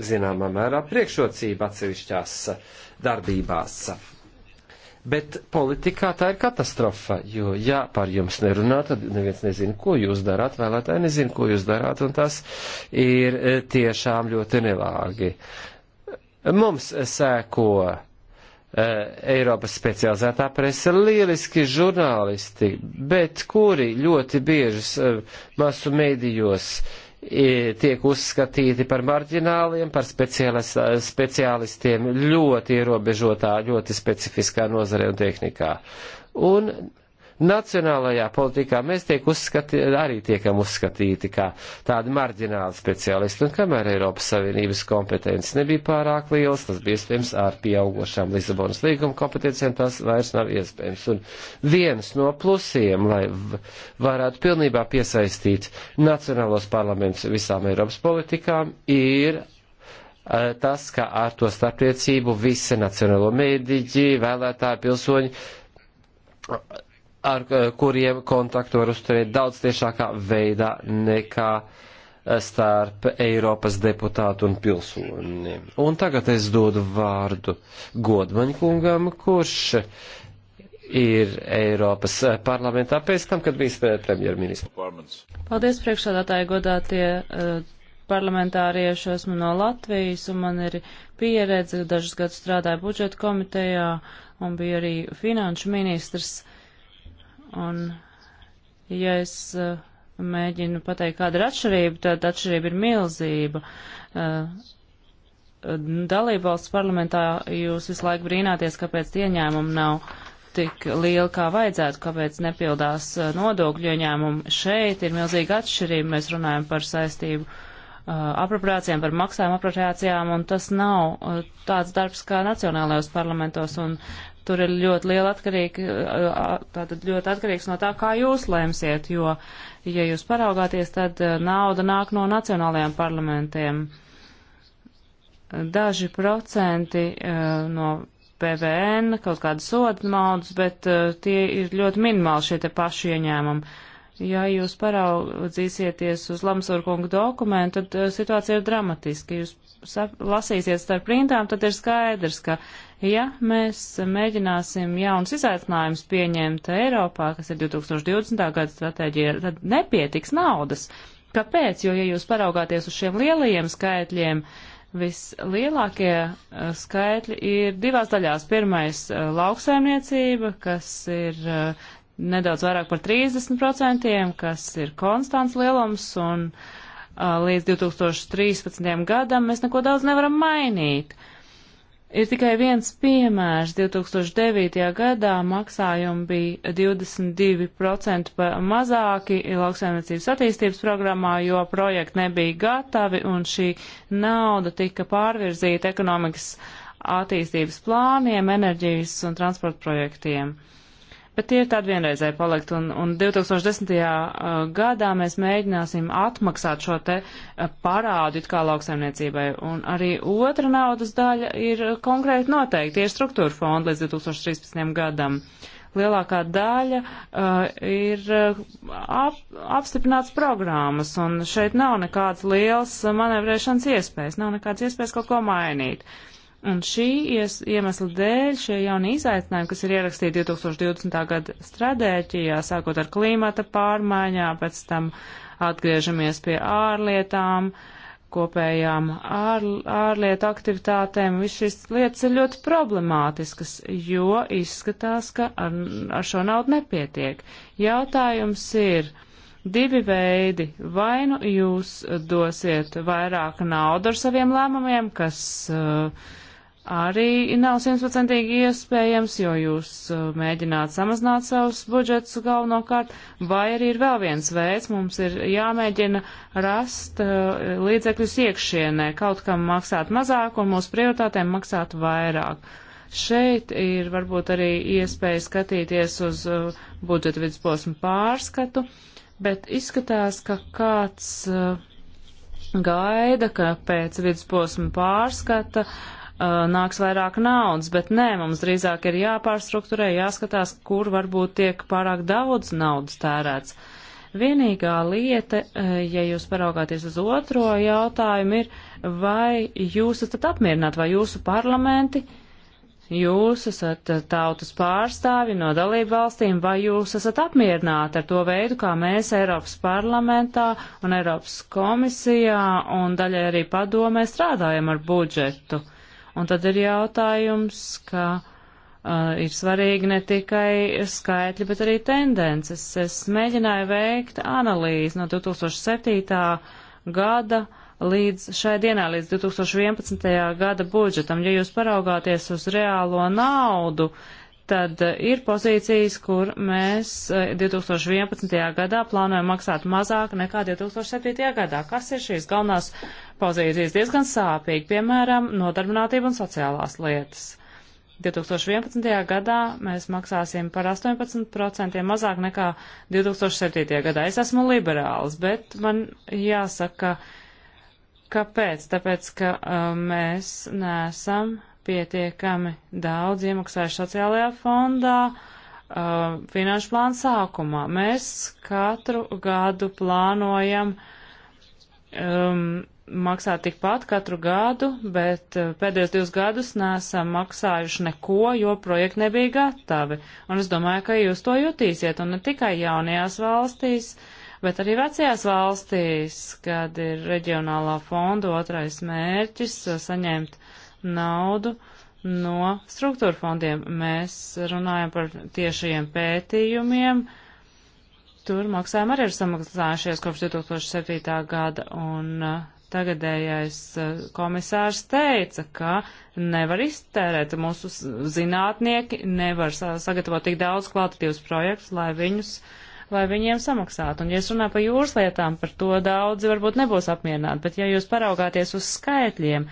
zināmā mērā priekšrocība atsevišķās darbībās. Bet politikā tā ir katastrofa, jo ja par jums nerunā, tad neviens nezina, ko jūs darāt, vēlētāji nezina, ko jūs darāt, un tas ir eh, tiešām ļoti nelāgi. Mums sēko eh, Eiropas specializētā presa lieliski žurnālisti, bet kuri ļoti bieži eh, masu mēdījos tiek uzskatīti par marģināliem, par speciālistiem ļoti ierobežotā, ļoti specifiskā nozare un tehnikā. Un nacionālajā politikā mēs tiek uzskati, arī tiekam uzskatīti kā tādi marģināli speciālisti, un kamēr Eiropas Savienības kompetences nebija pārāk lielas, tas bija iespējams ar pieaugošām Lisabonas līguma kompetencijām, tas vairs nav iespējams. Un viens no plusiem, lai varētu pilnībā piesaistīt nacionālos parlamentus visām Eiropas politikām, ir e, tas, ka ar to starpniecību visi nacionālo mēdīģi, vēlētāji, pilsoņi ar eh, kuriem kontaktu var uzturēt daudz tiešākā veidā nekā eh, starp Eiropas deputātu un pilsoni. Un tagad es dodu vārdu Godmaņkungam, kurš ir Eiropas eh, parlamentā pēc tam, kad bija premjerministrs. Paldies priekšsādātāji godātie parlamentārieši. Esmu no Latvijas un man ir pieredze. Dažus gadus strādāju budžeta komitejā un biju arī finanšu ministrs. Un, ja es uh, mēģinu pateikt, kāda ir atšķirība, tad atšķirība ir milzība. Uh, uh, dalībvalsts parlamentā jūs visu laiku brīnāties, kāpēc ieņēmumu nav tik liela, kā vajadzētu, kāpēc nepildās nodokļu ieņēmumu. Šeit ir milzīga atšķirība, mēs runājam par saistību apropriācijām, par maksājumu apropriācijām, un tas nav tāds darbs kā nacionālajos parlamentos, un tur ir ļoti liela atkarīga, tātad ļoti atkarīgs no tā, kā jūs lēmsiet, jo, ja jūs paraugāties, tad eh, nauda nāk no nacionālajiem parlamentiem. Daži procenti eh, no PVN, kaut kāda soda naudas, bet eh, tie ir ļoti minimāli šie te paši ieņēmumi. Ja jūs paraudzīsieties uz Lamsorkunga dokumentu, tad situācija ir dramatiska. Jūs lasīsiet starp rindām, tad ir skaidrs, ka Ja mēs mēģināsim jauns izaicinājums pieņemt Eiropā, kas ir 2020. gada stratēģija, tad nepietiks naudas. Kāpēc? Jo, ja jūs paraugāties uz šiem lielajiem skaitļiem, vislielākie eh, skaitļi ir divās daļās. Pirmais eh, - lauksaimniecība, kas ir eh, nedaudz vairāk par 30%, kas ir konstants lielums, un līdz 2013. gadam mēs neko daudz nevaram mainīt. Ir tikai viens piemērs. 2009. gadā maksājumi bija 22% mazāki lauksaimniecības attīstības programmā, jo projekti nebija gatavi un šī nauda tika pārvirzīta ekonomikas attīstības plāniem, enerģijas un transporta projektiem. Uh, Bet tie ir tādi vienreizēji palikt, un, un 2010. gadā mēs mēģināsim atmaksāt šo te parādu it kā lauksaimniecībai. Un arī otra naudas daļa ir konkrēti noteikti, tie ir struktūra fondi līdz 2013. gadam. Lielākā daļa uh, ir ap, apstiprināts programmas, un šeit nav nekādas liels manevrēšanas iespējas, nav nekādas iespējas kaut ko mainīt. Uh, Un šī iemesla dēļ šie jaunie izaicinājumi, kas ir ierakstīti 2020. gada stratēģijā, sākot ar klimata pārmaiņām, pēc tam atgriežamies pie ārlietām, kopējām ār, ārlietu aktivitātēm, viss šīs lietas ir ļoti problemātiskas, jo izskatās, ka ar, ar šo naudu nepietiek. Jautājums ir divi veidi. Vai nu jūs dosiet vairāk naudu ar saviem lēmumiem, kas uh, arī nav simtprocentīgi iespējams, jo jūs uh, mēģināt samazināt savus budžetus galvenokārt, vai arī ir vēl viens veids, mums ir jāmēģina rast uh, līdzekļus iekšienē, kaut kam maksāt mazāk un mūsu prioritātēm maksāt vairāk. Šeit ir varbūt arī iespēja skatīties uz uh, budžeta vidusposmu pārskatu, bet izskatās, ka kāds gaida, ka pēc vidusposmu pārskata uh, Uh, nāks vairāk naudas, bet nē, mums drīzāk ir jāpārstruktūrē, jāskatās, kur varbūt tiek pārāk daudz naudas tērēts. Vienīgā lieta, uh, ja jūs paraugāties uz otro jautājumu, ir, vai jūs esat apmierināti, vai jūsu parlamenti, jūs esat uh, tautas pārstāvi no dalību valstīm, vai jūs esat apmierināti ar to veidu, kā mēs Eiropas parlamentā un Eiropas komisijā un daļai arī padomē strādājam ar budžetu. Uh, Un tad ir jautājums, ka uh, ir svarīgi ne tikai skaitļi, bet arī tendences. Es mēģināju veikt analīzi no 2007. gada līdz šai dienā, līdz 2011. gada budžetam. Ja jūs paraugāties uz reālo naudu, tad ir pozīcijas, kur mēs 2011. Uh, gadā plānojam maksāt mazāk nekā 2007. gadā. Kas ir šīs galvenās pozīcijas diezgan sāpīgi, piemēram, nodarbinātība un sociālās lietas. 2011. gadā mēs maksāsim par 18% mazāk nekā 2007. gadā. Es esmu liberāls, bet man jāsaka, kāpēc? Tāpēc, ka um, mēs nesam pietiekami daudz iemaksājuši sociālajā fondā uh, finanšu plānu sākumā. Mēs katru gadu plānojam um, maksā tikpat katru gadu, bet eh, pēdējos divus gadus nesam maksājuši neko, jo projekti nebija gatavi. Un es domāju, ka jūs to jutīsiet, un ne tikai jaunajās valstīs, bet arī vecajās valstīs, kad ir reģionālā fonda otrais mērķis eh, saņemt naudu no struktūra fondiem. Mēs runājam par tiešajiem pētījumiem. Tur maksājumi arī ir samaksājušies kopš 2007. gada, un uh, tagadējais e, komisārs teica, ka nevar iztērēt, mūsu zinātnieki nevar sagatavot tik daudz kvalitatīvus projektus, lai viņus lai viņiem samaksātu. Un, ja es runāju par jūras lietām, par to daudzi varbūt nebūs apmierināti, bet ja jūs paraugāties uz skaitļiem,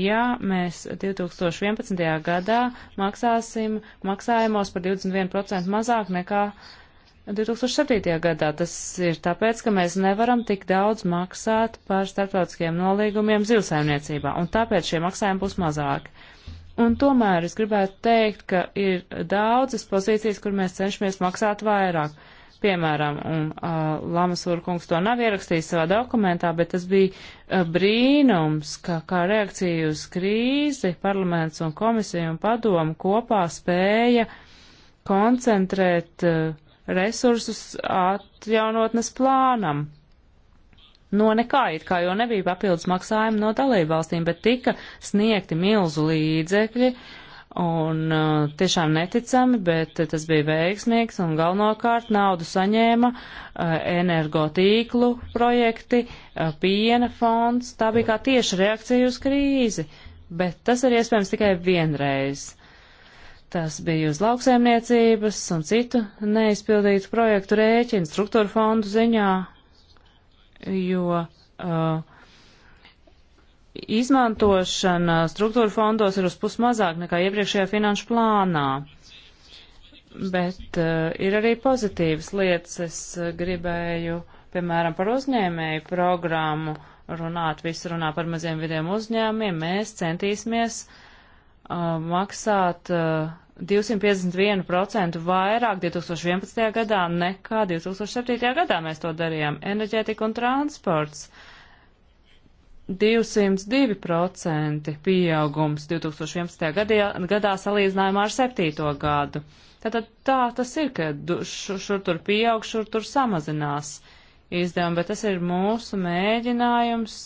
ja mēs 2011. gadā maksāsim maksājumos par 21% mazāk nekā 2007. gadā. Tas ir tāpēc, ka mēs nevaram tik daudz maksāt par starptautiskiem nolīgumiem zivsaimniecībā, un tāpēc šie maksājumi būs mazāki. Un tomēr es gribētu teikt, ka ir daudzas pozīcijas, kur mēs cenšamies maksāt vairāk. Piemēram, un uh, Lamasūra kungs to nav ierakstījis savā dokumentā, bet tas bija uh, brīnums, ka kā reakcija uz krīzi parlaments un komisija un padomu kopā spēja koncentrēt uh, resursus atjaunotnes plānam. No nekā it kā jau nebija papildus maksājumi no dalībvalstīm, bet tika sniegti milzu līdzekļi un uh, tiešām neticami, bet tas bija veiksmīgs un galvenokārt naudu saņēma uh, energotīklu projekti, uh, piena fonds. Tā bija kā tieša reakcija uz krīzi, bet tas ir iespējams tikai vienreiz. Tas bija uz lauksaimniecības un citu neizpildītu projektu rēķinu struktūra fondu ziņā, jo uh, izmantošana struktūra fondos ir uz pus mazāk nekā iepriekšējā finanšu plānā. Bet uh, ir arī pozitīvas lietas. Es uh, gribēju, piemēram, par uzņēmēju programmu runāt. Visi runā par maziem vidiem uzņēmumiem. Mēs centīsimies uh, Uh, maksāt 251% uh, vairāk 2011. gadā nekā 2007. gadā mēs to darījām. Enerģētika un transports 202% pieaugums 2011. Gadā, gadā salīdzinājumā ar 7. gadu. Tātad tā tas ir, ka šur, šur tur pieaug, šur tur samazinās izdevumi, bet tas ir mūsu mēģinājums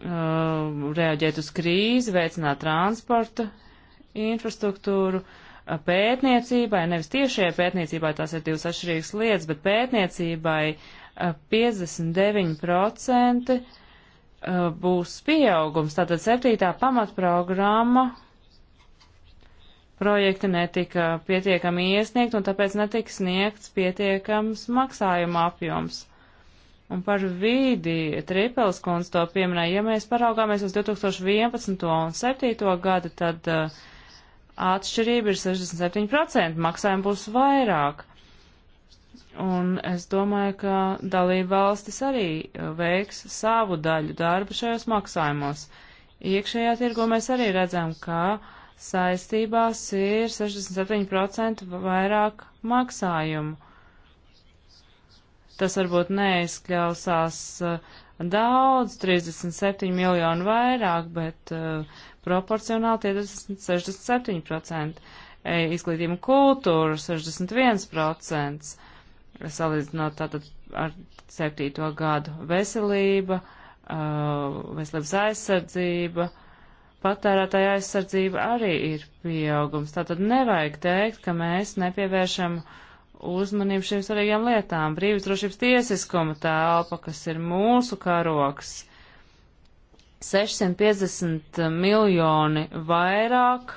Uh, reaģēt uz krīzi, veicināt transporta infrastruktūru, uh, pētniecībai, nevis tiešajai pētniecībai, tās ir divas atšķirīgas lietas, bet pētniecībai 59% uh, būs pieaugums. Tātad septītā pamatprogramma projekti netika pietiekami iesniegt, un tāpēc netika sniegts pietiekams maksājuma apjoms. Un par vīdi Tripels kundz to pieminēja. Ja mēs paraugāmies uz 2011. un 2007. gadu, tad uh, atšķirība ir 67%, maksājumi būs vairāk. Un es domāju, ka dalība valstis arī uh, veiks savu daļu darbu šajos maksājumos. Iekšējā tirgo mēs arī redzam, ka saistībās ir 67% vairāk maksājumu. Tas varbūt neizkļausās eh, daudz, 37 miljonu vairāk, bet uh, proporcionāli tie ir 67%, e, izglītība un kultūra 61%, salīdzinot tātad ar 7. gadu veselība, uh, veselības aizsardzība, patērētāja aizsardzība arī ir pieaugums. Tātad nevajag teikt, ka mēs nepievēršam uh, uzmanību šīm svarīgām lietām. Brīvas drošības tiesiskuma telpa, kas ir mūsu karoks, 650 miljoni vairāk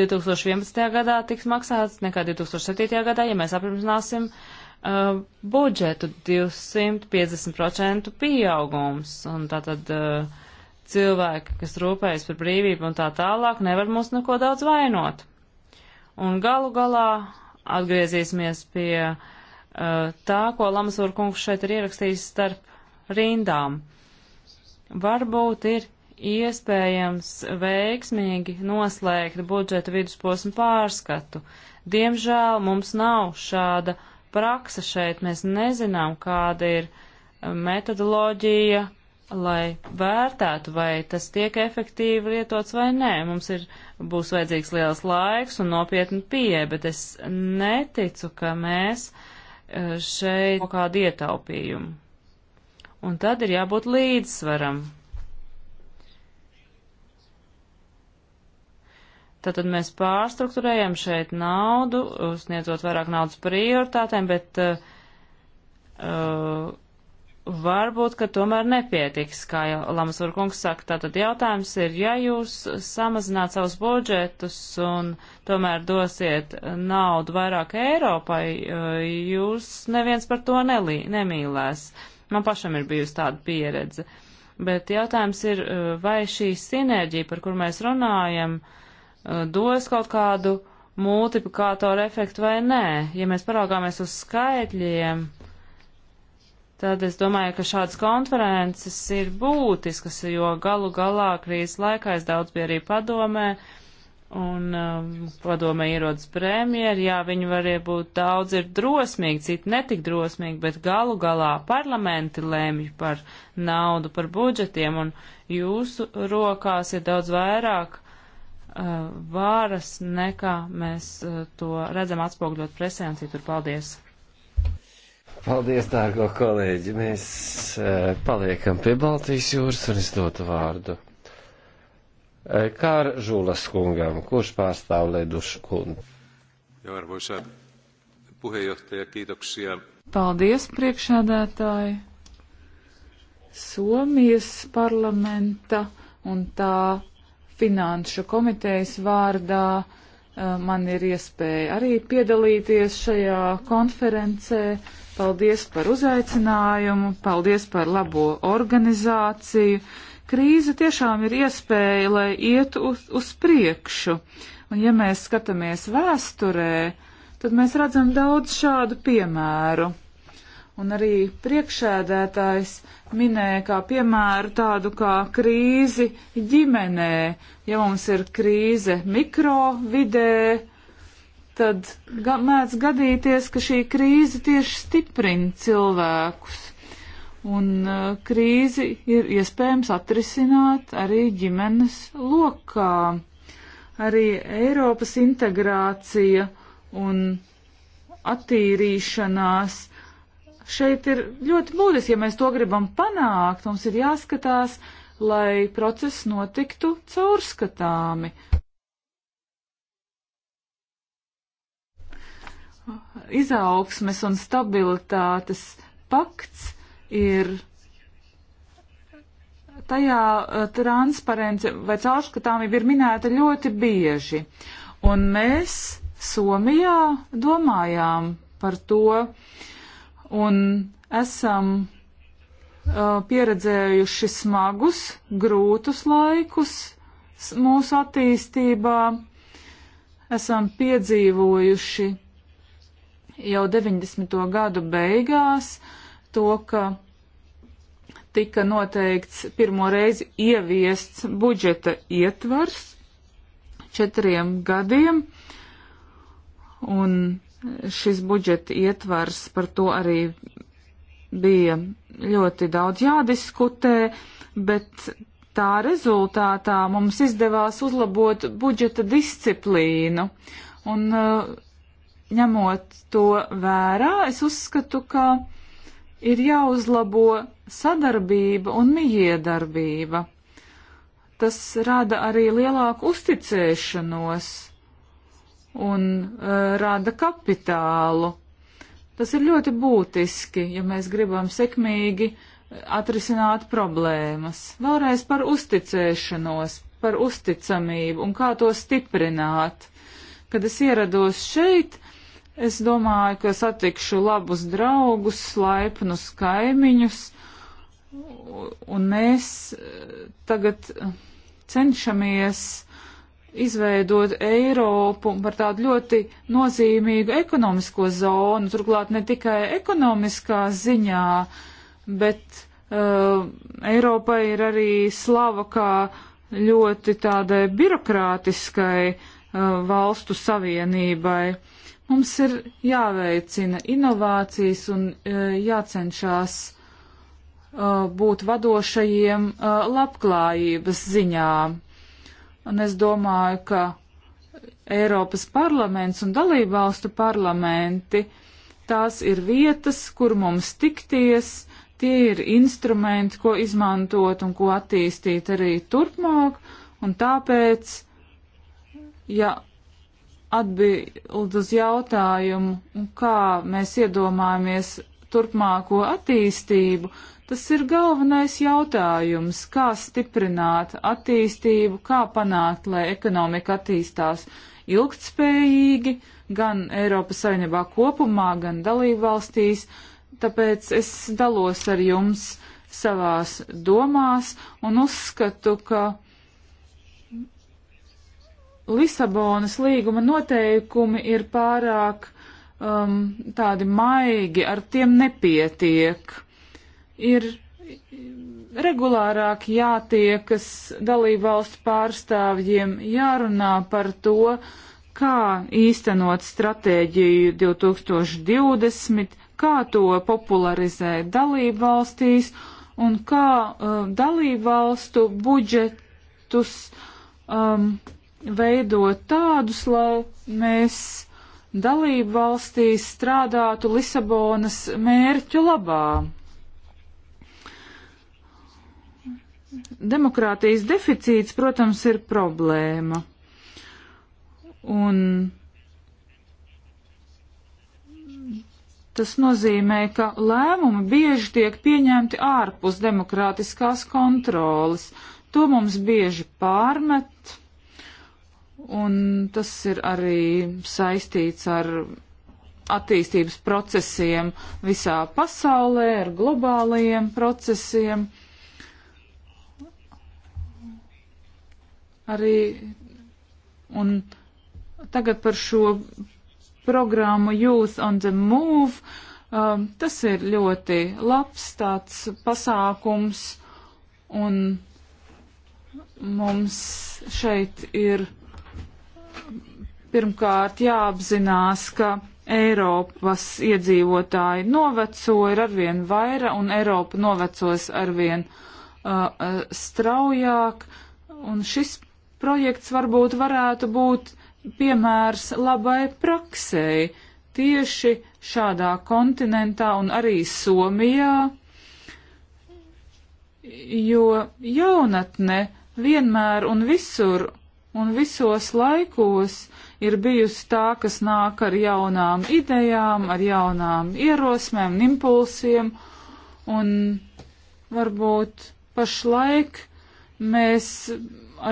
2011. gadā tiks maksāts nekā 2007. gadā, ja mēs aprimsināsim uh, budžetu 250% pieaugums. Un tātad uh, cilvēki, kas rūpējas par brīvību un tā tālāk, nevar mūs neko daudz vainot. Un galu galā atgriezīsimies pie uh, tā, ko Lamasūra kungs šeit ir ierakstījis starp rindām. Varbūt ir iespējams veiksmīgi noslēgt budžeta vidusposmu pārskatu. Diemžēl mums nav šāda praksa šeit, mēs nezinām, kāda ir metodoloģija, lai vērtētu, vai tas tiek efektīvi lietots vai nē. Mums ir, būs vajadzīgs liels laiks un nopietni pieeja, bet es neticu, ka mēs e, šeit kaut kādu ietaupījumu. Un tad ir jābūt līdzsvaram. Tātad mēs pārstruktūrējam šeit naudu, sniedzot vairāk naudas prioritātēm, bet uh, uh varbūt, ka tomēr nepietiks, kā jau Lamasur kungs saka. Tātad jautājums ir, ja jūs samazināt savus budžetus un tomēr dosiet naudu vairāk Eiropai, eh, jūs neviens par to nelī, nemīlēs. Man pašam ir bijusi tāda pieredze. Bet jautājums ir, eh, vai šī sinerģija, par kur mēs runājam, eh, dos kaut kādu multiplikātoru efektu vai nē. Ja mēs paraugāmies uz skaitļiem, tad es domāju, ka šādas konferences ir būtiskas, jo galu galā krīzes laikā es daudz biju arī padomē, un um, padomē ierodas premjeri, jā, viņi var būt daudz ir drosmīgi, citi netik drosmīgi, bet galu galā parlamenti lēmj par naudu, par budžetiem, un jūsu rokās ir daudz vairāk uh, vāras, nekā mēs uh, to redzam atspogļot presē un citur. Paldies! Paldies, dārgo kolēģi. Mēs uh, paliekam pie Baltijas jūras un es dotu vārdu. Uh, eh, Kār Žulas kungam, kurš pārstāv Ledušu kundu? Jā, arvoisa puheenjohtaja, kiitoksia. Paldies, priekšādātāji. Somijas parlamenta un tā finanšu komitejas vārdā uh, man ir iespēja arī piedalīties šajā konferencē Paldies par uzaicinājumu, paldies par labo organizāciju. Krīze tiešām ir iespēja, lai ietu uz, uz priekšu. Un ja mēs skatāmies vēsturē, tad mēs redzam daudz šādu piemēru. Un arī priekšēdētājs minēja kā piemēru tādu kā krīzi ģimenē. Ja mums ir krīze mikrovidē, tad ga, mēdz gadīties, ka šī krīze tieši stiprina cilvēkus. Un uh, krīzi ir iespējams atrisināt arī ģimenes lokā. Arī Eiropas integrācija un attīrīšanās šeit ir ļoti būtiski. Ja mēs to gribam panākt, mums ir jāskatās, lai process notiktu caurskatāmi. izaugsmes un stabilitātes pakts ir tajā eh, transparence vai caurskatāmība ir minēta ļoti bieži. Un mēs Somijā domājām par to un esam uh, pieredzējuši smagus, grūtus laikus mūsu attīstībā, esam piedzīvojuši jau 90. gadu beigās to, ka tika noteikts pirmo reizi ieviests budžeta ietvars četriem gadiem, un šis budžeta ietvars par to arī bija ļoti daudz jādiskutē, bet tā rezultātā mums izdevās uzlabot budžeta disciplīnu. Un uh, ņemot to vērā, es uzskatu, ka ir jāuzlabo sadarbība un mijiedarbība. Tas rada arī lielāku uzticēšanos un uh, rada kapitālu. Tas ir ļoti būtiski, ja mēs gribam sekmīgi atrisināt problēmas. Vēlreiz par uzticēšanos, par uzticamību un kā to stiprināt. Kad es ierados šeit, Es domāju, ka satikšu labus draugus, laipnus kaimiņus, un mēs tagad cenšamies izveidot Eiropu par tādu ļoti nozīmīgu ekonomisko zonu, turklāt ne tikai ekonomiskā ziņā, bet uh, Eiropai ir arī slava kā ļoti tādai birokrātiskai uh, valstu savienībai. Mums ir jāveicina inovācijas un e, jācenšas e, būt vadošajiem e, labklājības ziņā. Un es domāju, ka Eiropas parlaments un dalībvalstu parlamenti tās ir vietas, kur mums tikties, tie ir instrumenti, ko izmantot un ko attīstīt arī turpmāk, un tāpēc, ja atbild uz jautājumu, kā mēs iedomājamies turpmāko attīstību, tas ir galvenais jautājums, kā stiprināt attīstību, kā panākt, lai ekonomika attīstās ilgtspējīgi gan Eiropas Savienībā kopumā, gan dalībvalstīs. Tāpēc es dalos ar jums savās domās un uzskatu, ka Lisabonas līguma noteikumi ir pārāk um, tādi maigi, ar tiem nepietiek. Ir regulārāk jātiekas dalībvalstu pārstāvjiem, jārunā par to, kā īstenot stratēģiju 2020, kā to popularizēt dalībvalstīs un kā uh, dalībvalstu budžetus um, veidot tādus, lai mēs dalību valstīs strādātu Lisabonas mērķu labā. Demokrātijas deficīts, protams, ir problēma. Un tas nozīmē, ka lēmumi bieži tiek pieņemti ārpus demokrātiskās kontrolas. To mums bieži pārmet Un tas ir arī saistīts ar attīstības procesiem visā pasaulē, ar globālajiem procesiem. Arī un tagad par šo programmu Youth on the Move. Um, tas ir ļoti labs tāds pasākums un mums šeit ir Pirmkārt, jāapzinās, ka Eiropas iedzīvotāji noveco ir arvien vaira un Eiropa novecos arvien uh, uh, straujāk. Un šis projekts varbūt varētu būt piemērs labai praksēji tieši šādā kontinentā un arī Somijā, jo jaunatne vienmēr un visur un visos laikos ir bijusi tā, kas nāk ar jaunām idejām, ar jaunām ierosmēm un impulsiem, un varbūt pašlaik mēs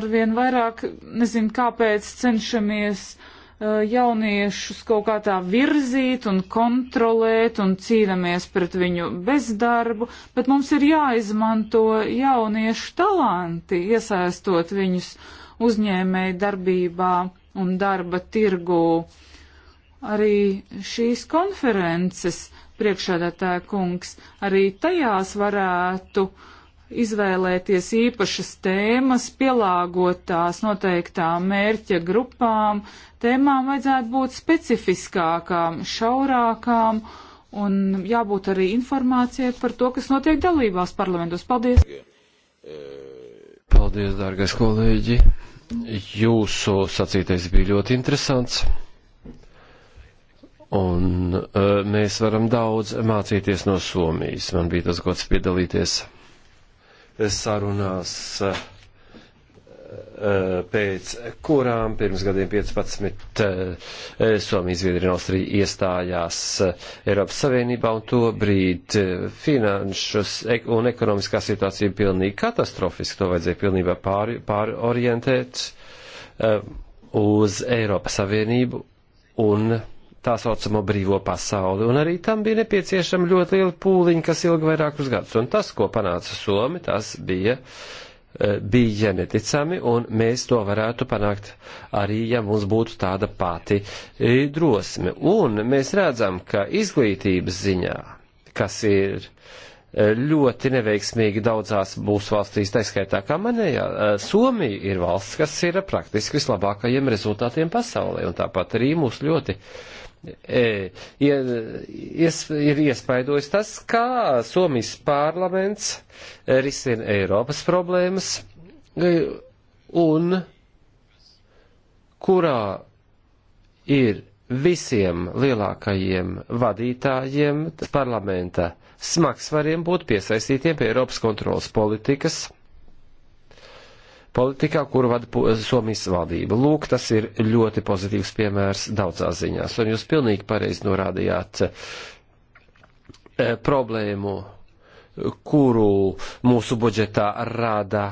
arvien vairāk, nezinu, kāpēc cenšamies uh, jauniešus kaut kā tā virzīt un kontrolēt un cīnāmies pret viņu bezdarbu, bet mums ir jāizmanto jauniešu talanti, iesaistot viņus uzņēmēju darbībā un darba tirgū. Arī šīs konferences priekšādātāja kungs, arī tajās varētu izvēlēties īpašas tēmas, pielāgot tās noteiktām mērķa grupām. Tēmām vajadzētu būt specifiskākām, šaurākām un jābūt arī informācijai par to, kas notiek dalībās parlamentos. Paldies! Paldies, dārgais kolēģi! Jūsu sacītais bija ļoti interesants. Un uh, mēs varam daudz mācīties no Somijas. Man bija tas gods piedalīties sarunās. Uh, Eh, pēc kurām pirms gadiem 15 eh, Somija, Zviedrija un Austrija iestājās eh, Eiropas Savienībā, un to brīd finanšas un ekonomiskā situācija bija pilnīgi katastrofiska. To vajadzēja pilnībā pār, pārorientēt uz Eiropas Savienību un tā saucamo brīvo pasauli, un arī tam bija nepieciešama ļoti liela pūliņa, kas ilga vairākus gadus. Un tas, ko panāca Somi, tas bija uh, Eh, bija neticami, un mēs to varētu panākt arī, ja mums būtu tāda pati eh, drosme. Un mēs redzam, ka izglītības ziņā, kas ir eh, ļoti neveiksmīgi daudzās būs valstīs, taiskaitā kā manējā. Somija ir valsts, kas ir praktiski vislabākajiem rezultātiem pasaulē, un tāpat arī mūs ļoti uh, E, ir iespaidojis tas, kā Somijas parlaments risina Eiropas problēmas e, un kurā ir visiem lielākajiem vadītājiem parlamenta smagsvariem būt piesaistītiem pie Eiropas kontrolas politikas politikā, kuru vada Somijas valdība. Lūk, tas ir ļoti pozitīvs piemērs daudzās ziņās, un jūs pilnīgi pareizi norādījāt e, problēmu kuru mūsu budžetā rada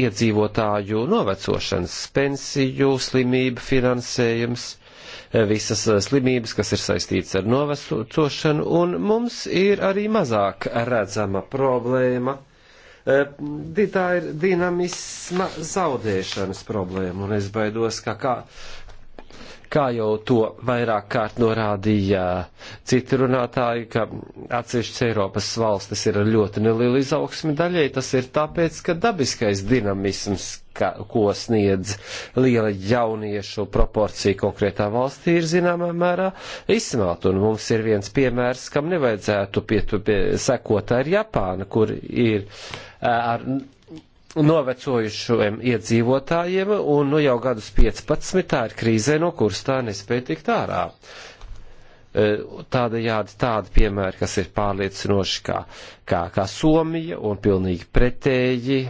iedzīvotāju novecošanas, pensiju, slimību finansējums, e, visas e, slimības, kas ir saistītas ar novecošanu, un mums ir arī mazāk redzama problēma tā ir dinamisma zaudēšanas problēma, un es baidos, ka kā, kā jau to vairāk kārt norādīja citi runātāji, ka atsevišķas Eiropas valstis ir ar ļoti nelielu izaugsmi daļai, tas ir tāpēc, ka dabiskais dinamisms, ka, ko sniedz liela jauniešu proporcija konkrētā valstī, ir zināmā mērā izsmelt. Un mums ir viens piemērs, kam nevajadzētu pietu pie sekotā, ir Japāna, kur ir Eh, ar novecojušiem iedzīvotājiem, un nu jau gadus 15 tā ir krīzē, no kuras tā nespēja tikt ārā. Eh, Tādējādi tādi piemēri, kas ir pārliecinoši kā, kā, kā Somija un pilnīgi pretēji,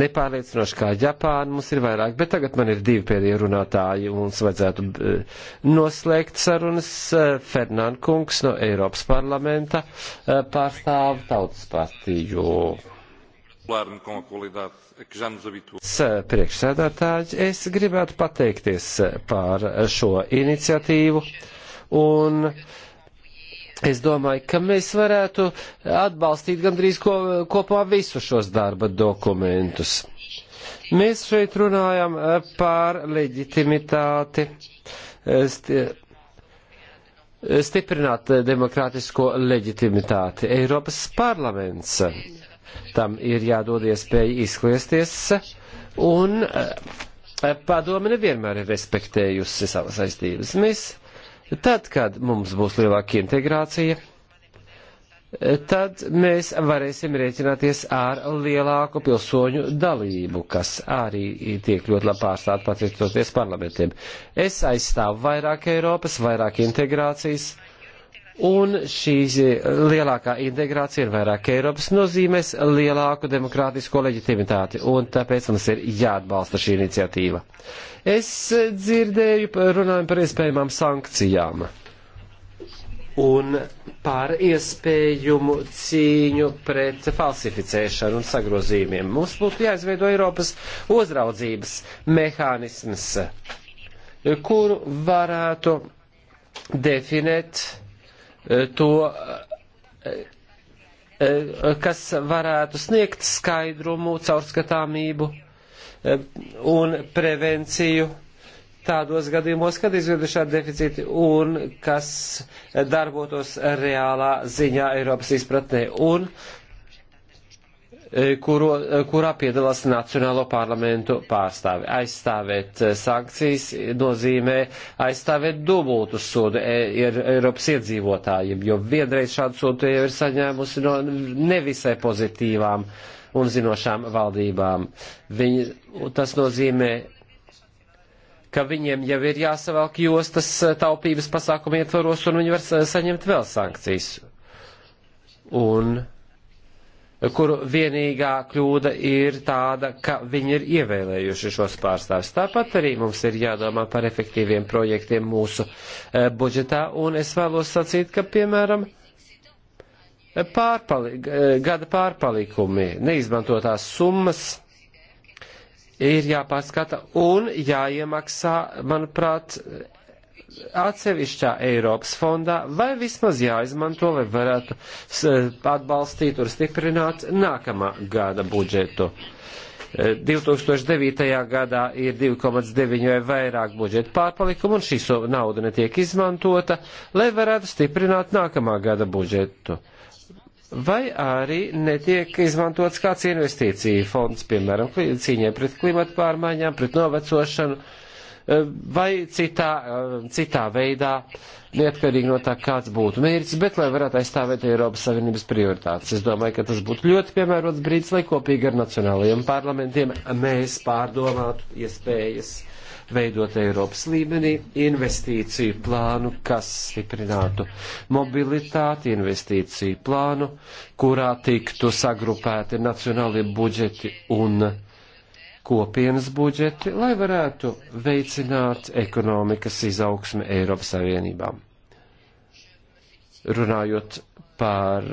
nepārliecinoši kā Japāna mums ir vairāk, bet tagad man ir divi pēdējie runātāji, un mums vajadzētu eh, noslēgt sarunas. Fernand Kungs no Eiropas parlamenta pārstāv tautas partiju. Priekšsēdētāji, es gribētu pateikties eh, par šo iniciatīvu un es domāju, ka mēs varētu atbalstīt gandrīz ko, kopā visus šos darba dokumentus. Mēs šeit runājam eh, par leģitimitāti, eh, sti, stiprināt demokrātisko leģitimitāti. Eiropas parlaments tam ir jādod iespēja izkliesties, un eh, padome nevienmēr ir respektējusi savas aiztības. Mēs, tad, kad mums būs lielāka integrācija, eh, tad mēs varēsim rēķināties ar lielāku pilsoņu dalību, kas arī tiek ļoti labi pārstāt pateicoties parlamentiem. Es aizstāvu vairāk Eiropas, vairāk integrācijas un šīs lielākā integrācija ir vairāk Eiropas nozīmēs lielāku demokrātisko leģitimitāti, un tāpēc mums ir jāatbalsta šī iniciatīva. Es dzirdēju runājumu par iespējamām sankcijām un par iespējumu cīņu pret falsificēšanu un sagrozījumiem. Mums būtu jāizveido Eiropas uzraudzības mehānisms, kuru varētu definēt to, eh, eh, kas varētu sniegt skaidrumu, caurskatāmību eh, un prevenciju tādos gadījumos, kad izvedu šādi deficīti un kas darbotos reālā ziņā Eiropas izpratnē. Un E, kuro, e, kurā piedalās Nacionālo parlamentu pārstāvi. Aizstāvēt e, sankcijas nozīmē aizstāvēt dubultus sodu Eiropas iedzīvotājiem, jo vienreiz šādu sodu jau ir saņēmusi no nevisai pozitīvām un zinošām valdībām. Viņi, tas nozīmē ka viņiem jau ir jāsavalk jostas taupības pasākumu ietvaros, un viņi var saņemt vēl sankcijas. Un kuru vienīgā kļūda ir tāda, ka viņi ir ievēlējuši šos pārstāvjus. Tāpat arī mums ir jādomā par efektīviem projektiem mūsu eh, budžetā, un es vēlos sacīt, ka, piemēram, pārpali, eh, gada pārpalikumi, neizmantotās summas ir jāpārskata un jāiemaksā, manuprāt, atsevišķā Eiropas fondā, vai vismaz jāizmanto, lai varētu atbalstīt un stiprināt nākamā gada budžetu. 2009. E, gadā ir 2,9 vai vairāk budžeta pārpalikumu, un šī nauda netiek izmantota, lai varētu stiprināt nākamā gada budžetu. Vai arī netiek izmantots kāds investīcija fonds, piemēram, cīņai pret klimatu pārmaiņām, pret novecošanu, uh, vai citā, citā veidā, neatkarīgi no tā, kāds būtu mērķis, bet lai varētu aizstāvēt Eiropas Savienības prioritātes. Es domāju, ka tas būtu ļoti piemērots brīdis, lai kopīgi ar nacionālajiem parlamentiem mēs pārdomātu iespējas veidot Eiropas līmenī investīciju plānu, kas stiprinātu mobilitāti, investīciju plānu, kurā tiktu sagrupēti nacionālie budžeti un kopienas budžeti, lai varētu veicināt ekonomikas izaugsmi Eiropas Savienībām. Runājot par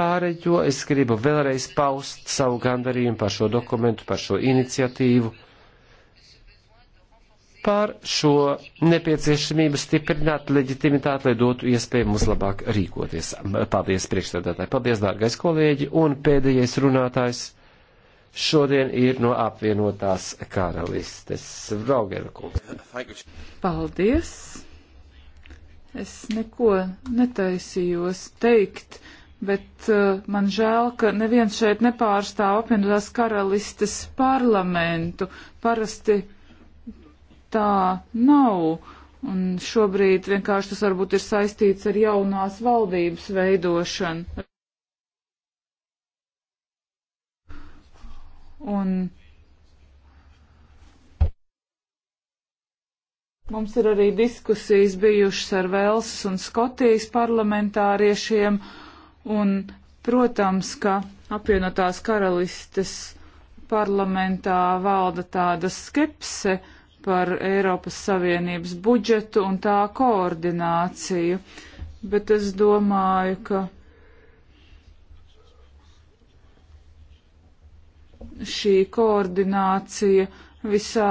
pārējo, es gribu vēlreiz paust savu gandarījumu par šo dokumentu, par šo iniciatīvu, par šo nepieciešamību stiprināt leģitimitāti, lai dotu iespēju mums labāk rīkoties. Paldies, priekšstādātāji, paldies, dārgais kolēģi, un pēdējais runātājs šodien ir no apvienotās karalistes. Raugera kungs. Paldies! Es neko netaisījos teikt, bet uh, man žēl, ka neviens šeit nepārstāv apvienotās karalistes parlamentu. Parasti tā nav. Un šobrīd vienkārši tas varbūt ir saistīts ar jaunās valdības veidošanu. Un mums ir arī diskusijas bijušas ar Velsas un Skotijas parlamentāriešiem, un, protams, ka apvienotās karalistes parlamentā valda tāda skepse par Eiropas Savienības budžetu un tā koordināciju. Bet es domāju, ka šī koordinācija visā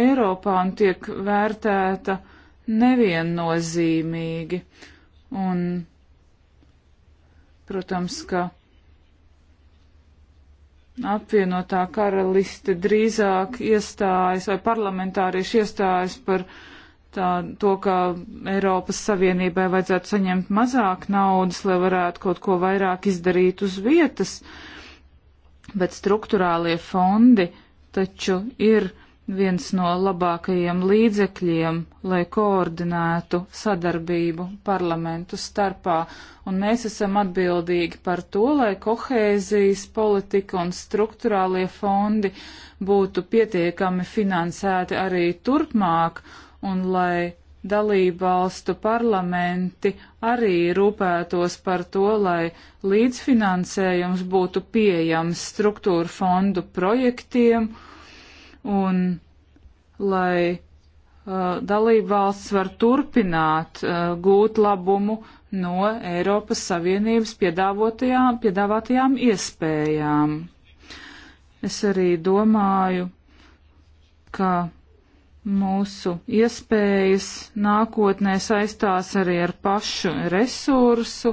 Eiropā un tiek vērtēta neviennozīmīgi. Un, protams, ka apvienotā karaliste drīzāk iestājas vai parlamentārieši iestājas par tā, to, ka Eiropas Savienībai vajadzētu saņemt mazāk naudas, lai varētu kaut ko vairāk izdarīt uz vietas. Uh, bet struktūrālie fondi taču ir viens no labākajiem līdzekļiem, lai koordinētu sadarbību parlamentu starpā, un mēs esam atbildīgi par to, lai kohēzijas politika un struktūrālie fondi būtu pietiekami finansēti arī turpmāk, un lai dalībvalstu parlamenti arī rūpētos par to, lai līdzfinansējums būtu pieejams struktūra fondu projektiem un lai uh, dalībvalsts var turpināt uh, gūt labumu no Eiropas Savienības piedāvotajām, piedāvātajām iespējām. Es arī domāju, ka Mūsu iespējas nākotnē saistās arī ar pašu resursu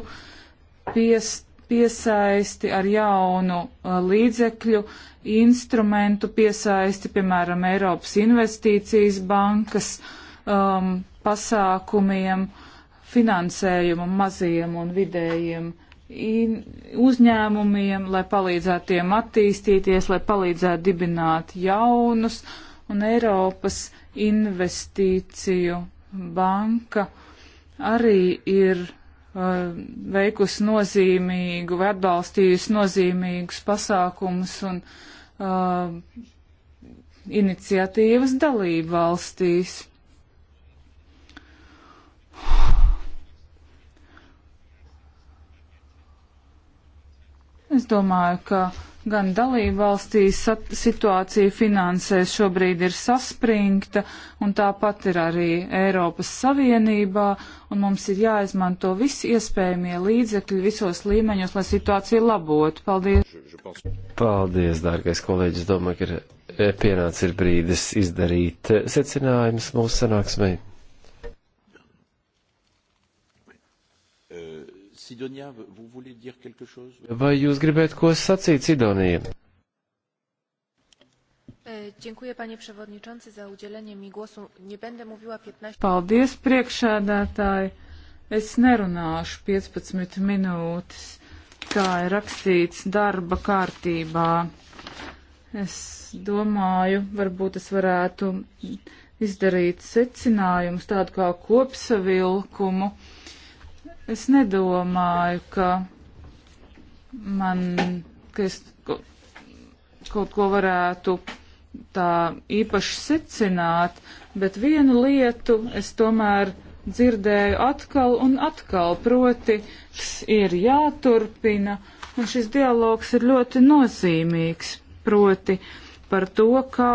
pies, piesaisti, ar jaunu uh, līdzekļu instrumentu piesaisti, piemēram, Eiropas investīcijas bankas um, pasākumiem, finansējumu maziem un vidējiem uzņēmumiem, lai palīdzētu tiem attīstīties, lai palīdzētu dibināt jaunus, un Eiropas investīciju banka arī ir uh, veikusi nozīmīgu vai atbalstījusi nozīmīgus pasākumus un uh, iniciatīvas dalību valstīs. Es domāju, ka gan dalībvalstīs situācija finansēs šobrīd ir saspringta, un tāpat ir arī Eiropas Savienībā, un mums ir jāizmanto visi iespējamie līdzekļi visos līmeņos, lai situāciju labotu. Paldies! Paldies, dārgais kolēģis! Domāju, ka ir e, pienācis brīdis izdarīt e, secinājumus mūsu sanāksmei. Sidonija, vous voulez dire quelque chose? Vai jūs gribētu ko sacīt, Sidonija? E, dziękuję, panie przewodniczący, za udzielenie mi głosu. Nie będę mówiła 15... Paldies, priekšēdētāji. Es nerunāšu 15 minūtes, kā ir rakstīts darba kārtībā. Es domāju, varbūt es varētu izdarīt secinājumus tādu kā kopsavilkumu. Uh, Es nedomāju, ka man, ka es kaut ko varētu tā īpaši secināt, bet vienu lietu es tomēr dzirdēju atkal un atkal, proti, kas ir jāturpina, un šis dialogs ir ļoti nozīmīgs, proti par to, kā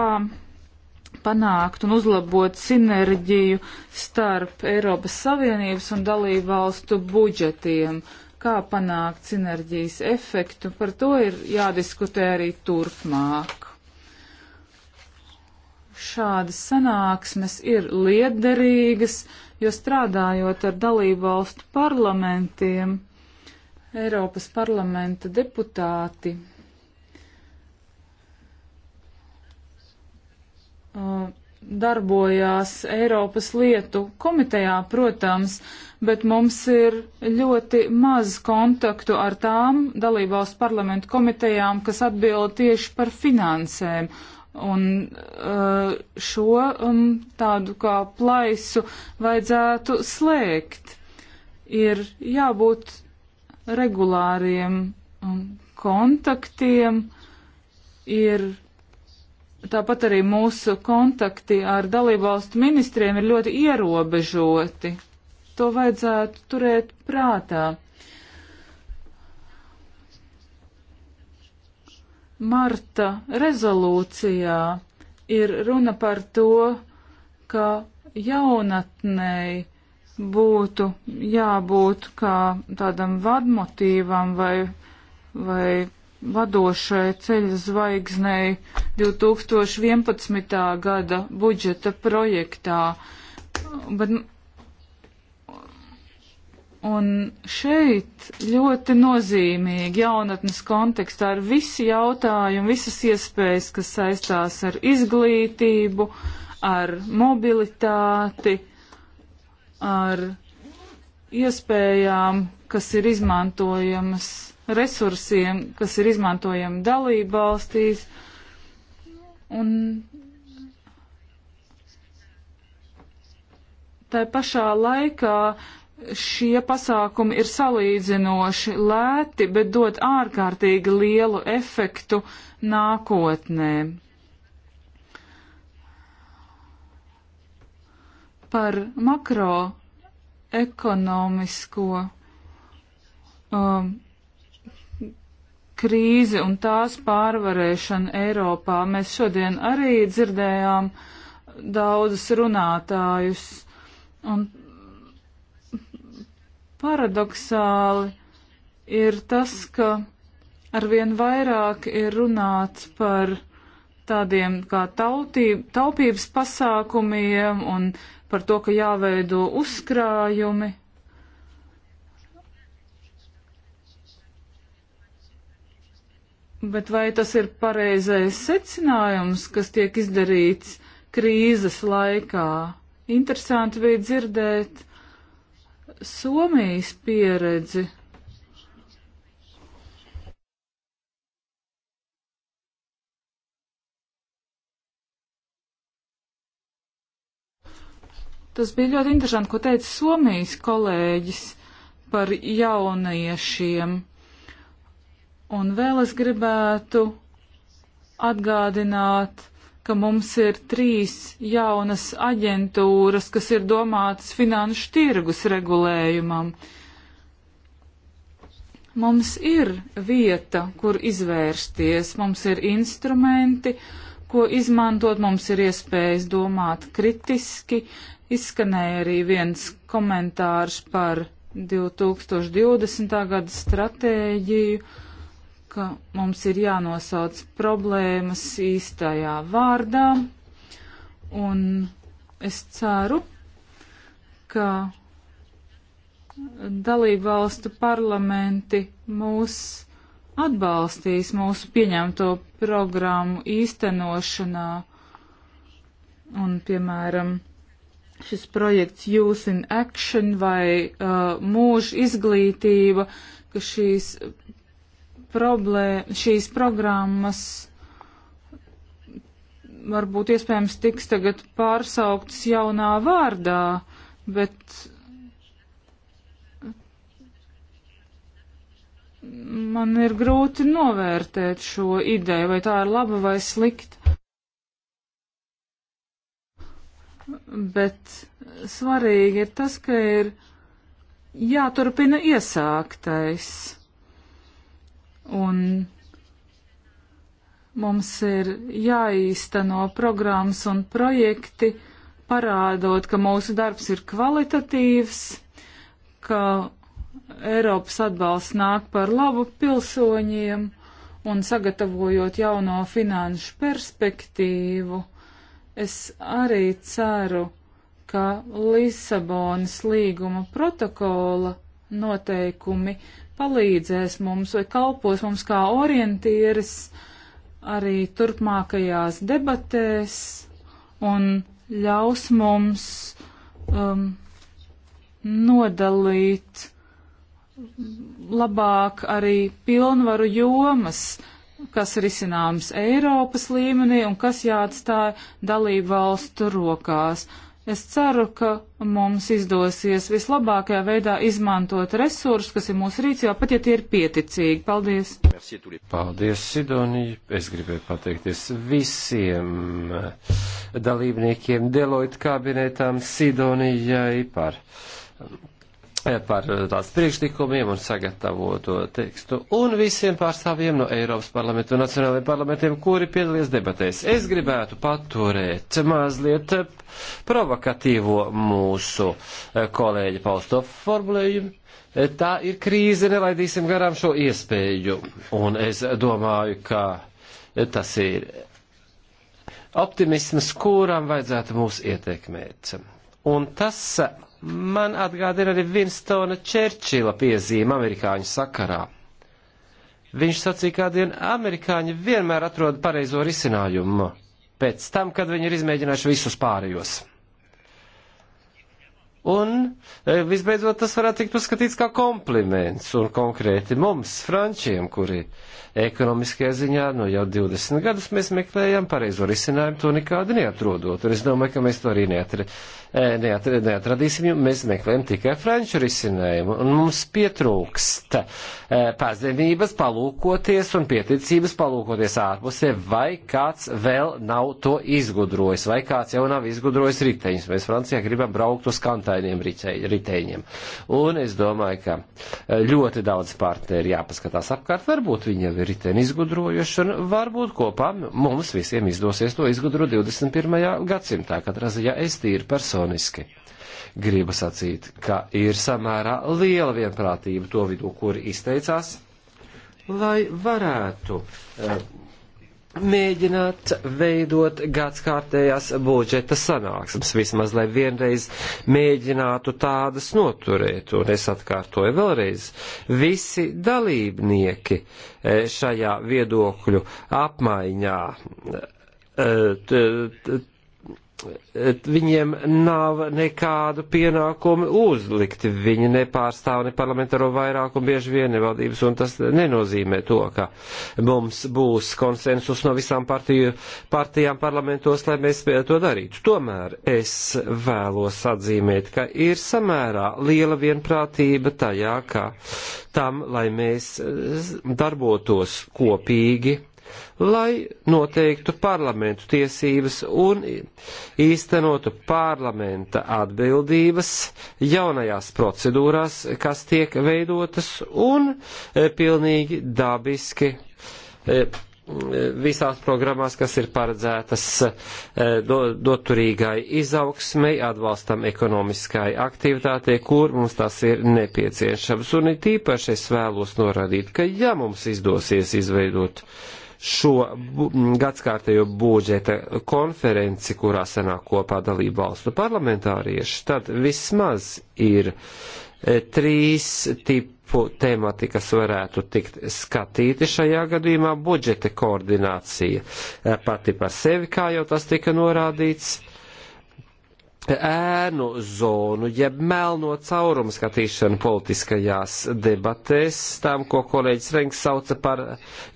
panākt un uzlabot sinerģiju starp Eiropas Savienības un dalību valstu budžetiem. Kā panākt sinerģijas efektu, par to ir jādiskutē arī turpmāk. Šādas sanāksmes ir liederīgas, jo strādājot ar dalību valstu parlamentiem, Eiropas parlamenta deputāti uh, darbojās Eiropas lietu komitejā, protams, bet mums ir ļoti maz kontaktu ar tām dalībvalstu parlamentu komitejām, kas atbild tieši par finansēm. Un uh, šo um, tādu kā plaisu vajadzētu slēgt. Ir jābūt regulāriem um, kontaktiem, ir Tāpat arī mūsu kontakti ar dalībvalstu ministriem ir ļoti ierobežoti. To vajadzētu turēt prātā. Marta rezolūcijā ir runa par to, ka jaunatnei būtu jābūt kā tādam vadmotīvam vai, vai vadošai ceļa zvaigznei 2011. gada budžeta projektā. Bet, un šeit ļoti nozīmīgi jaunatnes kontekstā ir visi jautājumi, visas iespējas, kas saistās ar izglītību, ar mobilitāti, ar iespējām, kas ir izmantojamas resursiem, kas ir izmantojami dalību valstīs. Un tā pašā laikā šie pasākumi ir salīdzinoši lēti, bet dod ārkārtīgi lielu efektu nākotnē. Par makroekonomisko um, krīzi un tās pārvarēšanu Eiropā. Mēs šodien arī dzirdējām daudzus runātājus. Un paradoxāli ir tas, ka arvien vairāk ir runāts par tādiem kā tautīb, taupības pasākumiem un par to, ka jāveido uzkrājumi Bet vai tas ir pareizais secinājums, kas tiek izdarīts krīzes laikā? Interesanti bija dzirdēt Somijas pieredzi. Tas bija ļoti interesanti, ko teica Somijas kolēģis par jauniešiem. Un vēl es gribētu atgādināt, ka mums ir trīs jaunas aģentūras, kas ir domātas finanšu tirgus regulējumam. Mums ir vieta, kur izvērsties, mums ir instrumenti, ko izmantot, mums ir iespējas domāt kritiski. Izskanēja arī viens komentārs par 2020. gada stratēģiju ka mums ir jānosauc problēmas īstajā vārdā, un es ceru, ka dalībvalstu parlamenti mūs atbalstīs mūsu pieņemto programmu īstenošanā. Un, piemēram, šis projekts Youth in Action vai uh, mūža izglītība, ka šīs problē, šīs programmas varbūt iespējams tiks tagad pārsauktas jaunā vārdā, bet man ir grūti novērtēt šo ideju, vai tā ir laba vai slikta. Bet svarīgi ir tas, ka ir jāturpina iesāktais un mums ir jāīsteno programmas un projekti, parādot, ka mūsu darbs ir kvalitatīvs, ka Eiropas atbalsts nāk par labu pilsoņiem un sagatavojot jauno finanšu perspektīvu. Es arī ceru, ka Lisabonas līguma protokola noteikumi palīdzēs mums vai kalpos mums kā orientieris arī turpmākajās debatēs un ļaus mums um, nodalīt labāk arī pilnvaru jomas, kas risināms Eiropas līmenī un kas jāatstāja dalību valstu rokās. Uh, Es ceru, ka mums izdosies vislabākajā veidā izmantot resursus, kas ir mūsu rīcībā, pat ja tie ir pieticīgi. Paldies! Paldies, Sidonija! Es gribēju pateikties visiem dalībniekiem Deloitte kabinetām Sidonijai par Eh, par eh, tās priekšlikumiem un sagatavoto tekstu un visiem pārstāvjiem no Eiropas parlamenta un nacionālajiem parlamentiem, kuri piedalīties debatēs. Es gribētu paturēt mazliet eh, provokatīvo mūsu kolēģi pausto formulējumu. Tā ir krīze, nelaidīsim garām šo iespēju. Un es domāju, ka tas ir optimisms, kuram vajadzētu mūs ietekmēt. Un tas man atgādina arī Winstona Čerčila piezīme amerikāņu sakarā. Viņš sacīja, kādien amerikāņi vienmēr atrod pareizo risinājumu pēc tam, kad viņi ir izmēģinājuši visus pārējos. Un e, visbeidzot, tas varētu tikt uzskatīts kā kompliments, un konkrēti mums, frančiem, kuri ekonomiskajā ziņā no jau 20 gadus mēs meklējam pareizo risinājumu, to nekādi neatrodot, un es domāju, ka mēs to arī neatrodam Eh, neat, neatradīsim, jo mēs meklējam tikai franču risinājumu. Un mums pietrūkst eh, pazemības palūkoties un pieticības palūkoties ārpusē, vai kāds vēl nav to izgudrojis, vai kāds jau nav izgudrojis riteņus. Mēs Francijā gribam braukt uz kantainiem riteņiem. Un es domāju, ka eh, ļoti daudz partneri jāpaskatās apkārt, varbūt viņi jau ir riteni izgudrojuši, un varbūt kopā mums visiem izdosies to izgudrot 21. gadsimtā. Katrā ziņā es tīri personu personiski gribu sacīt, ka ir samērā liela vienprātība to vidū, kuri izteicās, lai varētu uh, mēģināt veidot gadskārtējās budžeta sanāksmes, vismaz lai vienreiz mēģinātu tādas noturēt, un es atkārtoju vēlreiz, visi dalībnieki eh, šajā viedokļu apmaiņā eh, t, t, viņiem nav nekādu pienākumu uzlikt. Viņi nepārstāv ne parlamentāro vairākumu, bieži vien nevaldības, un tas nenozīmē to, ka mums būs konsensus no visām partiju, partijām parlamentos, lai mēs to darītu. Tomēr es vēlos atzīmēt, ka ir samērā liela vienprātība tajā, ka tam, lai mēs darbotos kopīgi, lai noteiktu parlamentu tiesības un īstenotu parlamenta atbildības jaunajās procedūrās, kas tiek veidotas un e, pilnīgi dabiski e, visās programmās, kas ir paredzētas e, do, doturīgai izaugsmai, atbalstam ekonomiskai aktivitātei, kur mums tas ir nepieciešams. Un it īpaši es vēlos norādīt, ka ja mums izdosies izveidot uh, šo bu gadskārtējo budžeta konferenci, kurā sanāk kopā dalību valstu parlamentārieši, tad vismaz ir e, trīs tipu tematikas varētu tikt skatīti šajā gadījumā budžeta koordinācija e, pati par sevi, kā jau tas tika norādīts ēnu zonu, jeb melno caurumu skatīšanu politiskajās debatēs, tām, ko kolēģis Renks sauca par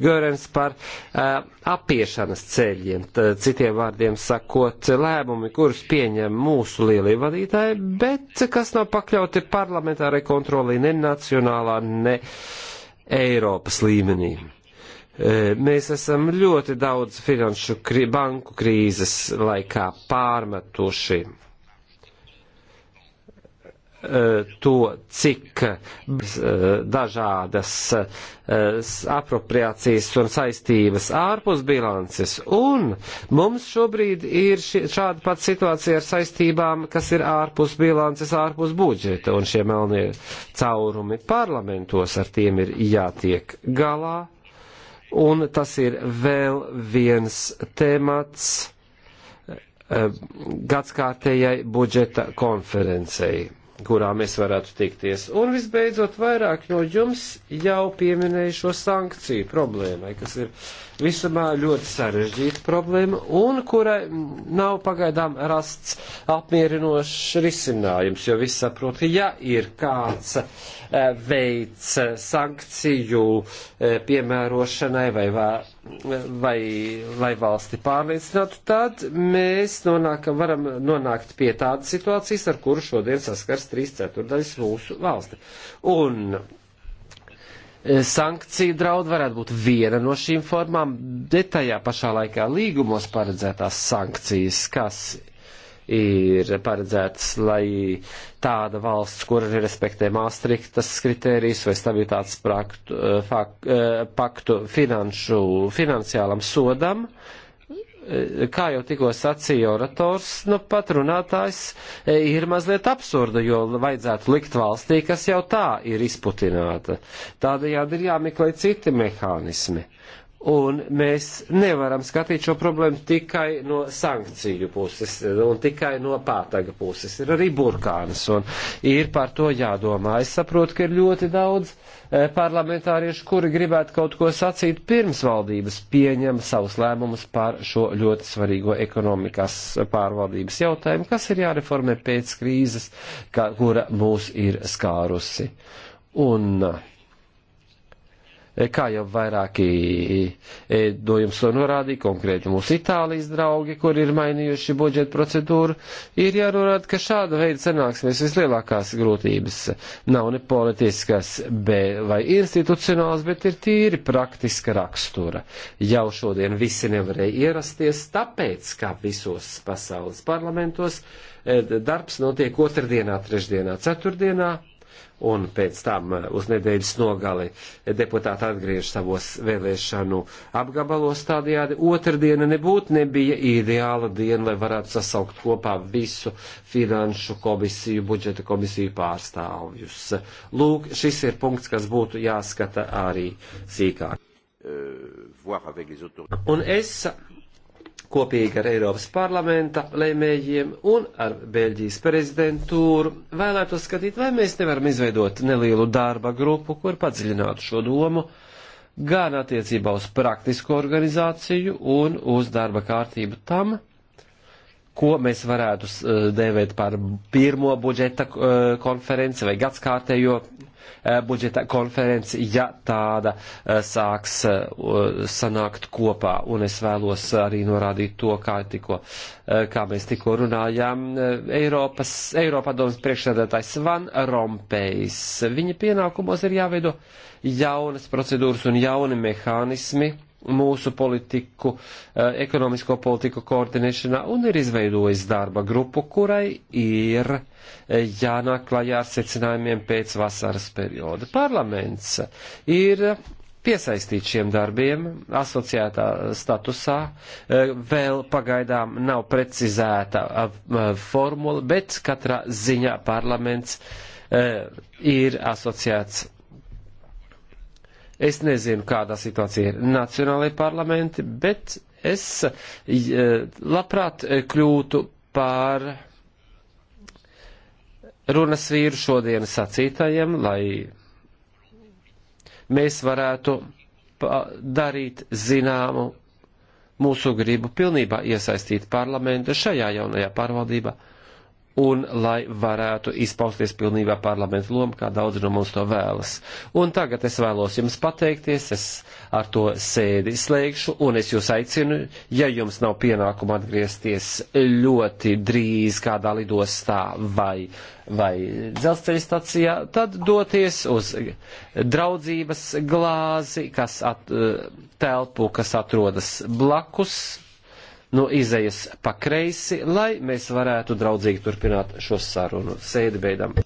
Görens par uh, apiešanas ceļiem, tā, citiem vārdiem sakot, lēmumi, kurus pieņem mūsu lielie vadītāji, bet kas nav pakļauti parlamentārai kontrolī ne nacionālā, ne Eiropas līmenī. Mēs esam ļoti daudz finanšu krī, banku krīzes laikā pārmetuši Eh, to, cik eh, dažādas eh, apropriācijas un saistības ārpus bilances, un mums šobrīd ir ši, šāda pat situācija ar saistībām, kas ir ārpus bilances, ārpus budžeta, un šie melnie caurumi parlamentos ar tiem ir jātiek galā, un tas ir vēl viens temats gadskārtējai budžeta konferencei kurā mēs varētu tikties. Un visbeidzot, vairāk no jums jau pieminēju šo sankciju problēmai, kas ir visumā ļoti sarežģīta problēma un kurai nav pagaidām rasts apmierinošs risinājums, jo viss saprot, ka ja ir kāds e, veids sankciju e, piemērošanai vai, vai, lai valsti pārliecinātu, tad mēs nonākam, varam nonākt pie tādas situācijas, ar kuru šodien saskars trīs ceturdaļas mūsu valsti. Un Eh, Sankcija draud varētu būt viena no šīm formām, bet tajā pašā laikā līgumos paredzētās sankcijas, kas ir paredzētas, lai tāda valsts, kura respektē Māstriktas kritērijas vai stabilitātes praktu, eh, fak, eh, paktu finanšu, finansiālam sodam, uh, Eh, kā jau tikko sacīja orators, nu pat runātājs eh, ir mazliet absurda, jo vajadzētu likt valstī, kas jau tā ir izputināta. Tādējādi ir jāmeklē citi mehānismi. Un mēs nevaram skatīt šo problēmu tikai no sankciju puses un tikai no pātaga puses. Ir arī burkānas un ir par to jādomā. Es saprotu, ka ir ļoti daudz e, parlamentārieši, kuri gribētu kaut ko sacīt pirms valdības pieņem savus lēmumus par šo ļoti svarīgo ekonomikas pārvaldības jautājumu, kas ir jāreformē pēc krīzes, kā, kura mūs ir skārusi. Un, uh, E, kā jau vairāki e, no jums to norādīja, konkrēti mūsu Itālijas draugi, kur ir mainījuši budžetu procedūru, ir jārunāt, ka šāda veida sanāksmēs vislielākās grūtības nav ne politiskas be, vai institucionāls, bet ir tīri praktiska rakstura. Jau šodien visi nevarēja ierasties, tāpēc, kā visos pasaules parlamentos, e, darbs notiek otrdienā, trešdienā, ceturtdienā, un pēc tam eh, uz nedēļas nogali eh, deputāti atgriež savos vēlēšanu apgabalos tādajādi. Otrdiena nebūtu nebija ideāla diena, lai varētu sasaukt kopā visu finanšu komisiju, budžeta komisiju pārstāvjus. Lūk, šis ir punkts, kas būtu jāskata arī sīkāk. Eh, un es kopīgi ar Eiropas parlamenta lēmējiem un ar Beļģijas prezidentūru vēlētos skatīt, vai mēs nevaram izveidot nelielu darba grupu, kur padziļinātu šo domu gan attiecībā uz praktisko organizāciju un uz darba kārtību tam, ko mēs varētu eh, dēvēt par pirmo budžeta eh, konferenci vai gadskārtējo eh, budžeta konferenci, ja tāda sāks sanākt kopā. Un es vēlos arī norādīt to, kā, tiko, kā mēs tikko runājām. Eiropas, Eiropadomas priekšsēdētājs Van Rompējs. Viņa pienākumos ir jāveido jaunas procedūras un jauni mehānismi mūsu politiku, eh, ekonomisko politiku koordinēšanā un ir izveidojis darba grupu, kurai ir eh, jānāk klajā ar secinājumiem pēc vasaras perioda. Parlaments ir piesaistīts šiem darbiem asociētā statusā, eh, vēl pagaidām nav precizēta formula, bet katrā ziņā parlaments ir asociēts Es nezinu, kādā situācijā ir nacionālajie parlamenti, bet es eh, labprāt eh, kļūtu par runas vīru šodien sacītajiem, lai mēs varētu darīt zināmu mūsu gribu pilnībā iesaistīt parlamentu šajā jaunajā pārvaldībā un lai varētu izpausties pilnībā parlamentu loma, kā daudz no mums to vēlas. Un tagad es vēlos jums pateikties, es ar to sēdi slēgšu, un es jūs aicinu, ja jums nav pienākuma atgriezties ļoti drīz kādā lidostā vai, vai dzelzceļa stacijā, tad doties uz draudzības glāzi, kas at, eh, telpu, kas atrodas blakus no izejas pakreisi, lai mēs varētu draudzīgi turpināt šo sarunu. Sēdi beidam!